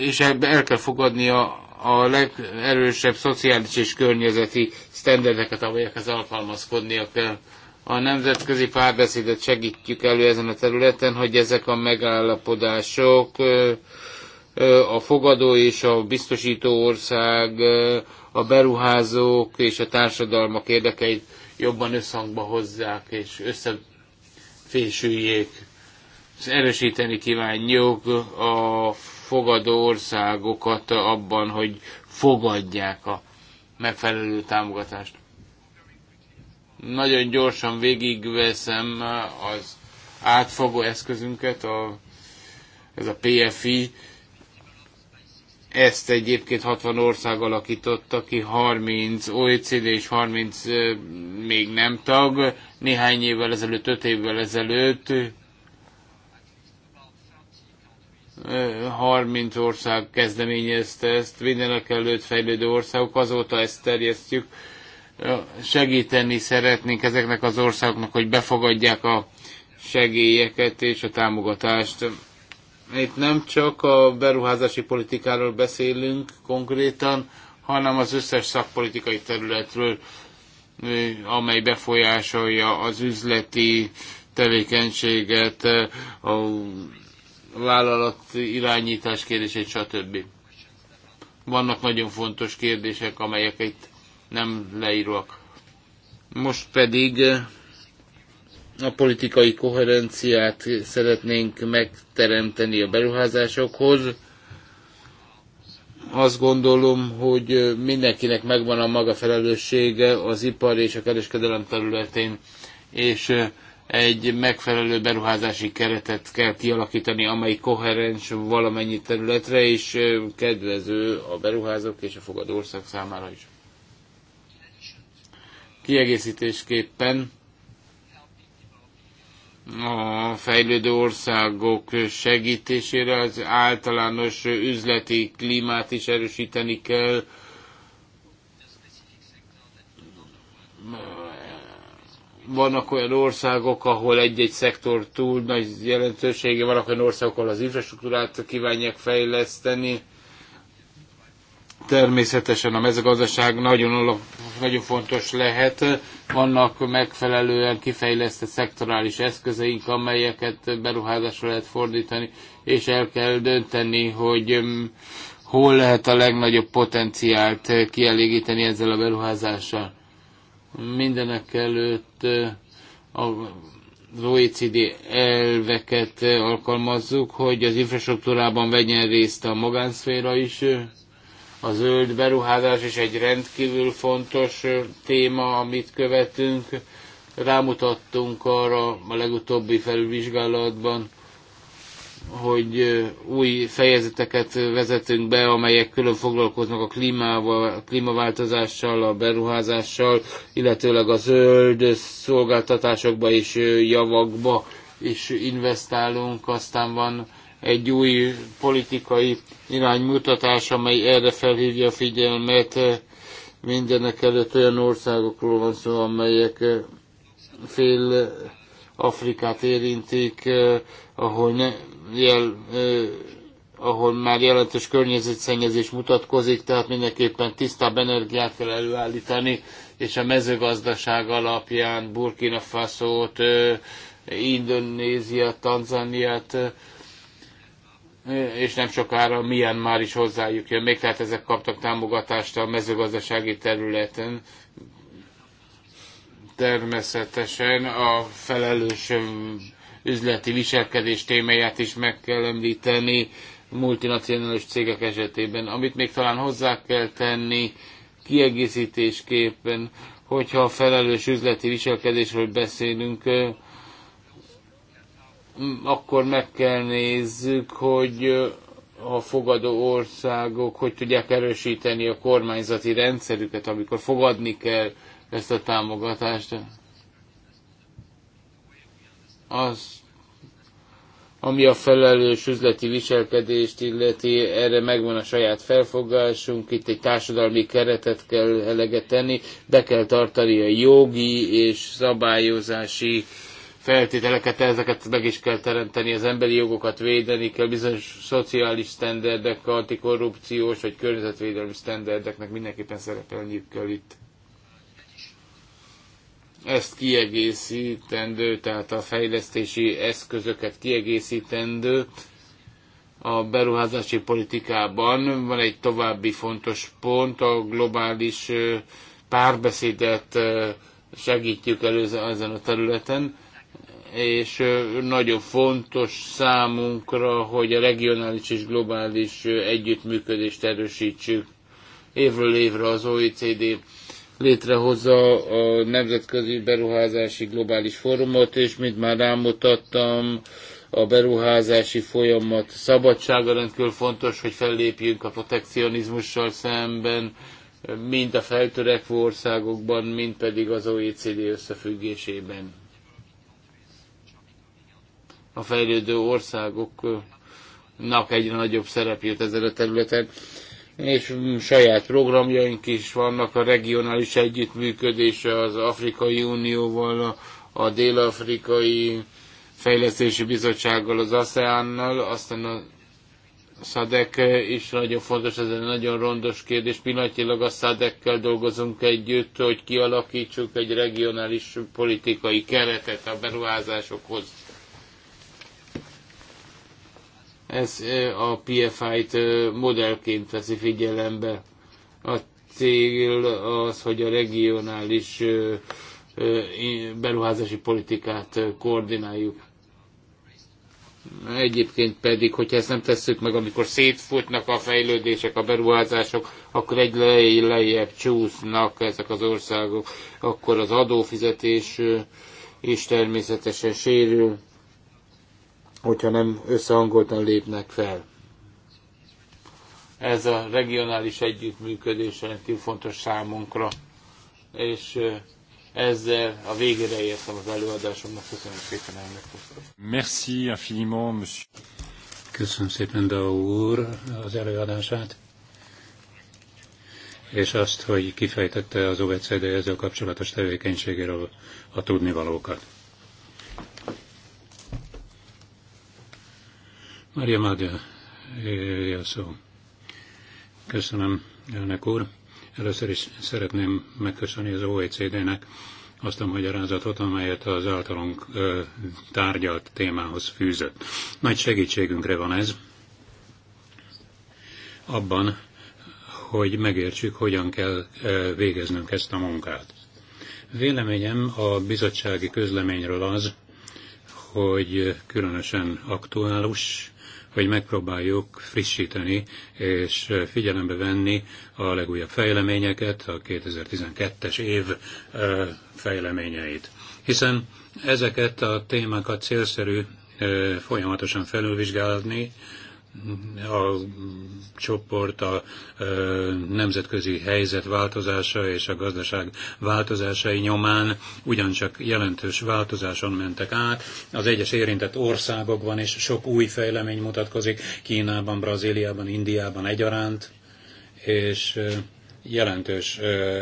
és el kell fogadni a, a legerősebb szociális és környezeti sztenderdeket, amelyekhez alkalmazkodnia kell a nemzetközi párbeszédet segítjük elő ezen a területen, hogy ezek a megállapodások a fogadó és a biztosító ország, a beruházók és a társadalmak érdekeit jobban összhangba hozzák és összefésüljék. Ezt erősíteni kívánjuk a fogadó országokat abban, hogy fogadják a megfelelő támogatást. Nagyon gyorsan végigveszem az átfogó eszközünket, a, ez a PFI, ezt egyébként 60 ország alakította ki, 30 OECD és 30 még nem tag. Néhány évvel ezelőtt, 5 évvel ezelőtt 30 ország kezdeményezte ezt, mindenek előtt fejlődő országok, azóta ezt terjesztjük segíteni szeretnénk ezeknek az országoknak, hogy befogadják a segélyeket és a támogatást. Itt nem csak a beruházási politikáról beszélünk konkrétan, hanem az összes szakpolitikai területről, amely befolyásolja az üzleti tevékenységet, a vállalat irányítás kérdését, stb. Vannak nagyon fontos kérdések, amelyek itt nem leírok. Most pedig eh, a politikai koherenciát szeretnénk megteremteni a beruházásokhoz. Azt gondolom, hogy eh, mindenkinek megvan a maga felelőssége az ipar és a kereskedelem területén, és eh, egy megfelelő beruházási keretet kell kialakítani, amely koherens valamennyi területre, és kedvező a beruházók és a fogadó ország számára is. Kiegészítésképpen a fejlődő országok segítésére az általános üzleti klímát is erősíteni kell. Vannak olyan országok, ahol egy-egy szektor túl nagy jelentősége, vannak olyan országok, ahol az infrastruktúrát kívánják fejleszteni, Természetesen a mezőgazdaság nagyon, nagyon fontos lehet. Vannak megfelelően kifejlesztett szektorális eszközeink, amelyeket beruházásra lehet fordítani, és el kell dönteni, hogy mm, hol lehet a legnagyobb potenciált kielégíteni ezzel a beruházással. Mindenek előtt a eh, az OECD elveket alkalmazzuk, hogy az infrastruktúrában vegyen részt a magánszféra is, a zöld beruházás is egy rendkívül fontos téma, amit követünk. Rámutattunk arra a legutóbbi felülvizsgálatban, hogy új fejezeteket vezetünk be, amelyek külön foglalkoznak a klímával, a klímaváltozással, a beruházással, illetőleg a zöld szolgáltatásokba és javakba is investálunk. Aztán van egy új politikai iránymutatás, amely erre felhívja a figyelmet. Mindenek előtt olyan országokról van szó, amelyek fél Afrikát érintik, ahol, ne, jel, ahol már jelentős környezetszennyezés mutatkozik, tehát mindenképpen tisztább energiát kell előállítani, és a mezőgazdaság alapján Burkina Faso-t, Indonéziát, Tanzániát, és nem sokára milyen már is hozzájuk jön. Még tehát ezek kaptak támogatást a mezőgazdasági területen. Természetesen a felelős üzleti viselkedés témáját is meg kell említeni multinacionális cégek esetében. Amit még talán hozzá kell tenni kiegészítésképpen, hogyha a felelős üzleti viselkedésről beszélünk, Mm, akkor meg kell nézzük, hogy a fogadó országok hogy tudják erősíteni a kormányzati rendszerüket, amikor fogadni kell ezt a támogatást. Az, ami a felelős üzleti viselkedést illeti, erre megvan a saját felfogásunk, itt egy társadalmi keretet kell elegetenni, be kell tartani a jogi és szabályozási feltételeket, ezeket meg is kell teremteni, az emberi jogokat védeni kell, bizonyos szociális sztenderdek, antikorrupciós vagy környezetvédelmi sztenderdeknek mindenképpen szerepelniük kell itt. Ezt kiegészítendő, tehát a fejlesztési eszközöket kiegészítendő, a beruházási politikában van egy további fontos pont, a globális párbeszédet segítjük elő ezen a területen és nagyon fontos számunkra, hogy a regionális és globális együttműködést erősítsük. Évről évre az OECD létrehozza a Nemzetközi Beruházási Globális Fórumot, és mint már rámutattam, a beruházási folyamat szabadsága rendkívül fontos, hogy fellépjünk a protekcionizmussal szemben, mind a feltörekvő országokban, mind pedig az OECD összefüggésében a fejlődő országoknak egyre nagyobb szerep jut ezen a területen és saját programjaink is vannak, a regionális együttműködése az Afrikai Unióval, a Dél-Afrikai Fejlesztési Bizottsággal, az ASEAN-nal, aztán a SZADEK is nagyon fontos, ez egy nagyon rondos kérdés. Pillanatilag a SZADEK-kel dolgozunk együtt, hogy kialakítsuk egy regionális politikai keretet a beruházásokhoz Ez a PFI-t modellként veszi figyelembe. A cél az, hogy a regionális beruházási politikát koordináljuk. Egyébként pedig, hogyha ezt nem tesszük meg, amikor szétfutnak a fejlődések, a beruházások, akkor egy lejjebb csúsznak ezek az országok, akkor az adófizetés is természetesen sérül hogyha nem összehangoltan lépnek fel. Ez a regionális együttműködés rendkívül fontos számunkra, és ezzel a végére értem az előadásomnak. Köszönöm szépen, elnök Merci infiniment, monsieur. Köszönöm szépen, Dau úr, az előadását, és azt, hogy kifejtette az OECD ezzel kapcsolatos tevékenységéről a tudnivalókat. Maria Magda, jó, eh, szó. Köszönöm, elnök úr. Először is szeretném megköszönni az OECD-nek azt a magyarázatot, amelyet az általunk tárgyalt témához fűzött. Nagy segítségünkre van ez abban, hogy megértsük, hogyan kell végeznünk ezt a munkát. Véleményem a bizottsági közleményről az, hogy különösen aktuális, hogy megpróbáljuk frissíteni és figyelembe venni a legújabb fejleményeket, a 2012-es év fejleményeit. Hiszen ezeket a témákat célszerű folyamatosan felülvizsgálni, a csoport a nemzetközi helyzet változása és a gazdaság változásai nyomán ugyancsak jelentős változáson mentek át. Az egyes érintett országokban is sok új fejlemény mutatkozik, Kínában, Brazíliában, Indiában egyaránt, és jelentős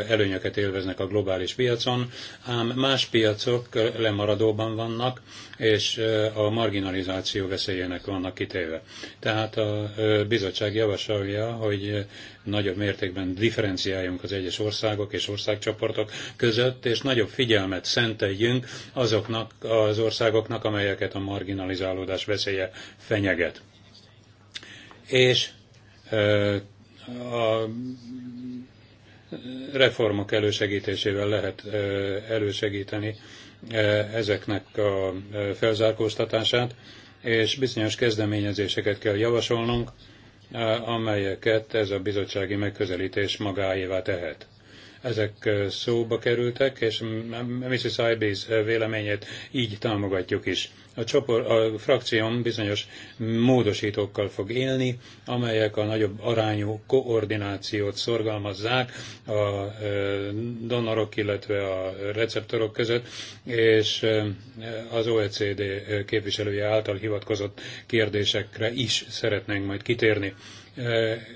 előnyöket élveznek a globális piacon, ám más piacok lemaradóban vannak, és a marginalizáció veszélyének vannak kitéve. Tehát a bizottság javasolja, hogy nagyobb mértékben differenciáljunk az egyes országok és országcsoportok között, és nagyobb figyelmet szenteljünk azoknak az országoknak, amelyeket a marginalizálódás veszélye fenyeget. És a reformok elősegítésével lehet elősegíteni ezeknek a felzárkóztatását, és bizonyos kezdeményezéseket kell javasolnunk, amelyeket ez a bizottsági megközelítés magáévá tehet ezek szóba kerültek, és Mrs. Ibis véleményét így támogatjuk is. A, csopor, a frakcióm bizonyos módosítókkal fog élni, amelyek a nagyobb arányú koordinációt szorgalmazzák a donorok, illetve a receptorok között, és az OECD képviselője által hivatkozott kérdésekre is szeretnénk majd kitérni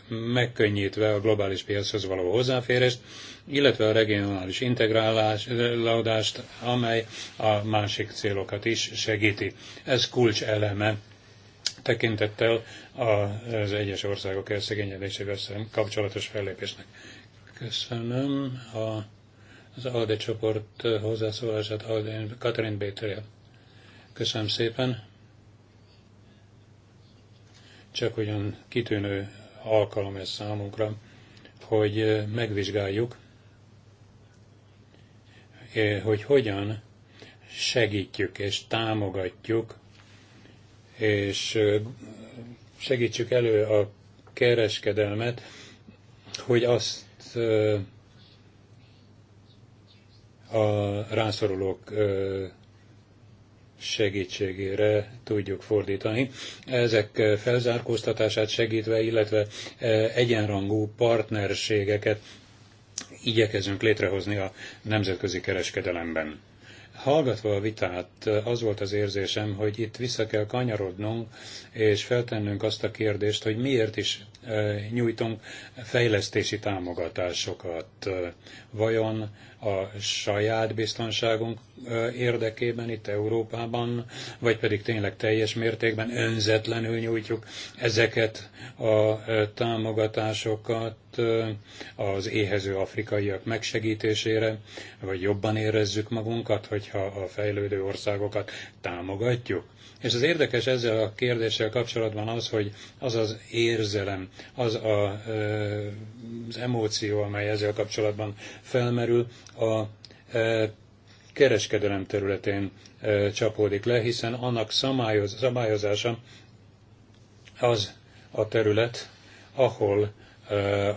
megkönnyítve a globális piachoz való hozzáférést, illetve a regionális integrálást, amely a másik célokat is segíti. Ez kulcs eleme tekintettel az egyes országok elszegényedésével kapcsolatos fellépésnek. Köszönöm a, az ALDE csoport hozzászólását Katrin Bétrél. Köszönöm szépen csak olyan kitűnő alkalom ez számunkra, hogy eh, megvizsgáljuk, eh, hogy hogyan segítjük és támogatjuk, és eh, segítsük elő a kereskedelmet, hogy azt a rászorulók segítségére tudjuk fordítani. Ezek felzárkóztatását segítve, illetve e, egyenrangú partnerségeket igyekezünk létrehozni a nemzetközi kereskedelemben. Hallgatva a vitát, az volt az érzésem, hogy itt vissza kell kanyarodnunk, és feltennünk azt a kérdést, hogy miért is nyújtunk fejlesztési támogatásokat. Vajon a saját biztonságunk érdekében itt Európában, vagy pedig tényleg teljes mértékben önzetlenül nyújtjuk ezeket a támogatásokat az éhező afrikaiak megsegítésére, vagy jobban érezzük magunkat, hogyha a fejlődő országokat támogatjuk. És az érdekes ezzel a kérdéssel kapcsolatban az, hogy az az érzelem, az a, az emóció, amely ezzel kapcsolatban felmerül, a kereskedelem területén csapódik le, hiszen annak szabályozása az a terület, ahol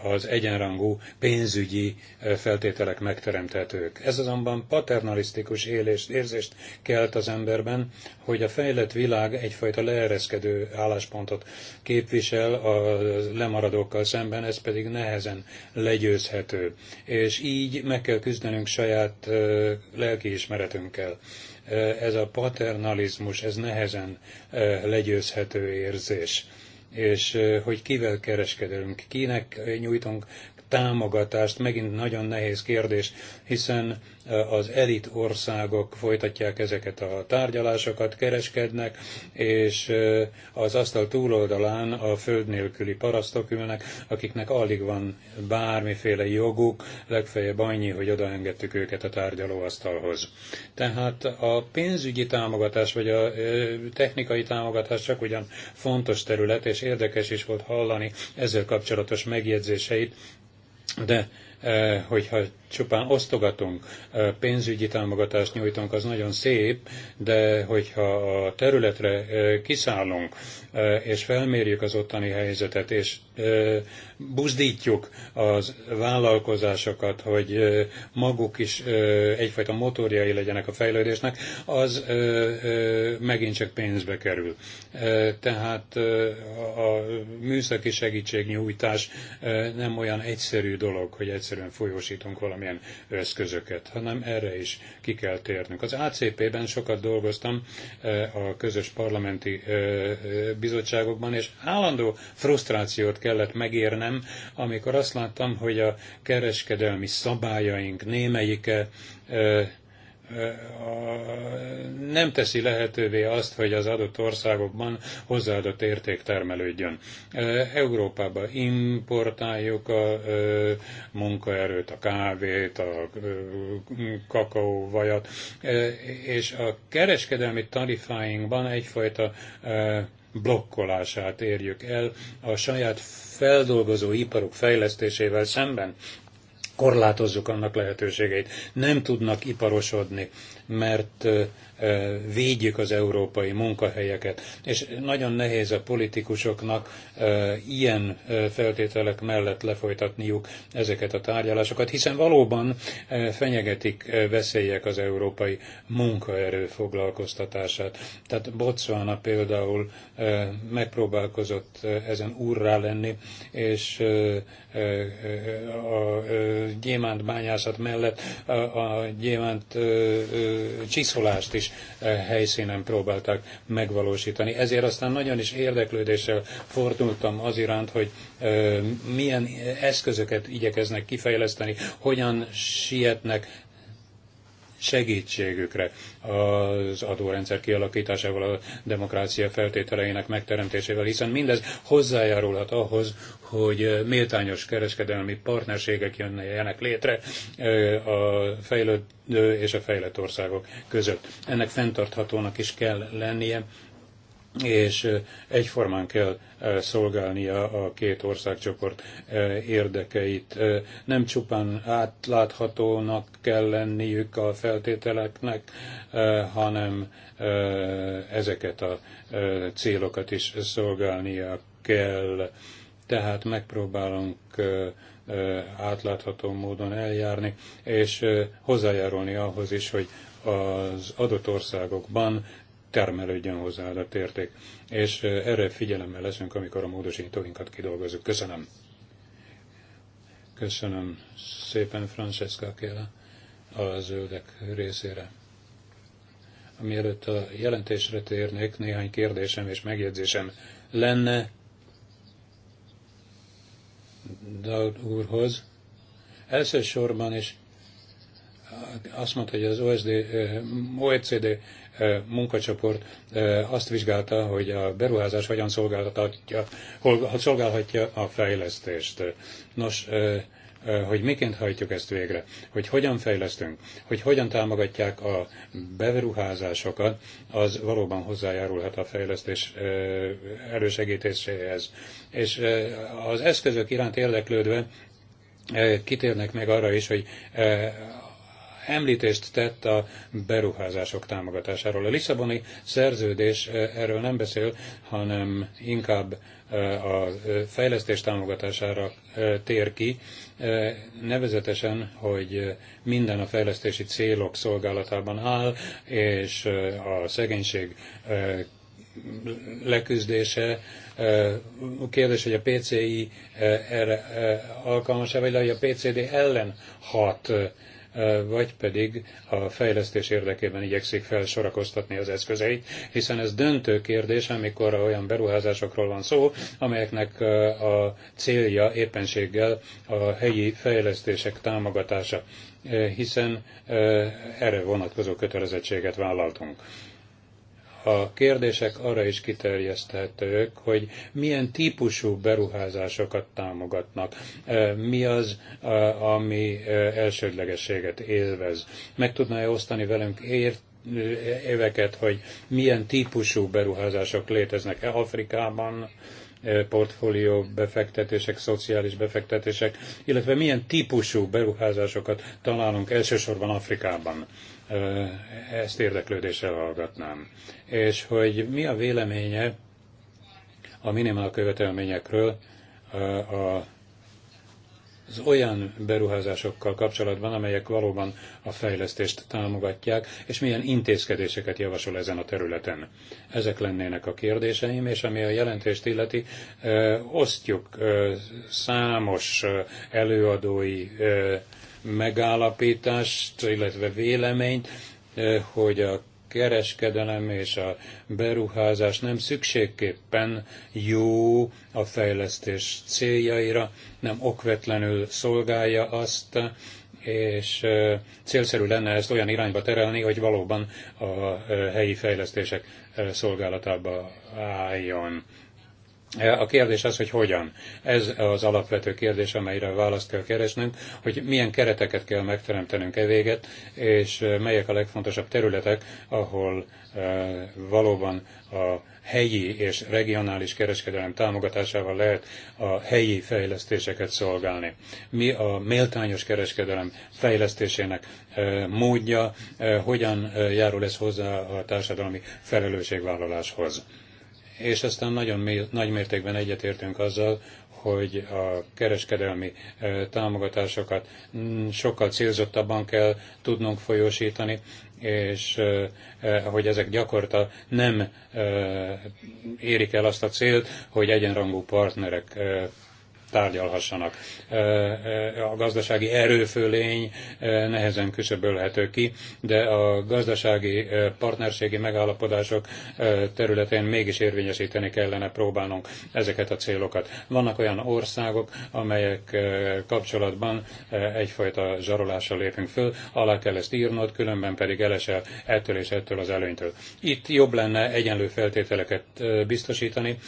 az egyenrangú pénzügyi feltételek megteremthetők. Ez azonban paternalisztikus élést, érzést kelt az emberben, hogy a fejlett világ egyfajta leereszkedő álláspontot képvisel a lemaradókkal szemben, ez pedig nehezen legyőzhető. És így meg kell küzdenünk saját lelkiismeretünkkel ez a paternalizmus, ez nehezen legyőzhető érzés és hogy kivel kereskedünk, kinek nyújtunk támogatást megint nagyon nehéz kérdés, hiszen az elit országok folytatják ezeket a tárgyalásokat, kereskednek, és az asztal túloldalán a föld nélküli parasztok ülnek, akiknek alig van bármiféle joguk, legfeljebb annyi, hogy odaengedtük őket a tárgyalóasztalhoz. Tehát a pénzügyi támogatás vagy a technikai támogatás csak ugyan fontos terület, és érdekes is volt hallani ezzel kapcsolatos megjegyzéseit, de Eh, hogyha csupán osztogatunk, eh, pénzügyi támogatást nyújtunk, az nagyon szép, de hogyha a területre eh, kiszállunk, és felmérjük az ottani helyzetet, és buzdítjuk az vállalkozásokat, hogy maguk is egyfajta motorjai legyenek a fejlődésnek, az megint csak pénzbe kerül. Tehát a műszaki segítségnyújtás nem olyan egyszerű dolog, hogy egyszer egyszerűen folyósítunk valamilyen eszközöket, hanem erre is ki kell térnünk. Az ACP-ben sokat dolgoztam eh, a közös parlamenti eh, eh, bizottságokban, és állandó frusztrációt kellett megérnem, amikor azt láttam, hogy a kereskedelmi szabályaink némelyike nem teszi lehetővé azt, hogy az adott országokban hozzáadott érték termelődjön. Európába importáljuk a munkaerőt, a kávét, a kakaóvajat, és a kereskedelmi tarifáinkban egyfajta blokkolását érjük el a saját feldolgozó iparok fejlesztésével szemben korlátozzuk annak lehetőségeit. Nem tudnak iparosodni mert védjük az európai munkahelyeket. És nagyon nehéz a politikusoknak ilyen feltételek mellett lefolytatniuk ezeket a tárgyalásokat, hiszen valóban fenyegetik veszélyek az európai munkaerő foglalkoztatását. Tehát Botswana például megpróbálkozott ezen úrrá lenni, és a gyémánt bányászat mellett a gyémánt csiszolást is eh, helyszínen próbálták megvalósítani. Ezért aztán nagyon is érdeklődéssel fordultam az iránt, hogy eh, milyen eh, eszközöket igyekeznek kifejleszteni, hogyan sietnek segítségükre az adórendszer kialakításával, a demokrácia feltételeinek megteremtésével, hiszen mindez hozzájárulhat ahhoz, hogy méltányos kereskedelmi partnerségek jönnek létre a fejlődő és a fejlett országok között. Ennek fenntarthatónak is kell lennie, és egyformán kell szolgálnia a két országcsoport érdekeit. Nem csupán átláthatónak kell lenniük a feltételeknek, hanem ezeket a célokat is szolgálnia kell. Tehát megpróbálunk átlátható módon eljárni, és hozzájárulni ahhoz is, hogy az adott országokban termelődjön hozzáadott érték. És erre figyelemmel leszünk, amikor a módosítóinkat kidolgozunk. Köszönöm. Köszönöm szépen Francesca Kéla a zöldek részére. Mielőtt a jelentésre térnék, néhány kérdésem és megjegyzésem lenne Daud úrhoz. Elsősorban is azt mondta, hogy az OSD, OECD munkacsoport azt vizsgálta, hogy a beruházás hogyan szolgálhatja, hol, szolgálhatja a fejlesztést. Nos, hogy miként hajtjuk ezt végre, hogy hogyan fejlesztünk, hogy hogyan támogatják a beruházásokat, az valóban hozzájárulhat a fejlesztés elősegítéséhez. És az eszközök iránt érdeklődve kitérnek meg arra is, hogy említést tett a beruházások támogatásáról. A Lisszaboni szerződés erről nem beszél, hanem inkább a fejlesztés támogatására tér ki, nevezetesen, hogy minden a fejlesztési célok szolgálatában áll, és a szegénység leküzdése. Kérdés, hogy a PCI erre alkalmas-e, vagy hogy a PCD ellen hat vagy pedig a fejlesztés érdekében igyekszik felsorakoztatni az eszközeit, hiszen ez döntő kérdés, amikor olyan beruházásokról van szó, amelyeknek a célja éppenséggel a helyi fejlesztések támogatása hiszen erre vonatkozó kötelezettséget vállaltunk. A kérdések arra is kiterjeszthetők, hogy milyen típusú beruházásokat támogatnak, e, mi az, ami e, elsődlegességet élvez. Meg tudná-e osztani velünk ért éveket, hogy milyen típusú beruházások léteznek -e Afrikában, e, portfólió befektetések, szociális befektetések, illetve milyen típusú beruházásokat találunk elsősorban Afrikában ezt érdeklődéssel hallgatnám. És hogy mi a véleménye a minimál követelményekről az olyan beruházásokkal kapcsolatban, amelyek valóban a fejlesztést támogatják, és milyen intézkedéseket javasol ezen a területen. Ezek lennének a kérdéseim, és ami a jelentést illeti, osztjuk számos előadói megállapítást, illetve véleményt, hogy a kereskedelem és a beruházás nem szükségképpen jó a fejlesztés céljaira, nem okvetlenül szolgálja azt, és célszerű lenne ezt olyan irányba terelni, hogy valóban a helyi fejlesztések szolgálatába álljon. E, a kérdés az, hogy hogyan. Ez az alapvető kérdés, amelyre választ kell keresnünk, hogy milyen kereteket kell megteremtenünk evéget, és e, melyek a legfontosabb területek, ahol e, valóban a helyi és regionális kereskedelem támogatásával lehet a helyi fejlesztéseket szolgálni. Mi a méltányos kereskedelem fejlesztésének módja, hogyan járul ez hozzá a társadalmi felelősségvállaláshoz és aztán nagyon nagy mértékben egyetértünk azzal, hogy a kereskedelmi támogatásokat mm, sokkal célzottabban kell tudnunk folyósítani, és hogy ezek gyakorta nem érik el azt a célt, hogy egyenrangú partnerek tárgyalhassanak. A gazdasági erőfölény nehezen küszöbölhető ki, de a gazdasági partnerségi megállapodások területén mégis érvényesíteni kellene próbálnunk ezeket a célokat. Vannak olyan országok, amelyek kapcsolatban egyfajta zsarolással lépünk föl, alá kell ezt írnod, különben pedig elesel ettől és ettől az előnytől. Itt jobb lenne egyenlő feltételeket biztosítani,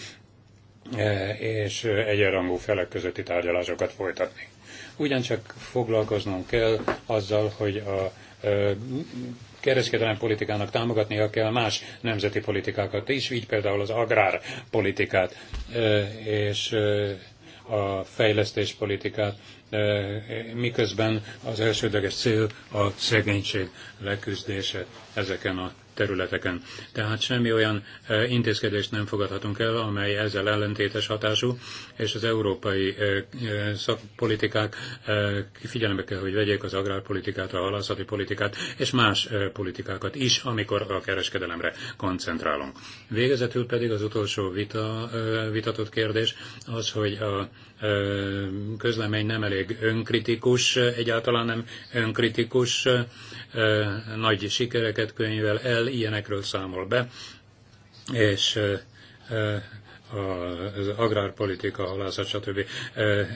E, és egyenrangú felek közötti tárgyalásokat folytatni. Ugyancsak foglalkoznom kell azzal, hogy a e, kereskedelmi politikának támogatnia kell más nemzeti politikákat is, így például az agrárpolitikát e, és a fejlesztéspolitikát, miközben az elsődleges cél a szegénység leküzdése ezeken a területeken. Tehát semmi olyan intézkedést nem fogadhatunk el, amely ezzel ellentétes hatású, és az európai szakpolitikák figyelembe kell, hogy vegyék az agrárpolitikát, a halászati politikát, és más politikákat is, amikor a kereskedelemre koncentrálunk. Végezetül pedig az utolsó vita, vitatott kérdés az, hogy a közlemény nem elég önkritikus, egyáltalán nem önkritikus, nagy sikereket könyvel el, ilyenekről számol be, és az agrárpolitika, halászat, stb.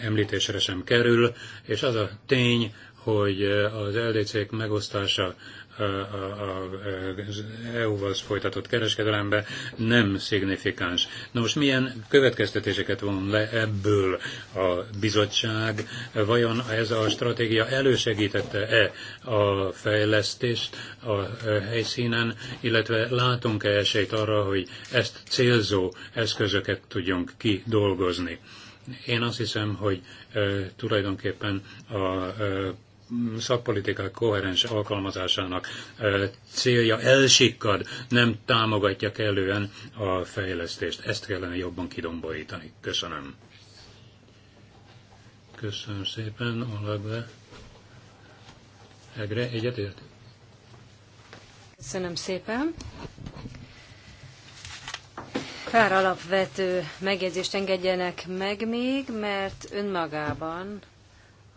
említésre sem kerül, és az a tény, hogy az LDC-k megosztása az EU-val folytatott kereskedelembe nem szignifikáns. Na most milyen következtetéseket von le ebből a bizottság? Vajon ez a stratégia elősegítette-e a fejlesztést a e, helyszínen, illetve látunk-e esélyt arra, hogy ezt célzó eszközöket tudjunk kidolgozni? Én azt hiszem, hogy e, tulajdonképpen a e, szakpolitikák koherens alkalmazásának célja elsikkad, nem támogatja kellően a fejlesztést. Ezt kellene jobban kidomborítani. Köszönöm. Köszönöm szépen, Olagbe. Egre, egyetért? Köszönöm szépen. Pár alapvető megjegyzést engedjenek meg még, mert önmagában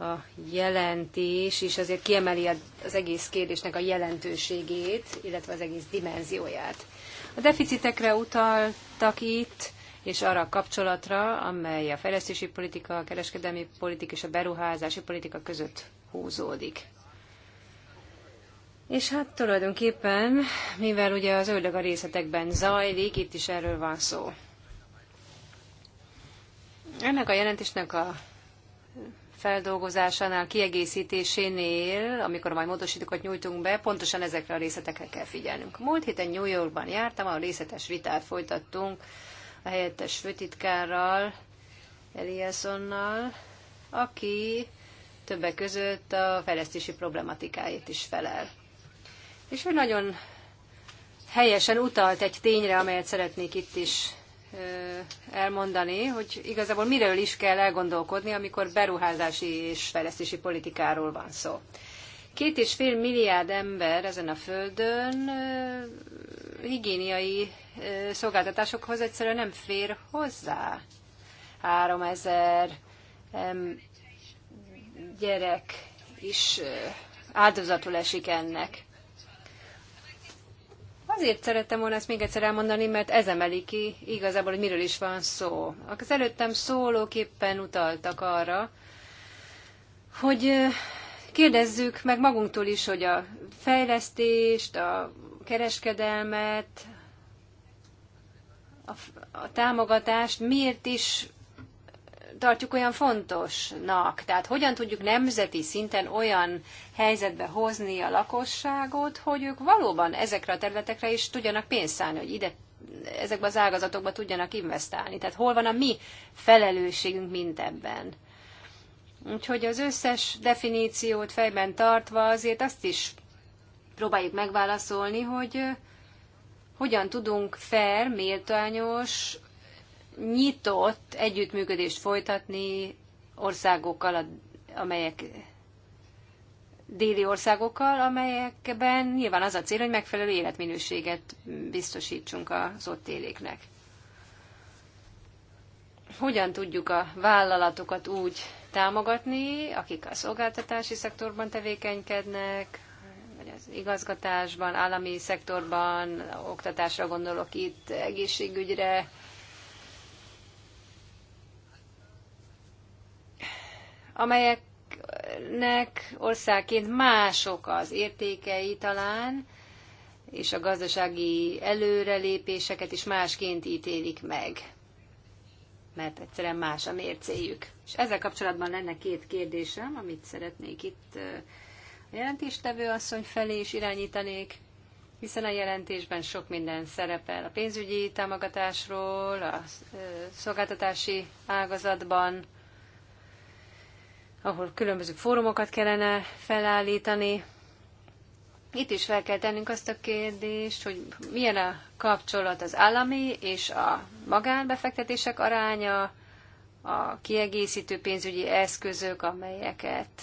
a jelentés, és azért kiemeli az egész kérdésnek a jelentőségét, illetve az egész dimenzióját. A deficitekre utaltak itt, és arra a kapcsolatra, amely a fejlesztési politika, a kereskedelmi politika és a beruházási politika között húzódik. És hát tulajdonképpen, mivel ugye az ördög a részletekben zajlik, itt is erről van szó. Ennek a jelentésnek a feldolgozásánál, kiegészítésénél, amikor majd módosítókat nyújtunk be, pontosan ezekre a részletekre kell figyelnünk. Múlt héten New Yorkban jártam, a részletes vitát folytattunk a helyettes főtitkárral, Eliassonnal, aki többek között a fejlesztési problematikáit is felel. És ő nagyon helyesen utalt egy tényre, amelyet szeretnék itt is elmondani, hogy igazából miről is kell elgondolkodni, amikor beruházási és fejlesztési politikáról van szó. Két és fél milliárd ember ezen a földön higiéniai szolgáltatásokhoz egyszerűen nem fér hozzá. Három ezer gyerek is áldozatul esik ennek. Azért szerettem volna ezt még egyszer elmondani, mert ez emeli ki igazából, hogy miről is van szó. Az előttem szólók éppen utaltak arra, hogy kérdezzük meg magunktól is, hogy a fejlesztést, a kereskedelmet, a, a támogatást miért is tartjuk olyan fontosnak? Tehát hogyan tudjuk nemzeti szinten olyan helyzetbe hozni a lakosságot, hogy ők valóban ezekre a területekre is tudjanak pénzt szállni, hogy ide ezekbe az ágazatokba tudjanak investálni. Tehát hol van a mi felelősségünk ebben? Úgyhogy az összes definíciót fejben tartva azért azt is próbáljuk megválaszolni, hogy eh, hogyan tudunk fair, méltányos nyitott együttműködést folytatni országokkal, amelyek déli országokkal, amelyekben nyilván az a cél, hogy megfelelő életminőséget biztosítsunk az ott éléknek. Hogyan tudjuk a vállalatokat úgy támogatni, akik a szolgáltatási szektorban tevékenykednek, vagy az igazgatásban, állami szektorban, oktatásra gondolok itt, egészségügyre, amelyeknek országként mások az értékei talán, és a gazdasági előrelépéseket is másként ítélik meg, mert egyszerűen más a mércéjük. És ezzel kapcsolatban lenne két kérdésem, amit szeretnék itt a jelentéstevő asszony felé is irányítanék, hiszen a jelentésben sok minden szerepel a pénzügyi támogatásról, a szolgáltatási ágazatban, ahol különböző fórumokat kellene felállítani. Itt is fel kell tennünk azt a kérdést, hogy milyen a kapcsolat az állami és a magánbefektetések aránya, a kiegészítő pénzügyi eszközök, amelyeket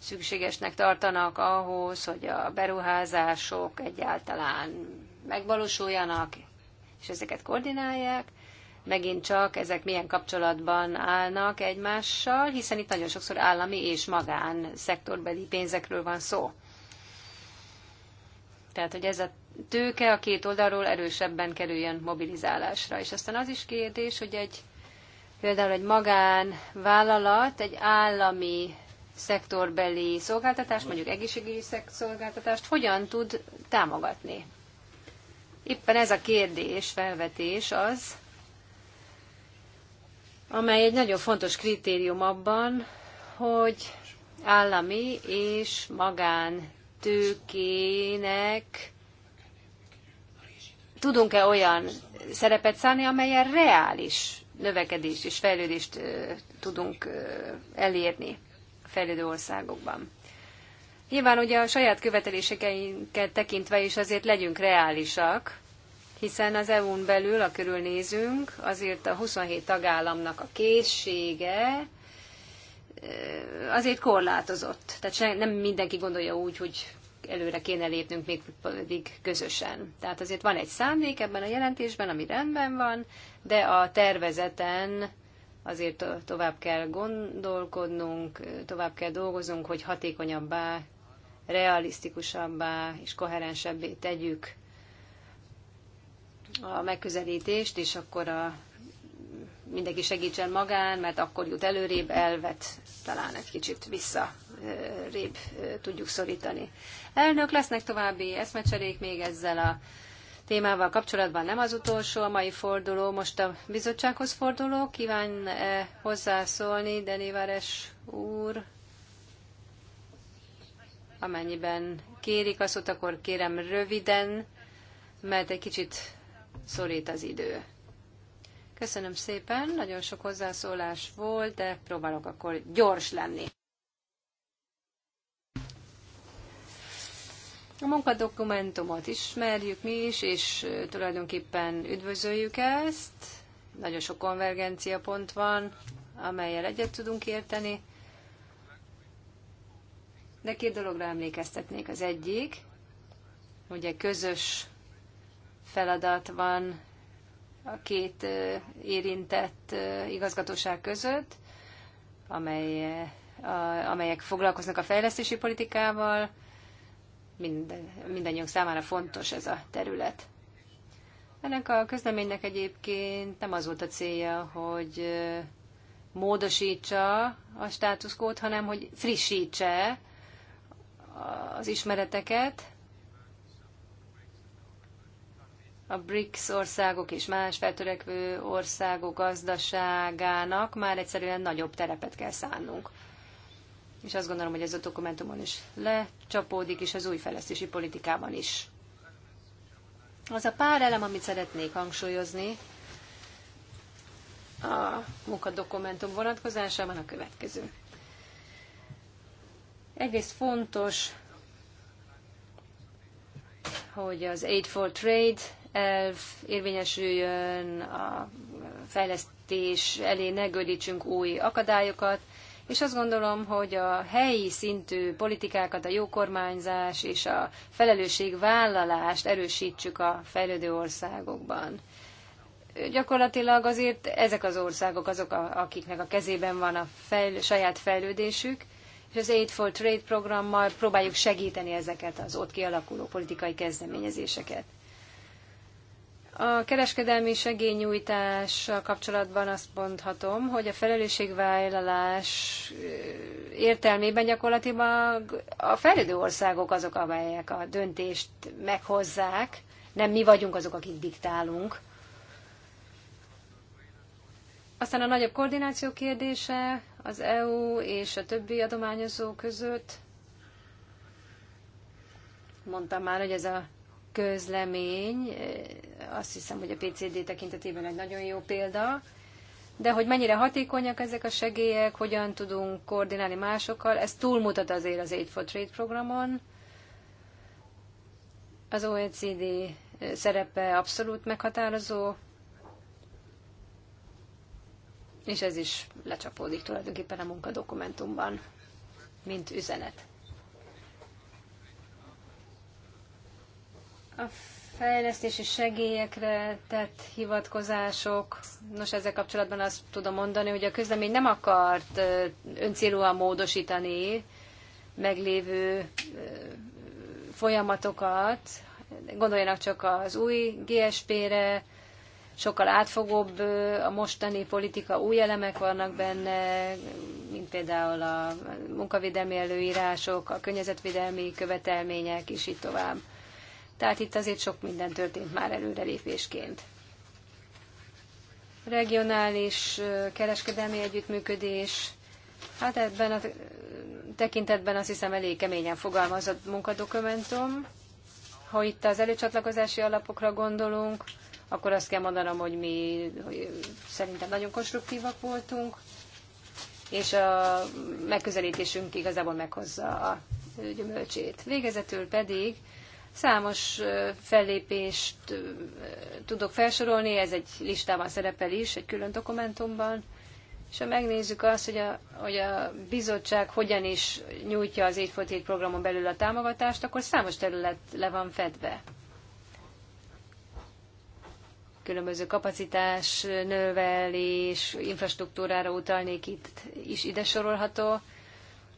szükségesnek tartanak ahhoz, hogy a beruházások egyáltalán megvalósuljanak, és ezeket koordinálják, megint csak ezek milyen kapcsolatban állnak egymással, hiszen itt nagyon sokszor állami és magán szektorbeli pénzekről van szó. Tehát, hogy ez a tőke a két oldalról erősebben kerüljön mobilizálásra. És aztán az is kérdés, hogy egy például egy magán vállalat, egy állami szektorbeli szolgáltatást, mondjuk egészségügyi szolgáltatást hogyan tud támogatni. Éppen ez a kérdés, felvetés az, amely egy nagyon fontos kritérium abban, hogy állami és magán tőkének tudunk-e olyan szerepet szállni, amelyen reális növekedést és fejlődést tudunk elérni a fejlődő országokban. Nyilván ugye a saját követeléseinket tekintve is azért legyünk reálisak, hiszen az EU-n belül, a körülnézünk, azért a 27 tagállamnak a készsége azért korlátozott. Tehát nem mindenki gondolja úgy, hogy előre kéne lépnünk még pedig közösen. Tehát azért van egy szándék ebben a jelentésben, ami rendben van, de a tervezeten azért tovább kell gondolkodnunk, tovább kell dolgoznunk, hogy hatékonyabbá, realisztikusabbá és koherensebbé tegyük a megközelítést, és akkor a, mindenki segítsen magán, mert akkor jut előrébb, elvet talán egy kicsit vissza rébb tudjuk szorítani. Elnök, lesznek további eszmecserék még ezzel a témával kapcsolatban nem az utolsó a mai forduló. Most a bizottsághoz forduló. Kíván -e hozzászólni Denivares úr? Amennyiben kérik azt, akkor kérem röviden, mert egy kicsit szorít az idő. Köszönöm szépen, nagyon sok hozzászólás volt, de próbálok akkor gyors lenni. A munkadokumentumot ismerjük mi is, és tulajdonképpen üdvözöljük ezt. Nagyon sok konvergencia pont van, amelyel egyet tudunk érteni. De két dologra emlékeztetnék. Az egyik, ugye közös feladat van a két érintett igazgatóság között, amely, a, amelyek foglalkoznak a fejlesztési politikával. Minden, mindannyiunk számára fontos ez a terület. Ennek a közleménynek egyébként nem az volt a célja, hogy módosítsa a státuszkót, hanem hogy frissítse az ismereteket, a BRICS országok és más feltörekvő országok gazdaságának már egyszerűen nagyobb terepet kell szánnunk. És azt gondolom, hogy ez a dokumentumon is lecsapódik, és az új fejlesztési politikában is. Az a pár elem, amit szeretnék hangsúlyozni a munkadokumentum vonatkozásában a következő. egész fontos, hogy az Aid for Trade elv érvényesüljön, a fejlesztés elé ne gödítsünk új akadályokat, és azt gondolom, hogy a helyi szintű politikákat, a jó kormányzás és a felelősségvállalást erősítsük a fejlődő országokban. Gyakorlatilag azért ezek az országok azok, akiknek a kezében van a fejl- saját fejlődésük, és az Aid for Trade programmal próbáljuk segíteni ezeket az ott kialakuló politikai kezdeményezéseket. A kereskedelmi segélynyújtással kapcsolatban azt mondhatom, hogy a felelősségvállalás értelmében gyakorlatilag a fejlődő országok azok, amelyek a döntést meghozzák, nem mi vagyunk azok, akik diktálunk. Aztán a nagyobb koordináció kérdése az EU és a többi adományozó között. Mondtam már, hogy ez a közlemény, azt hiszem, hogy a PCD tekintetében egy nagyon jó példa, de hogy mennyire hatékonyak ezek a segélyek, hogyan tudunk koordinálni másokkal, ez túlmutat azért az Aid for Trade programon. Az OECD szerepe abszolút meghatározó, és ez is lecsapódik tulajdonképpen a munkadokumentumban, mint üzenet. A fejlesztési segélyekre tett hivatkozások, nos ezzel kapcsolatban azt tudom mondani, hogy a közlemény nem akart öncélúan módosítani meglévő folyamatokat, gondoljanak csak az új GSP-re, sokkal átfogóbb a mostani politika, új elemek vannak benne, mint például a munkavédelmi előírások, a környezetvédelmi követelmények, és így tovább. Tehát itt azért sok minden történt már előrelépésként. Regionális kereskedelmi együttműködés. Hát ebben a tekintetben azt hiszem elég keményen fogalmazott munkadokumentum. Ha itt az előcsatlakozási alapokra gondolunk, akkor azt kell mondanom, hogy mi hogy szerintem nagyon konstruktívak voltunk, és a megközelítésünk igazából meghozza a gyümölcsét. Végezetül pedig Számos fellépést tudok felsorolni, ez egy listában szerepel is, egy külön dokumentumban. És ha megnézzük azt, hogy a, hogy a bizottság hogyan is nyújtja az 847 programon belül a támogatást, akkor számos terület le van fedve. Különböző kapacitás, növelés, infrastruktúrára utalnék itt is ide sorolható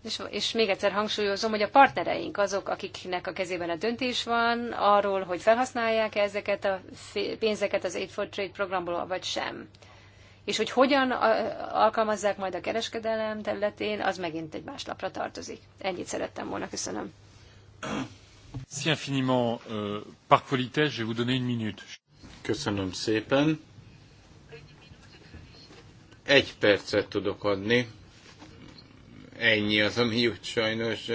és, és még egyszer hangsúlyozom, hogy a partnereink azok, akiknek a kezében a döntés van arról, hogy felhasználják -e ezeket a pénzeket az Aid for Trade programból, vagy sem. És hogy hogyan alkalmazzák majd a kereskedelem területén, az megint egy más lapra tartozik. Ennyit szerettem volna, köszönöm. Si infiniment, euh, par politesse, je vous donner une minute. Köszönöm szépen. Egy percet tudok adni Ennyi az, ami jut sajnos.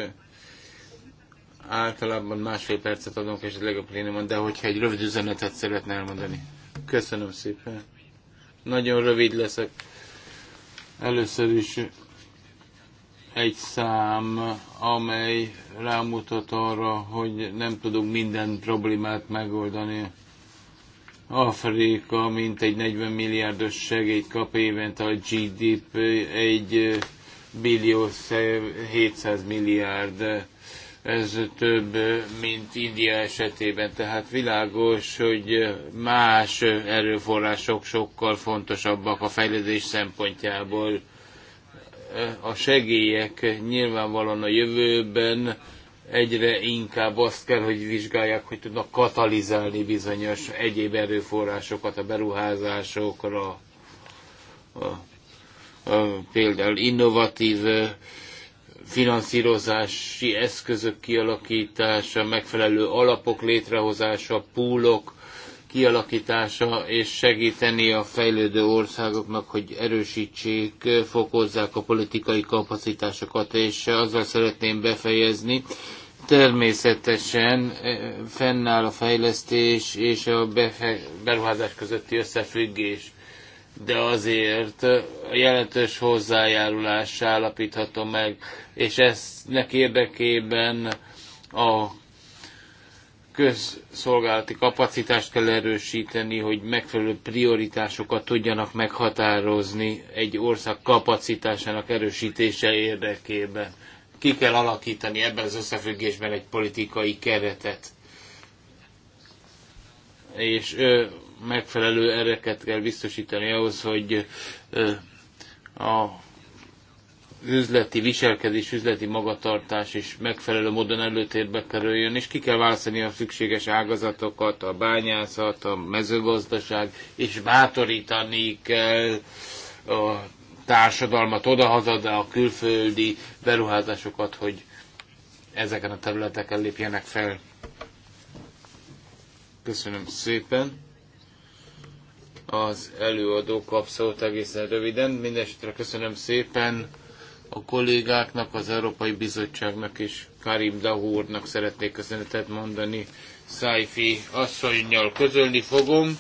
Általában másfél percet adunk esetleg a plénumon, de hogyha egy rövid üzenetet szeretne elmondani. Köszönöm szépen. Nagyon rövid leszek. Először is egy szám, amely rámutat arra, hogy nem tudunk minden problémát megoldani. Afrika mint egy 40 milliárdos segélyt kap évente a GDP egy millió 700 milliárd, ez több, mint India esetében, tehát világos, hogy más erőforrások sokkal fontosabbak a fejlődés szempontjából. A segélyek nyilvánvalóan a jövőben egyre inkább azt kell, hogy vizsgálják, hogy tudnak katalizálni bizonyos egyéb erőforrásokat a beruházásokra, a például innovatív finanszírozási eszközök kialakítása, megfelelő alapok létrehozása, púlok kialakítása, és segíteni a fejlődő országoknak, hogy erősítsék, fokozzák a politikai kapacitásokat, és azzal szeretném befejezni. Természetesen fennáll a fejlesztés és a beruházás közötti összefüggés de azért jelentős hozzájárulás állapítható meg, és eznek érdekében a közszolgálati kapacitást kell erősíteni, hogy megfelelő prioritásokat tudjanak meghatározni egy ország kapacitásának erősítése érdekében. Ki kell alakítani ebben az összefüggésben egy politikai keretet. És megfelelő ereket kell biztosítani ahhoz, hogy a üzleti viselkedés, üzleti magatartás is megfelelő módon előtérbe kerüljön, és ki kell választani a szükséges ágazatokat, a bányászat, a mezőgazdaság, és bátorítani kell a társadalmat odahaza, de a külföldi beruházásokat, hogy ezeken a területeken lépjenek fel. Köszönöm szépen az előadó kap egészen röviden. Mindenesetre köszönöm szépen a kollégáknak, az Európai Bizottságnak és Karim Dahúrnak szeretnék köszönetet mondani. Szájfi asszonynal közölni fogom,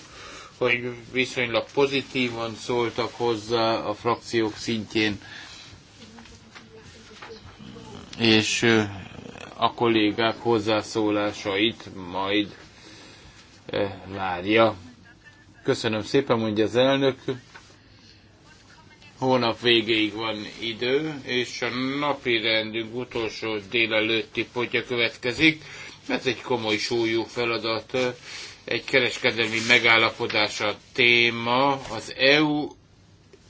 hogy viszonylag pozitívan szóltak hozzá a frakciók szintjén, és a kollégák hozzászólásait majd várja Köszönöm szépen, mondja az elnök. Hónap végéig van idő, és a napi rendünk utolsó délelőtti pontja következik. Ez egy komoly súlyú feladat, egy kereskedelmi megállapodás a téma az EU,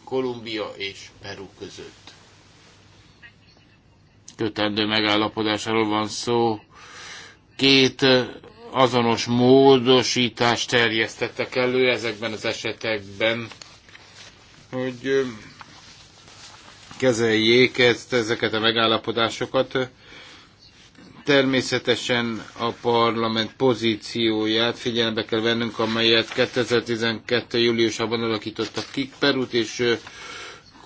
Kolumbia és Peru között. Kötendő megállapodásáról van szó, két azonos módosítást terjesztettek elő ezekben az esetekben, hogy kezeljék ezt, ezeket a megállapodásokat. Természetesen a parlament pozícióját figyelembe kell vennünk, amelyet 2012. júliusában alakítottak Kikperút, Perut és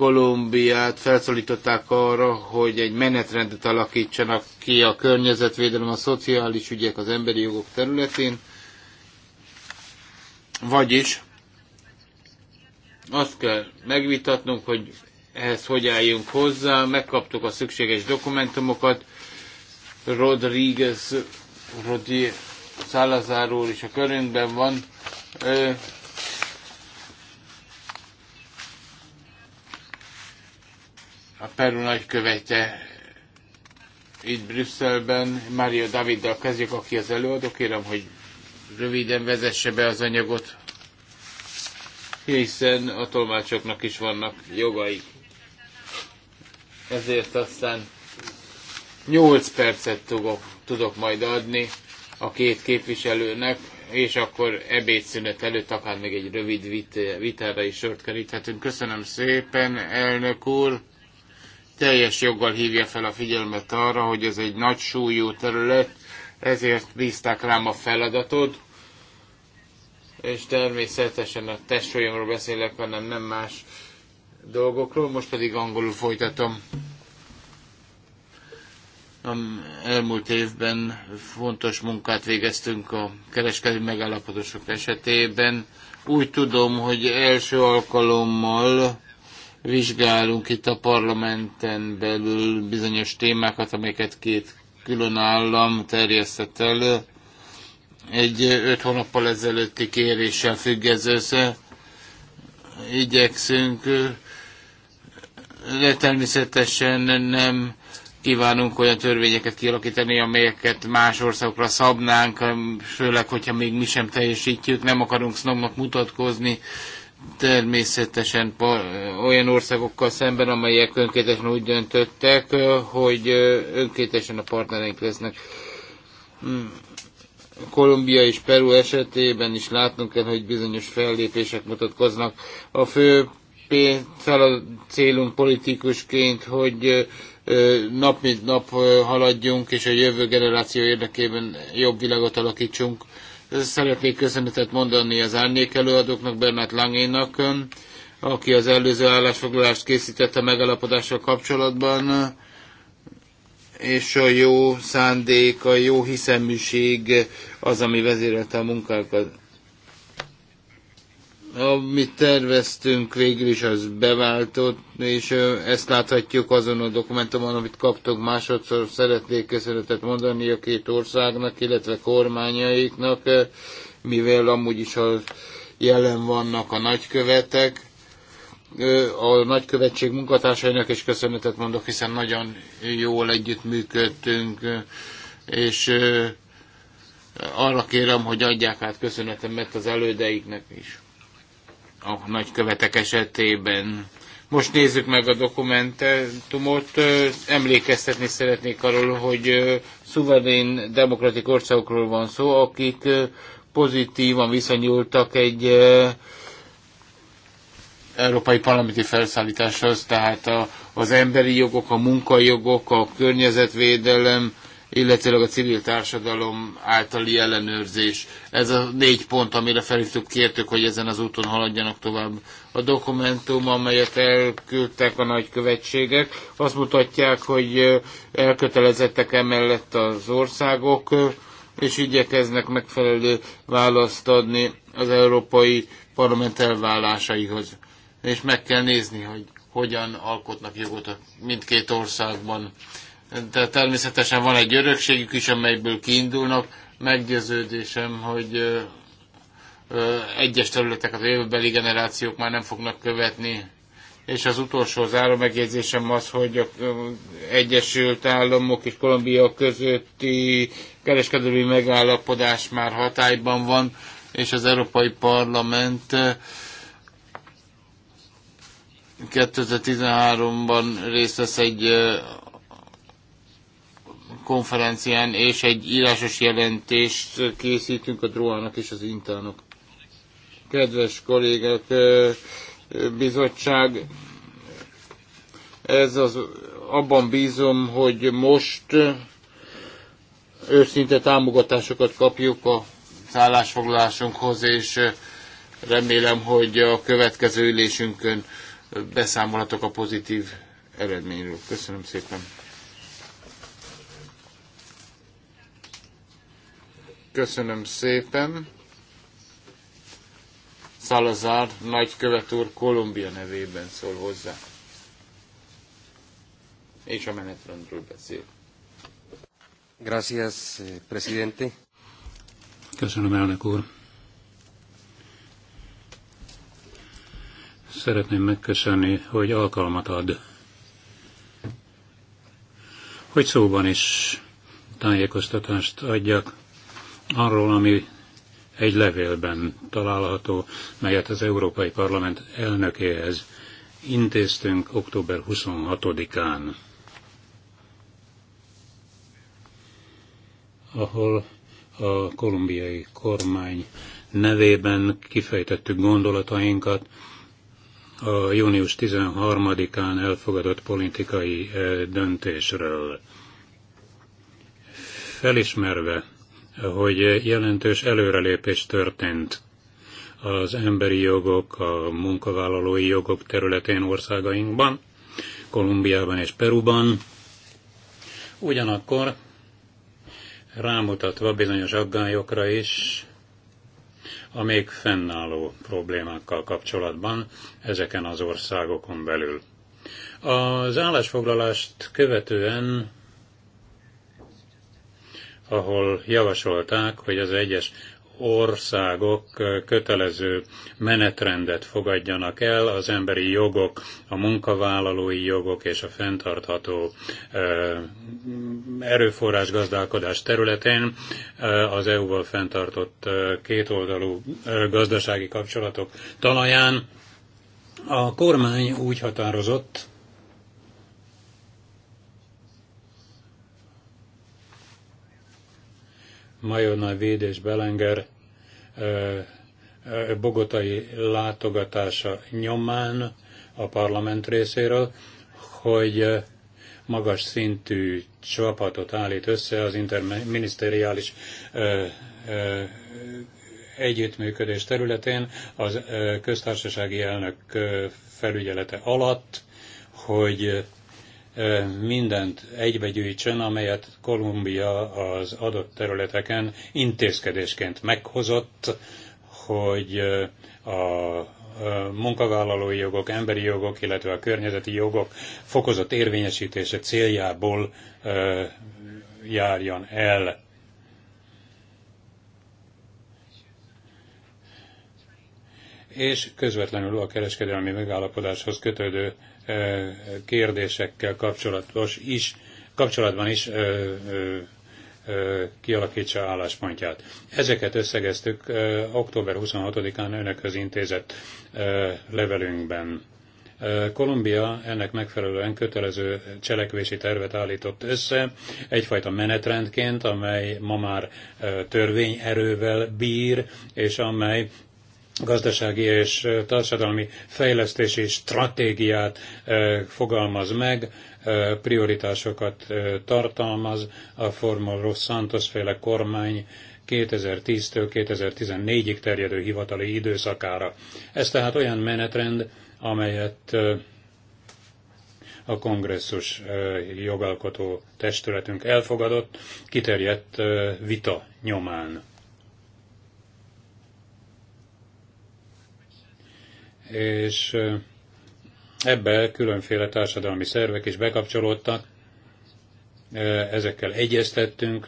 Kolumbiát felszólították arra, hogy egy menetrendet alakítsanak ki a környezetvédelem, a szociális ügyek, az emberi jogok területén. Vagyis azt kell megvitatnunk, hogy ehhez hogy álljunk hozzá, megkaptuk a szükséges dokumentumokat, Rodriguez, Rodi Salazar úr is a körünkben van, a Peru nagykövete itt Brüsszelben. Mária Daviddal kezdjük, aki az előadó. Kérem, hogy röviden vezesse be az anyagot, hiszen a tolmácsoknak is vannak jogai. Ezért aztán 8 percet tudok, tudok majd adni a két képviselőnek, és akkor ebédszünet előtt akár még egy rövid vitára is sort keríthetünk. Köszönöm szépen, elnök úr! teljes joggal hívja fel a figyelmet arra, hogy ez egy nagy súlyú terület, ezért bízták rám a feladatot, és természetesen a testvéremről beszélek, hanem nem más dolgokról, most pedig angolul folytatom. A elmúlt évben fontos munkát végeztünk a kereskedelmi megállapodások esetében. Úgy tudom, hogy első alkalommal vizsgálunk itt a parlamenten belül bizonyos témákat, amelyeket két külön állam terjesztett elő. Egy öt hónappal ezelőtti kéréssel függ ez össze. Igyekszünk, de természetesen nem kívánunk olyan törvényeket kialakítani, amelyeket más országokra szabnánk, főleg, hogyha még mi sem teljesítjük, nem akarunk sznomnak mutatkozni, természetesen olyan országokkal szemben, amelyek önkéntesen úgy döntöttek, hogy önkéntesen a partnereink lesznek. Hmm. Kolumbia és Peru esetében is látnunk kell, hogy bizonyos fellépések mutatkoznak. A fő fel a célunk politikusként, hogy nap mint nap haladjunk, és a jövő generáció érdekében jobb világot alakítsunk Szeretnék köszönetet mondani az árnyék előadóknak, Bernát Langénak, aki az előző állásfoglalást készítette a megalapodással kapcsolatban, és a jó szándék, a jó hiszeműség az, ami vezérelte a munkákat amit terveztünk végül is az beváltott, és ezt láthatjuk azon a dokumentumon, amit kaptunk másodszor, szeretnék köszönetet mondani a két országnak, illetve kormányaiknak, mivel amúgy is az jelen vannak a nagykövetek, a nagykövetség munkatársainak is köszönetet mondok, hiszen nagyon jól együttműködtünk, és arra kérem, hogy adják át köszönetemet az elődeiknek is a nagykövetek esetében. Most nézzük meg a dokumentumot. Emlékeztetni szeretnék arról, hogy szuverén demokratik országokról van szó, akik pozitívan viszonyultak egy európai parlamenti felszállításhoz, tehát a, az emberi jogok, a munkajogok, a környezetvédelem, illetőleg a civil társadalom általi ellenőrzés. Ez a négy pont, amire felhívtuk, kértük, hogy ezen az úton haladjanak tovább. A dokumentum, amelyet elküldtek a nagykövetségek, azt mutatják, hogy elkötelezettek emellett az országok, és igyekeznek megfelelő választ adni az európai parlament elvállásaihoz. És meg kell nézni, hogy hogyan alkotnak jogot a mindkét országban de természetesen van egy örökségük is, amelyből kiindulnak. Meggyőződésem, hogy egyes területek a jövőbeli generációk már nem fognak követni. És az utolsó záró megjegyzésem az, hogy a Egyesült Államok és Kolumbia közötti kereskedelmi megállapodás már hatályban van, és az Európai Parlament 2013-ban részt vesz egy konferencián, és egy írásos jelentést készítünk a drónok és az internok. Kedves kollégák, bizottság, ez az, abban bízom, hogy most őszinte támogatásokat kapjuk a szállásfoglalásunkhoz, és remélem, hogy a következő ülésünkön beszámolhatok a pozitív eredményről. Köszönöm szépen! Köszönöm szépen. Salazar nagykövet úr Kolumbia nevében szól hozzá. És a menetrendről beszél. Gracias, presidente. Köszönöm, elnök úr. Szeretném megköszönni, hogy alkalmat ad, hogy szóban is tájékoztatást adjak arról, ami egy levélben található, melyet az Európai Parlament elnökéhez intéztünk október 26-án, ahol a kolumbiai kormány nevében kifejtettük gondolatainkat a június 13-án elfogadott politikai eh, döntésről. Felismerve hogy jelentős előrelépés történt az emberi jogok, a munkavállalói jogok területén országainkban, Kolumbiában és Peruban. Ugyanakkor rámutatva bizonyos aggályokra is, a még fennálló problémákkal kapcsolatban ezeken az országokon belül. Az állásfoglalást követően ahol javasolták, hogy az egyes országok kötelező menetrendet fogadjanak el az emberi jogok, a munkavállalói jogok és a fenntartható erőforrás gazdálkodás területén az EU-val fenntartott kétoldalú gazdasági kapcsolatok talaján. A kormány úgy határozott, Majona Véd és Belenger bogotai látogatása nyomán a parlament részéről, hogy magas szintű csapatot állít össze az interminiszteriális együttműködés területén az köztársasági elnök felügyelete alatt, hogy mindent egybegyűjtsön, amelyet Kolumbia az adott területeken intézkedésként meghozott, hogy a munkavállalói jogok, emberi jogok, illetve a környezeti jogok fokozott érvényesítése céljából járjon el. és közvetlenül a kereskedelmi megállapodáshoz kötődő kérdésekkel kapcsolatos is, kapcsolatban is ö, ö, ö, kialakítsa álláspontját. Ezeket összegeztük ö, október 26-án önökhöz intézett ö, levelünkben. Kolumbia ennek megfelelően kötelező cselekvési tervet állított össze, egyfajta menetrendként, amely ma már törvényerővel bír, és amely gazdasági és társadalmi fejlesztési stratégiát fogalmaz meg, prioritásokat tartalmaz a Formula Santos féle kormány 2010-től 2014-ig terjedő hivatali időszakára. Ez tehát olyan menetrend, amelyet a kongresszus jogalkotó testületünk elfogadott, kiterjedt vita nyomán. és ebbe különféle társadalmi szervek is bekapcsolódtak, ezekkel egyeztettünk,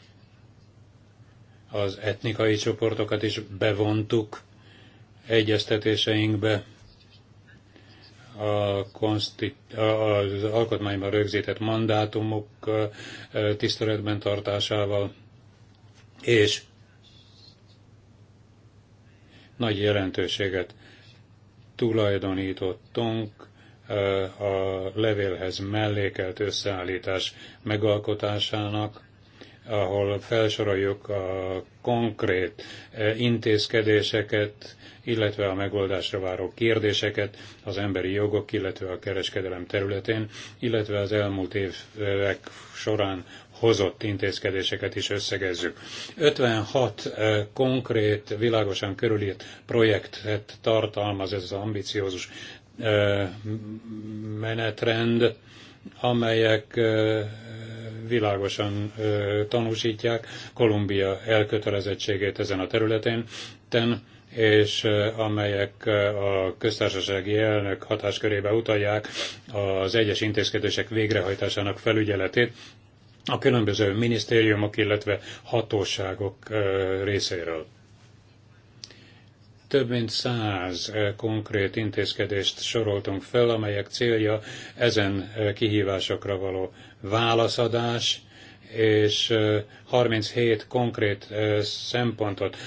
az etnikai csoportokat is bevontuk egyeztetéseinkbe, a konstit- az alkotmányban rögzített mandátumok tiszteletben tartásával, és nagy jelentőséget tulajdonítottunk a levélhez mellékelt összeállítás megalkotásának, ahol felsoroljuk a konkrét intézkedéseket, illetve a megoldásra váró kérdéseket az emberi jogok, illetve a kereskedelem területén, illetve az elmúlt évek során hozott intézkedéseket is összegezzük. 56 konkrét, világosan körülírt projektet tartalmaz ez az ambiciózus menetrend, amelyek világosan tanúsítják Kolumbia elkötelezettségét ezen a területen, és amelyek a köztársasági elnök hatáskörébe utalják az egyes intézkedések végrehajtásának felügyeletét, a különböző minisztériumok, illetve hatóságok részéről. Több mint száz konkrét intézkedést soroltunk fel, amelyek célja ezen kihívásokra való válaszadás, és 37 konkrét szempontot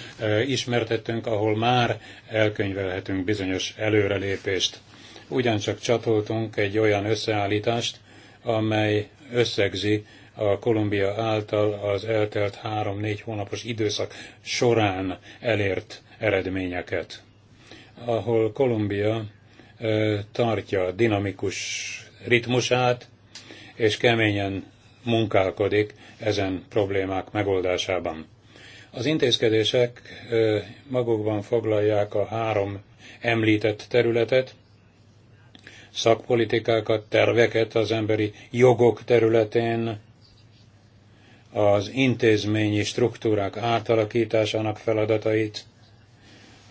ismertettünk, ahol már elkönyvelhetünk bizonyos előrelépést. Ugyancsak csatoltunk egy olyan összeállítást, amely összegzi a Kolumbia által az eltelt három-négy hónapos időszak során elért eredményeket, ahol Kolumbia tartja dinamikus ritmusát, és keményen munkálkodik ezen problémák megoldásában. Az intézkedések magukban foglalják a három említett területet, szakpolitikákat, terveket az emberi jogok területén, az intézményi struktúrák átalakításának feladatait,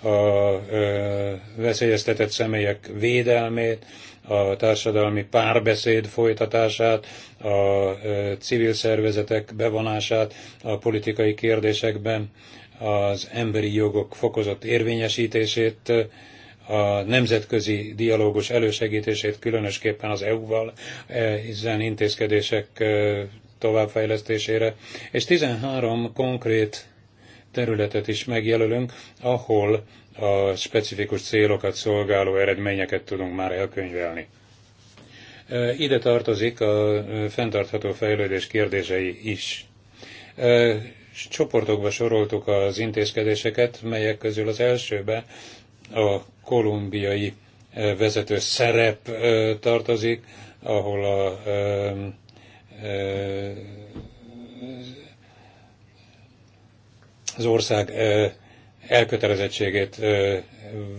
a veszélyeztetett személyek védelmét, a társadalmi párbeszéd folytatását, a civil szervezetek bevonását a politikai kérdésekben, az emberi jogok fokozott érvényesítését, a nemzetközi dialógus elősegítését, különösképpen az EU-val, e, hiszen intézkedések továbbfejlesztésére, és 13 konkrét területet is megjelölünk, ahol a specifikus célokat szolgáló eredményeket tudunk már elkönyvelni. Ide tartozik a fenntartható fejlődés kérdései is. Csoportokba soroltuk az intézkedéseket, melyek közül az elsőbe a kolumbiai vezető szerep tartozik, ahol a az ország elkötelezettségét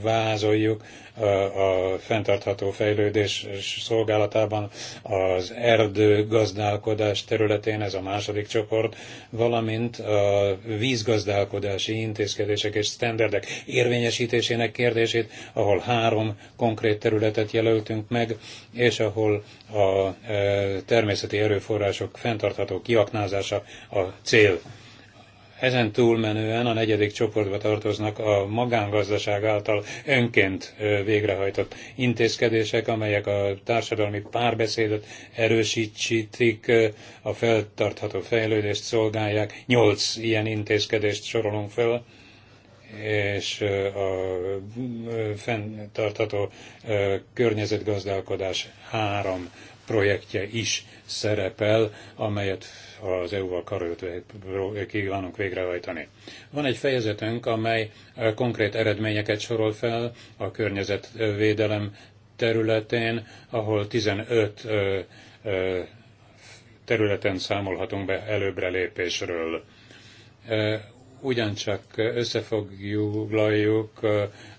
vázoljuk a fenntartható fejlődés szolgálatában, az erdőgazdálkodás területén, ez a második csoport, valamint a vízgazdálkodási intézkedések és sztenderdek érvényesítésének kérdését, ahol három konkrét területet jelöltünk meg, és ahol a e, természeti erőforrások fenntartható kiaknázása a cél. Ezen túlmenően a negyedik csoportba tartoznak a magángazdaság által önként végrehajtott intézkedések, amelyek a társadalmi párbeszédet erősítik, a feltartható fejlődést szolgálják. Nyolc ilyen intézkedést sorolunk fel és a fenntartható környezetgazdálkodás három projektje is szerepel, amelyet az EU-val karöltve kívánunk végrehajtani. Van egy fejezetünk, amely konkrét eredményeket sorol fel a környezetvédelem területén, ahol 15 ö, ö, területen számolhatunk be előbrelépésről. Ugyancsak összefoglaljuk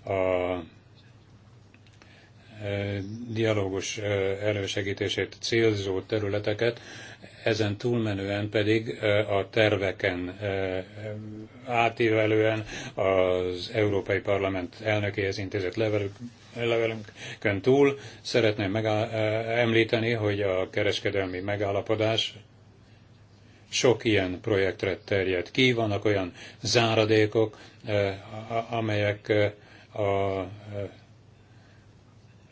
a dialógus elősegítését célzó területeket, ezen túlmenően pedig a terveken átívelően az Európai Parlament elnökéhez intézett levelük levelünkön túl szeretném megá- említeni, hogy a kereskedelmi megállapodás sok ilyen projektre terjed ki. Vannak olyan záradékok, amelyek a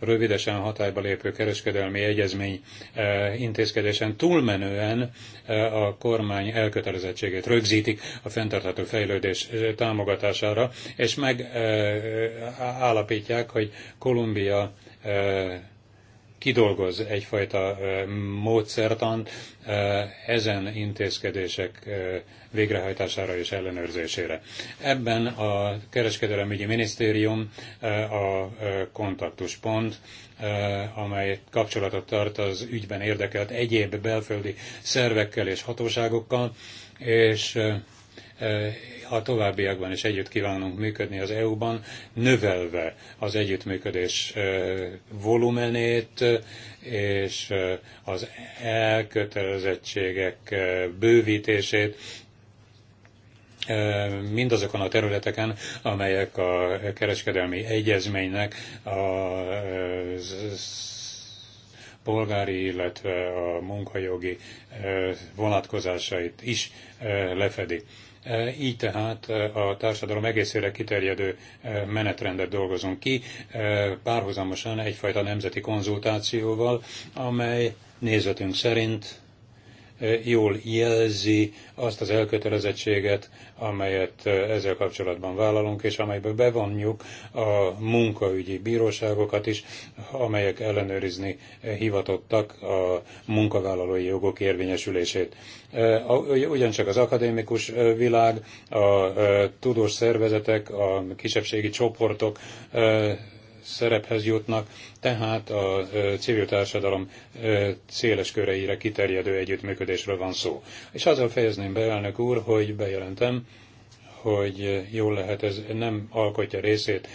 rövidesen hatályba lépő kereskedelmi egyezmény eh, intézkedésen túlmenően eh, a kormány elkötelezettségét rögzítik a fenntartható fejlődés eh, támogatására, és megállapítják, hogy Kolumbia kidolgoz egyfajta módszertan ezen intézkedések végrehajtására és ellenőrzésére. Ebben a kereskedelemügyi minisztérium a kontaktuspont, amely kapcsolatot tart az ügyben érdekelt egyéb belföldi szervekkel és hatóságokkal, és a továbbiakban is együtt kívánunk működni az EU-ban, növelve az együttműködés volumenét és az elkötelezettségek bővítését, mindazokon a területeken, amelyek a kereskedelmi egyezménynek a polgári, illetve a munkajogi vonatkozásait is lefedi. Így tehát eh, a társadalom egészére kiterjedő eh, menetrendet dolgozunk ki, eh, párhuzamosan egyfajta nemzeti konzultációval, amely nézetünk szerint jól jelzi azt az elkötelezettséget, amelyet ezzel kapcsolatban vállalunk, és amelybe bevonjuk a munkaügyi bíróságokat is, amelyek ellenőrizni hivatottak a munkavállalói jogok érvényesülését. Ugyancsak az akadémikus világ, a tudós szervezetek, a kisebbségi csoportok szerephez jutnak, tehát a civil társadalom széles köreire kiterjedő együttműködésről van szó. És azzal fejezném be, elnök úr, hogy bejelentem, hogy jól lehet, ez nem alkotja részét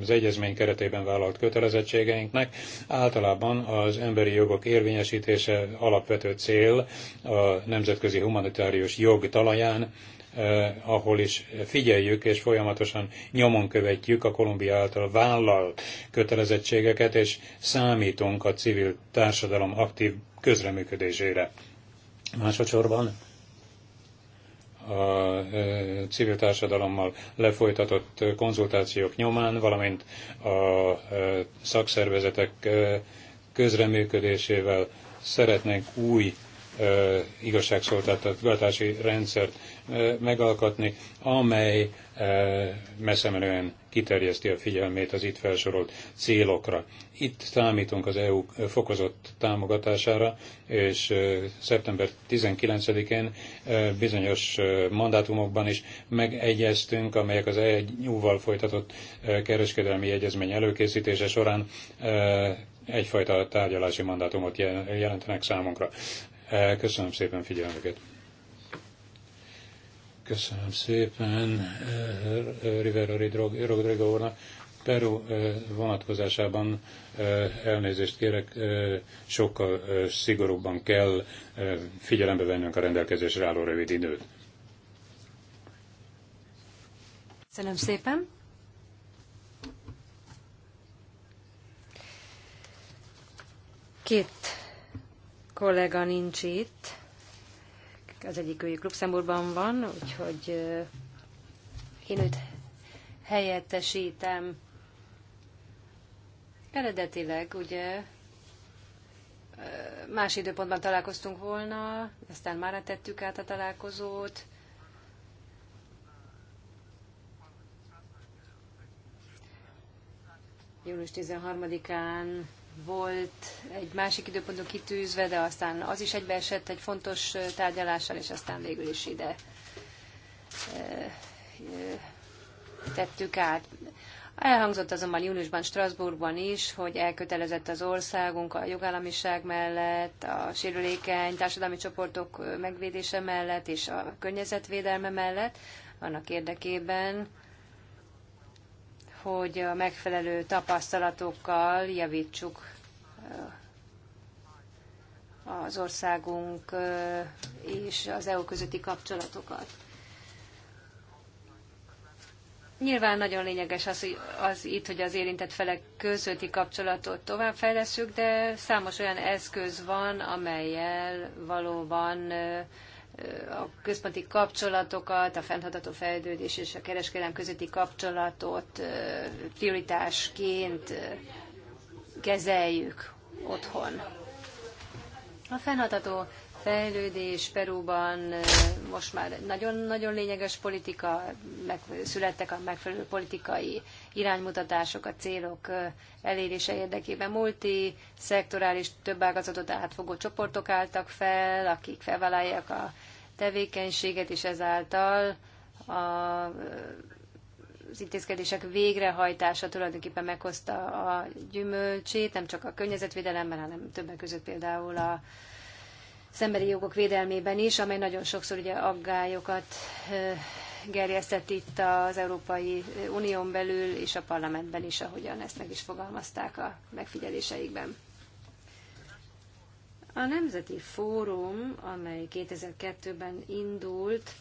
az egyezmény keretében vállalt kötelezettségeinknek. Általában az emberi jogok érvényesítése alapvető cél a nemzetközi humanitárius jog talaján, Eh, ahol is figyeljük és folyamatosan nyomon követjük a Kolumbia által vállalt kötelezettségeket, és számítunk a civil társadalom aktív közreműködésére. Másodszorban a eh, civil társadalommal lefolytatott konzultációk nyomán, valamint a eh, szakszervezetek közreműködésével szeretnénk új igazságszolgáltatási rendszert megalkotni, amely messze menően kiterjeszti a figyelmét az itt felsorolt célokra. Itt számítunk az EU fokozott támogatására, és szeptember 19-én bizonyos mandátumokban is megegyeztünk, amelyek az EU-val folytatott kereskedelmi egyezmény előkészítése során egyfajta tárgyalási mandátumot jelentenek számunkra. Köszönöm szépen figyelmüket. Köszönöm szépen eh, Rivera Rodrigo úrnak. Peru eh, vonatkozásában eh, elnézést kérek, sokkal szigorúbban kell figyelembe vennünk a rendelkezésre álló rövid időt. Köszönöm szépen. Két kollega nincs itt. Az egyik őjük Luxemburgban van, úgyhogy én őt helyettesítem. Eredetileg ugye más időpontban találkoztunk volna, aztán már tettük át a találkozót. Június 13-án volt egy másik időponton kitűzve, de aztán az is egybeesett egy fontos tárgyalással, és aztán végül is ide tettük át. Elhangzott azonban júniusban Strasbourgban is, hogy elkötelezett az országunk a jogállamiság mellett, a sérülékeny társadalmi csoportok megvédése mellett és a környezetvédelme mellett, annak érdekében, hogy a megfelelő tapasztalatokkal javítsuk az országunk és az EU közötti kapcsolatokat. Nyilván nagyon lényeges az, az itt, hogy az érintett felek közötti kapcsolatot továbbfejleszünk, de számos olyan eszköz van, amelyel valóban a központi kapcsolatokat, a fenntartható fejlődés és a kereskedelem közötti kapcsolatot prioritásként kezeljük otthon. A fenntartható fejlődés Perúban most már nagyon-nagyon lényeges politika, meg, születtek a megfelelő politikai iránymutatások a célok elérése érdekében. Multi szektorális több ágazatot átfogó csoportok álltak fel, akik felvállalják a tevékenységet, és ezáltal a, az intézkedések végrehajtása tulajdonképpen meghozta a gyümölcsét, nem csak a környezetvédelemben, hanem többek között például a az emberi jogok védelmében is, amely nagyon sokszor ugye aggályokat gerjesztett itt az Európai Unión belül és a parlamentben is, ahogyan ezt meg is fogalmazták a megfigyeléseikben. A Nemzeti Fórum, amely 2002-ben indult,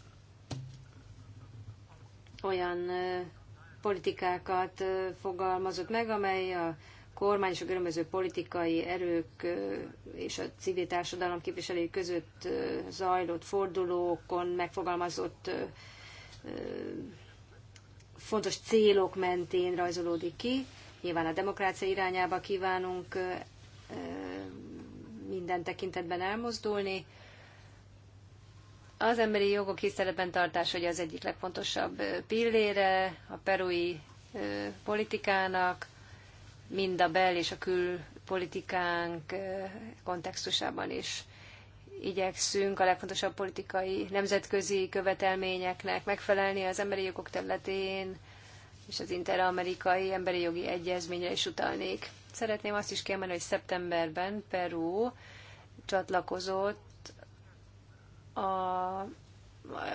olyan politikákat fogalmazott meg, amely a kormány és a különböző politikai erők és a civil társadalom képviselői között zajlott fordulókon megfogalmazott fontos célok mentén rajzolódik ki. Nyilván a demokrácia irányába kívánunk minden tekintetben elmozdulni. Az emberi jogok tiszteletben tartása hogy az egyik legfontosabb pillére a perui politikának, mind a bel- és a külpolitikánk kontextusában is igyekszünk a legfontosabb politikai nemzetközi követelményeknek megfelelni az emberi jogok területén, és az interamerikai emberi jogi egyezményre is utalnék. Szeretném azt is kiemelni, hogy szeptemberben Peru csatlakozott a,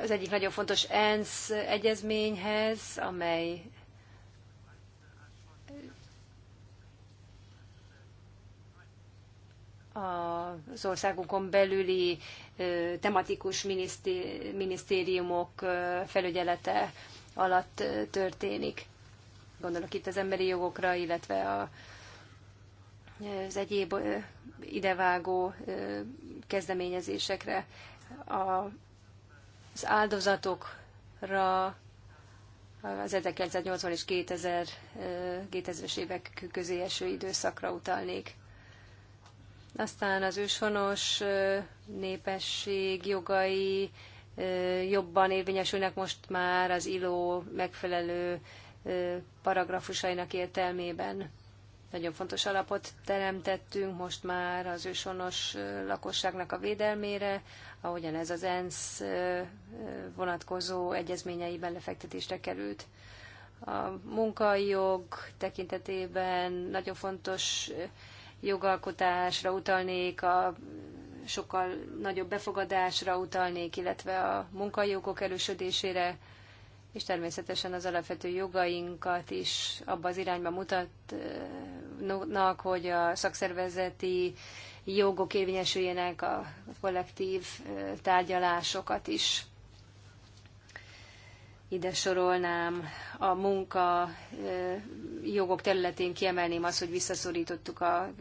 az egyik nagyon fontos ENSZ egyezményhez, amely az országunkon belüli tematikus minisztériumok felügyelete alatt történik. Gondolok itt az emberi jogokra, illetve a az egyéb idevágó kezdeményezésekre, az áldozatokra, az 1980 és 2000, 2000-es évek közé eső időszakra utalnék. Aztán az őshonos népesség jogai jobban érvényesülnek most már az ILO megfelelő paragrafusainak értelmében. Nagyon fontos alapot teremtettünk most már az ősonos lakosságnak a védelmére, ahogyan ez az ENSZ vonatkozó egyezményeiben lefektetésre került. A munkajog tekintetében nagyon fontos jogalkotásra utalnék, a sokkal nagyobb befogadásra utalnék, illetve a munkajogok erősödésére, és természetesen az alapvető jogainkat is abba az irányba mutatnak, hogy a szakszervezeti jogok érvényesüljenek a kollektív tárgyalásokat is. Ide sorolnám a munka jogok területén kiemelném azt, hogy visszaszorítottuk a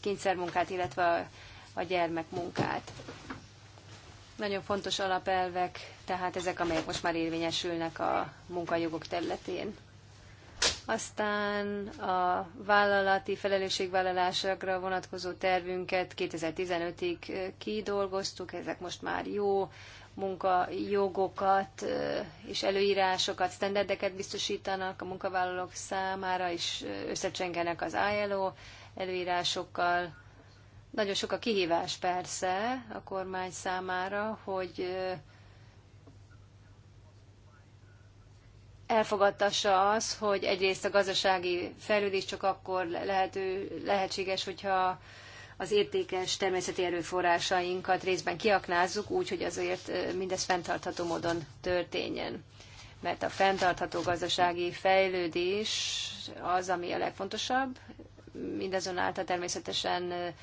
kényszermunkát, illetve a gyermekmunkát. Nagyon fontos alapelvek, tehát ezek, amelyek most már érvényesülnek a munkajogok területén. Aztán a vállalati felelősségvállalásokra vonatkozó tervünket 2015-ig kidolgoztuk, ezek most már jó munkajogokat és előírásokat, standardeket biztosítanak a munkavállalók számára, és összecsengenek az ILO előírásokkal. Nagyon sok a kihívás persze a kormány számára, hogy elfogadtassa az, hogy egyrészt a gazdasági fejlődés csak akkor lehető, lehetséges, hogyha az értékes természeti erőforrásainkat részben kiaknázzuk, úgy, hogy azért mindez fenntartható módon történjen. Mert a fenntartható gazdasági fejlődés az, ami a legfontosabb, mindazonáltal természetesen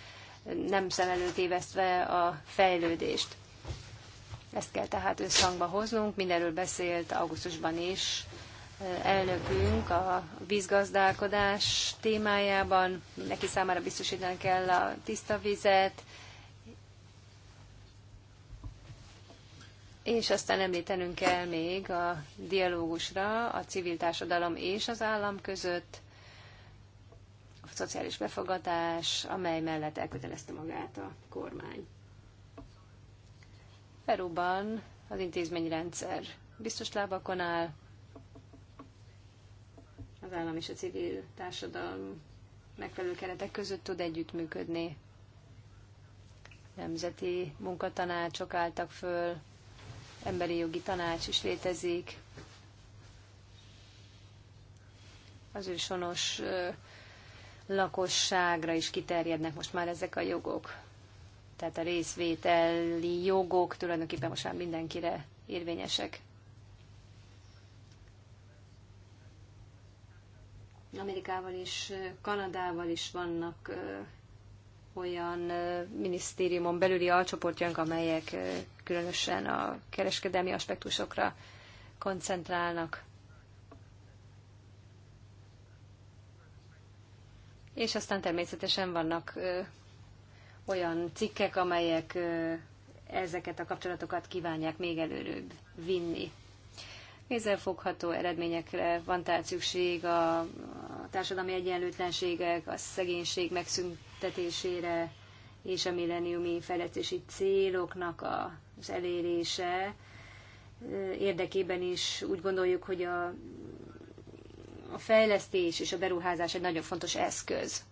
nem szem előtt évesztve a fejlődést. Ezt kell tehát összhangba hoznunk, mindenről beszélt augusztusban is elnökünk a vízgazdálkodás témájában. neki számára biztosítani kell a tiszta vizet, És aztán említenünk kell még a dialógusra a civil társadalom és az állam között, szociális befogadás, amely mellett elkötelezte magát a kormány. Peruban az intézményrendszer biztos lábakon áll, az állam és a civil társadalom megfelelő keretek között tud együttműködni. Nemzeti munkatanácsok álltak föl, emberi jogi tanács is létezik. Az ősonos lakosságra is kiterjednek most már ezek a jogok. Tehát a részvételi jogok tulajdonképpen most már mindenkire érvényesek. Amerikával és Kanadával is vannak olyan minisztériumon belüli alcsoportjánk, amelyek különösen a kereskedelmi aspektusokra koncentrálnak. És aztán természetesen vannak ö, olyan cikkek, amelyek ö, ezeket a kapcsolatokat kívánják még előrőbb vinni. Kézzelfogható eredményekre van tehát szükség a társadalmi egyenlőtlenségek, a szegénység megszüntetésére és a milleniumi fejlesztési céloknak az elérése érdekében is úgy gondoljuk, hogy a a fejlesztés és a beruházás egy nagyon fontos eszköz.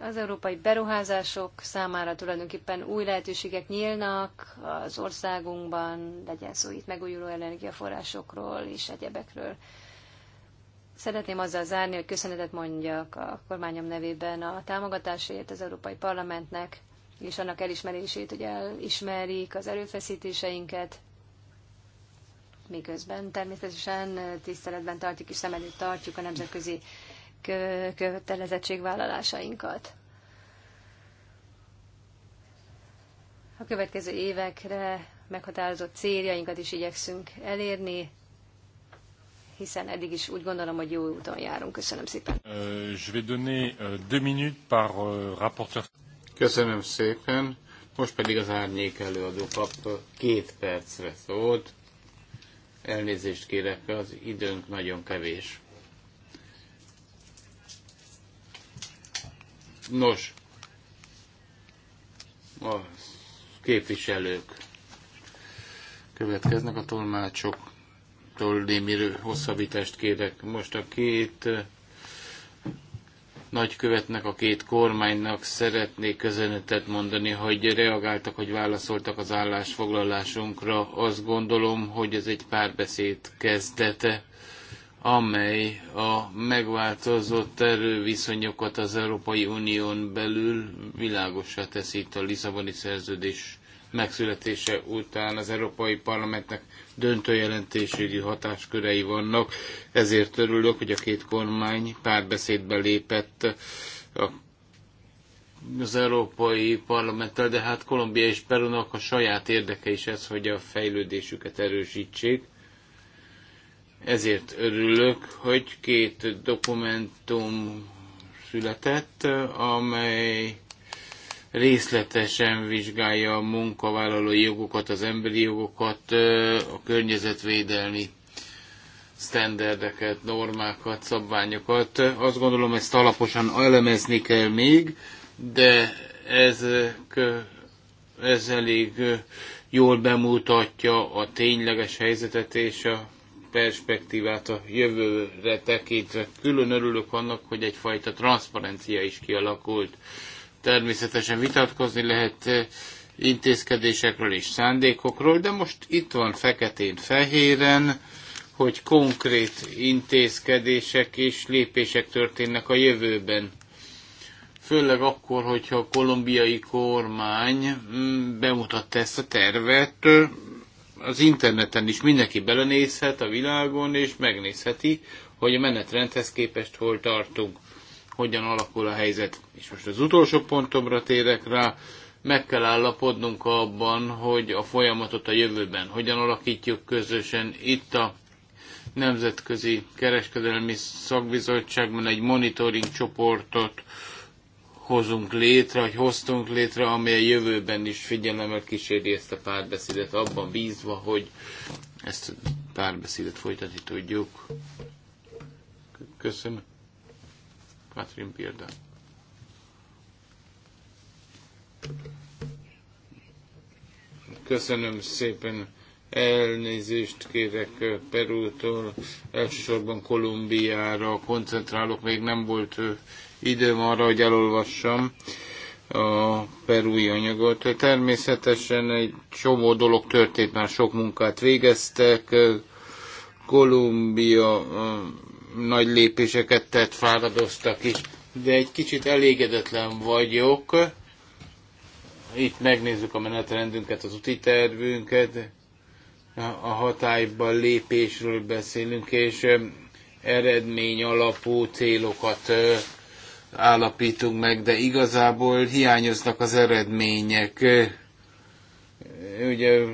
Az európai beruházások számára tulajdonképpen új lehetőségek nyílnak az országunkban, legyen szó itt megújuló energiaforrásokról és egyebekről. Szeretném azzal zárni, hogy köszönetet mondjak a kormányom nevében a támogatásért az Európai Parlamentnek, és annak elismerését, hogy elismerik az erőfeszítéseinket, miközben természetesen tiszteletben tartjuk és szem előtt tartjuk a nemzetközi kötelezettségvállalásainkat. A következő évekre meghatározott céljainkat is igyekszünk elérni, hiszen eddig is úgy gondolom, hogy jó úton járunk. Köszönöm szépen. Euh, euh, euh, Köszönöm szépen. Most pedig az árnyék előadó kap két percre szólt. Elnézést kérek, az időnk nagyon kevés. Nos, a képviselők következnek a tolmácsok. Némi hosszabbítást kérek. Most a két nagykövetnek, a két kormánynak szeretnék köszönetet mondani, hogy reagáltak, hogy válaszoltak az állásfoglalásunkra. Azt gondolom, hogy ez egy párbeszéd kezdete, amely a megváltozott erőviszonyokat az Európai Unión belül világosra teszi itt a Lisszaboni szerződés megszületése után az Európai Parlamentnek döntő jelentőségű hatáskörei vannak, ezért örülök, hogy a két kormány párbeszédbe lépett a az Európai Parlamenttel, de hát Kolumbia és Perunak a saját érdeke is ez, hogy a fejlődésüket erősítsék. Ezért örülök, hogy két dokumentum született, amely részletesen vizsgálja a munkavállalói jogokat, az emberi jogokat, a környezetvédelmi sztenderdeket, normákat, szabványokat. Azt gondolom, ezt alaposan elemezni kell még, de ez, ez elég jól bemutatja a tényleges helyzetet és a perspektívát a jövőre tekintve. Külön örülök annak, hogy egyfajta transzparencia is kialakult Természetesen vitatkozni lehet eh, intézkedésekről és szándékokról, de most itt van feketén-fehéren, hogy konkrét intézkedések és lépések történnek a jövőben. Főleg akkor, hogyha a kolumbiai kormány mm, bemutatta ezt a tervet, eh, az interneten is mindenki belenézhet a világon, és megnézheti, hogy a menetrendhez képest hol tartunk hogyan alakul a helyzet. És most az utolsó pontomra térek rá, meg kell állapodnunk abban, hogy a folyamatot a jövőben hogyan alakítjuk közösen. Itt a Nemzetközi Kereskedelmi Szakbizottságban egy monitoring csoportot hozunk létre, vagy hoztunk létre, amely a jövőben is figyelemmel kíséri ezt a párbeszédet, abban bízva, hogy ezt a párbeszédet folytatni tudjuk. Köszönöm. Katrin Pirda. Köszönöm szépen. Elnézést kérek eh, Perútól, elsősorban Kolumbiára koncentrálok, még nem volt eh, időm arra, hogy elolvassam a perui anyagot. Természetesen egy csomó dolog történt, már sok munkát végeztek. Eh, Kolumbia nagy lépéseket tett, fáradoztak is, de egy kicsit elégedetlen vagyok. Itt megnézzük a menetrendünket, az úti tervünket, a hatályban lépésről beszélünk, és eredmény alapú célokat állapítunk meg, de igazából hiányoznak az eredmények. Ugye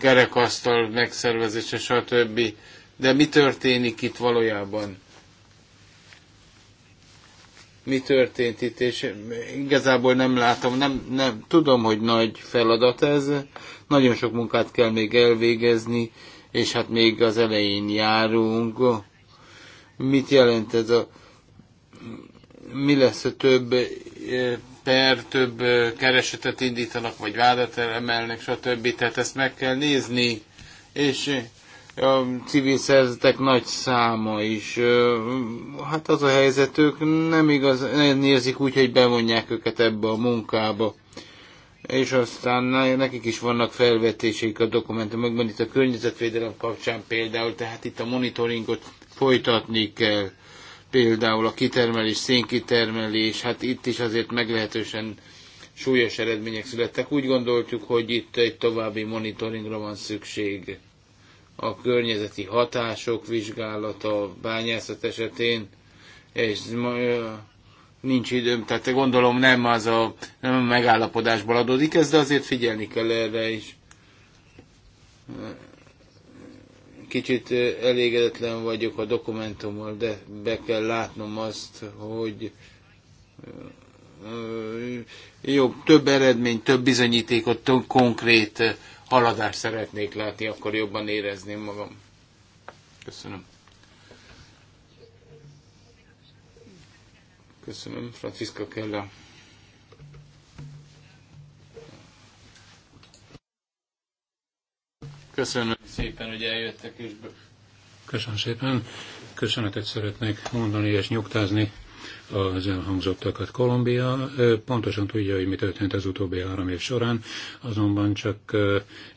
kerekasztal megszervezése, stb. De mi történik itt valójában? Mi történt itt, és igazából nem látom, nem, nem tudom, hogy nagy feladat ez, nagyon sok munkát kell még elvégezni, és hát még az elején járunk. Mit jelent ez a mi lesz, a több eh, per, több eh, keresetet indítanak, vagy vádat emelnek, stb. Tehát ezt meg kell nézni, és eh, a civil szerzetek nagy száma is. Hát az a helyzet, ők nem igaz, nem érzik úgy, hogy bevonják őket ebbe a munkába. És aztán nekik is vannak felvetéseik a dokumentumokban, itt a környezetvédelem kapcsán például, tehát itt a monitoringot folytatni kell. Például a kitermelés, szénkitermelés, hát itt is azért meglehetősen súlyos eredmények születtek. Úgy gondoltuk, hogy itt egy további monitoringra van szükség a környezeti hatások vizsgálata a bányászat esetén, és nincs időm, tehát gondolom nem az a, nem a megállapodásból adódik ez, de azért figyelni kell erre is. Kicsit elégedetlen vagyok a dokumentummal, de be kell látnom azt, hogy jobb, több eredmény, több bizonyítékot, több konkrét haladást szeretnék látni, akkor jobban érezném magam. Köszönöm. Köszönöm, Franciszka Kella. Köszönöm szépen, hogy eljöttek és Köszönöm szépen. Köszönetet szeretnék mondani és nyugtázni az elhangzottakat. Kolumbia pontosan tudja, hogy mi történt az utóbbi három év során, azonban csak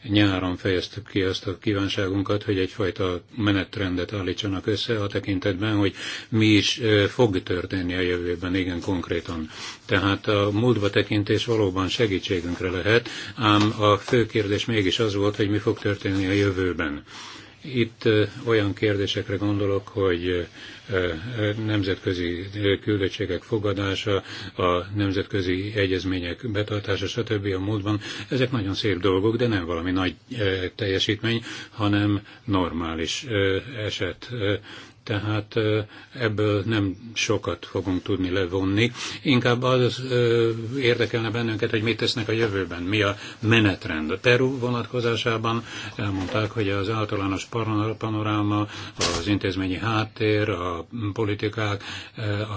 nyáron fejeztük ki azt a kívánságunkat, hogy egyfajta menetrendet állítsanak össze a tekintetben, hogy mi is fog történni a jövőben, igen konkrétan. Tehát a múltba tekintés valóban segítségünkre lehet, ám a fő kérdés mégis az volt, hogy mi fog történni a jövőben. Itt olyan kérdésekre gondolok, hogy nemzetközi küldöttségek fogadása, a nemzetközi egyezmények betartása, stb. a múltban. Ezek nagyon szép dolgok, de nem valami nagy teljesítmény, hanem normális eset tehát ebből nem sokat fogunk tudni levonni. Inkább az érdekelne bennünket, hogy mit tesznek a jövőben, mi a menetrend. A Peru vonatkozásában elmondták, hogy az általános panoráma, az intézményi háttér, a politikák,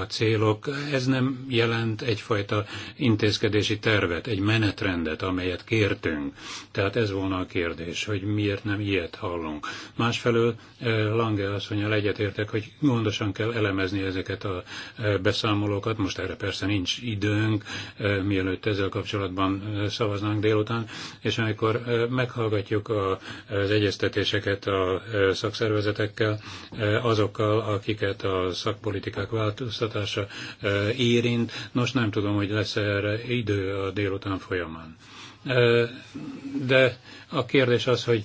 a célok, ez nem jelent egyfajta intézkedési tervet, egy menetrendet, amelyet kértünk. Tehát ez volna a kérdés, hogy miért nem ilyet hallunk. Másfelől Lange asszonyal egyetért egyetértek, hogy gondosan kell elemezni ezeket a e, beszámolókat. Most erre persze nincs időnk, e, mielőtt ezzel kapcsolatban e, szavaznánk délután, és amikor meghallgatjuk az egyeztetéseket a szakszervezetekkel, azokkal, akiket a szakpolitikák változtatása érint, nos nem tudom, hogy lesz -e erre idő a délután folyamán. De a kérdés az, hogy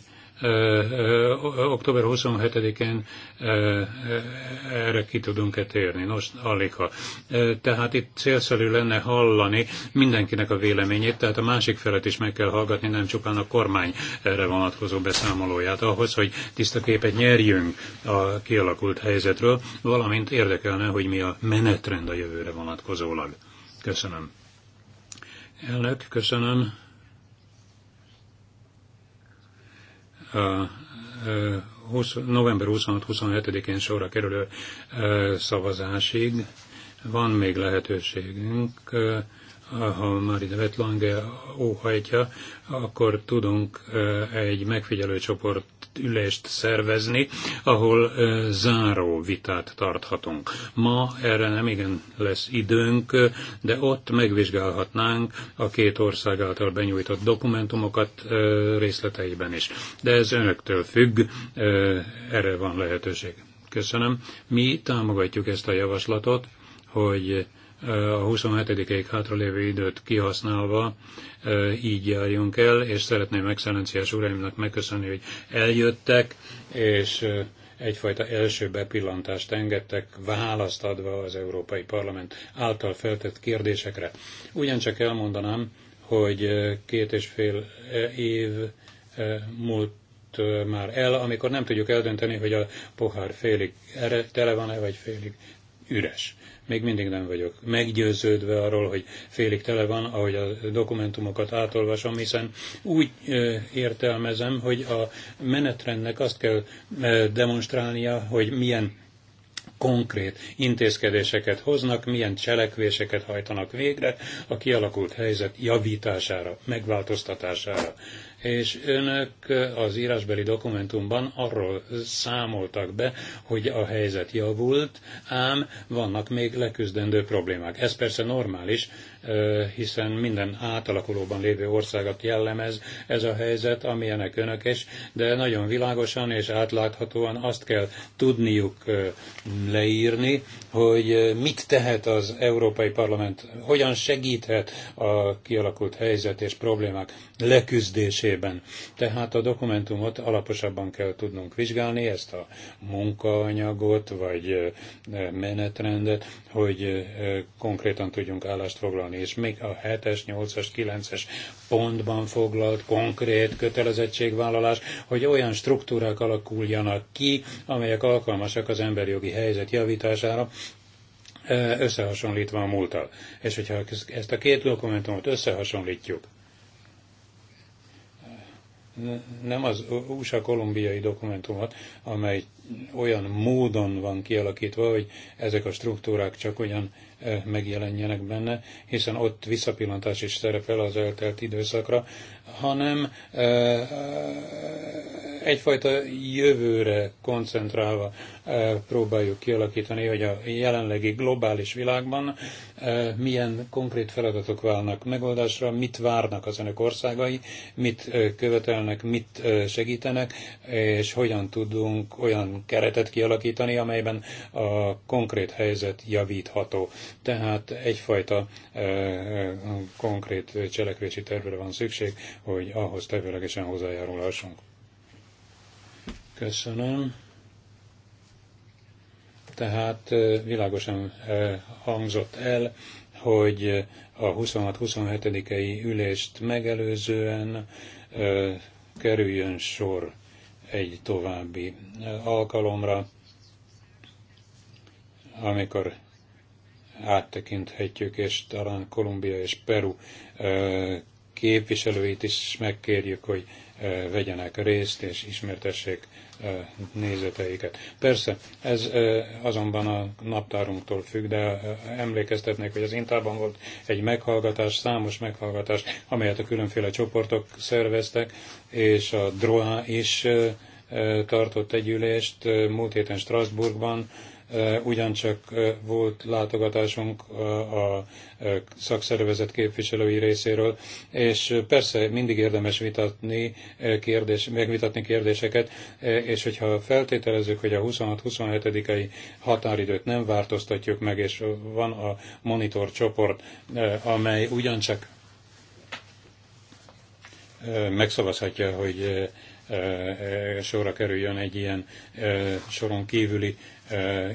október 27-én erre ki tudunk-e térni? Nos, aligha. Tehát itt célszerű lenne hallani mindenkinek a véleményét, tehát a másik felet is meg kell hallgatni, nem csupán a kormány erre vonatkozó beszámolóját, ahhoz, hogy tiszta képet nyerjünk a kialakult helyzetről, valamint érdekelne, hogy mi a menetrend a jövőre vonatkozólag. Köszönöm. Elnök, köszönöm. november 26-27-én sorra kerülő szavazásig van még lehetőségünk ha már vett lange óhajtja, akkor tudunk egy megfigyelő csoport ülést szervezni, ahol záró vitát tarthatunk. Ma erre nem igen lesz időnk, de ott megvizsgálhatnánk a két ország által benyújtott dokumentumokat részleteiben is. De ez önöktől függ, erre van lehetőség. Köszönöm. Mi támogatjuk ezt a javaslatot, hogy a 27-ig hátralévő időt kihasználva így járjunk el, és szeretném excellenciás uraimnak megköszönni, hogy eljöttek, és egyfajta első bepillantást engedtek, választ adva az Európai Parlament által feltett kérdésekre. Ugyancsak elmondanám, hogy két és fél év múlt már el, amikor nem tudjuk eldönteni, hogy a pohár félig tele van-e, vagy félig üres még mindig nem vagyok meggyőződve arról, hogy félig tele van, ahogy a dokumentumokat átolvasom, hiszen úgy értelmezem, hogy a menetrendnek azt kell demonstrálnia, hogy milyen konkrét intézkedéseket hoznak, milyen cselekvéseket hajtanak végre a kialakult helyzet javítására, megváltoztatására és önök az írásbeli dokumentumban arról számoltak be, hogy a helyzet javult, ám vannak még leküzdendő problémák. Ez persze normális, hiszen minden átalakulóban lévő országot jellemez ez a helyzet, amilyenek önök is, de nagyon világosan és átláthatóan azt kell tudniuk leírni, hogy mit tehet az Európai Parlament, hogyan segíthet a kialakult helyzet és problémák leküzdésében. Tehát a dokumentumot alaposabban kell tudnunk vizsgálni, ezt a munkaanyagot vagy menetrendet, hogy konkrétan tudjunk állást foglalni és még a 7-es, 8-as, 9-es pontban foglalt konkrét kötelezettségvállalás, hogy olyan struktúrák alakuljanak ki, amelyek alkalmasak az emberi jogi helyzet javítására, összehasonlítva a múltal. És hogyha ezt a két dokumentumot összehasonlítjuk, nem az USA-kolumbiai dokumentumot, amely olyan módon van kialakítva, hogy ezek a struktúrák csak olyan megjelenjenek benne, hiszen ott visszapillantás is szerepel az eltelt időszakra, hanem egyfajta jövőre koncentrálva próbáljuk kialakítani, hogy a jelenlegi globális világban milyen konkrét feladatok válnak megoldásra, mit várnak az önök országai, mit követelnek, mit segítenek, és hogyan tudunk olyan keretet kialakítani, amelyben a konkrét helyzet javítható. Tehát egyfajta konkrét cselekvési tervre van szükség, hogy ahhoz tevőlegesen hozzájárulhassunk. Köszönöm. Tehát világosan hangzott el, hogy a 26-27-i ülést megelőzően kerüljön sor egy további alkalomra, amikor áttekinthetjük, és talán Kolumbia és Peru képviselőit is megkérjük, hogy vegyenek részt és ismertessék nézeteiket. Persze, ez azonban a naptárunktól függ, de emlékeztetnék, hogy az Intában volt egy meghallgatás, számos meghallgatás, amelyet a különféle csoportok szerveztek, és a DROA is tartott egy ülést múlt héten Strasbourgban, ugyancsak volt látogatásunk a szakszervezet képviselői részéről, és persze mindig érdemes vitatni kérdés, megvitatni kérdéseket, és hogyha feltételezzük, hogy a 26 27 ei határidőt nem változtatjuk meg, és van a monitor csoport, amely ugyancsak megszavazhatja, hogy sorra kerüljön egy ilyen soron kívüli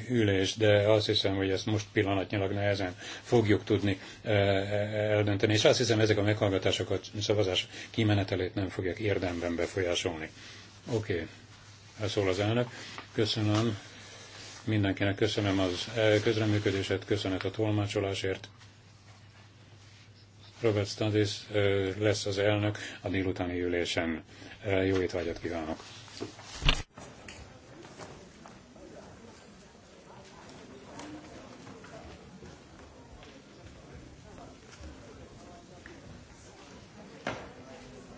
ülés, de azt hiszem, hogy ezt most pillanatnyilag nehezen fogjuk tudni e, eldönteni, és azt hiszem, ezek a meghallgatások a szavazás kimenetelét nem fogják érdemben befolyásolni. Oké, okay. ezt szól az elnök. Köszönöm mindenkinek, köszönöm az e, közreműködéset, köszönet a tolmácsolásért. Robert Stadis lesz az elnök a délutáni ülésen. Jó étvágyat kívánok!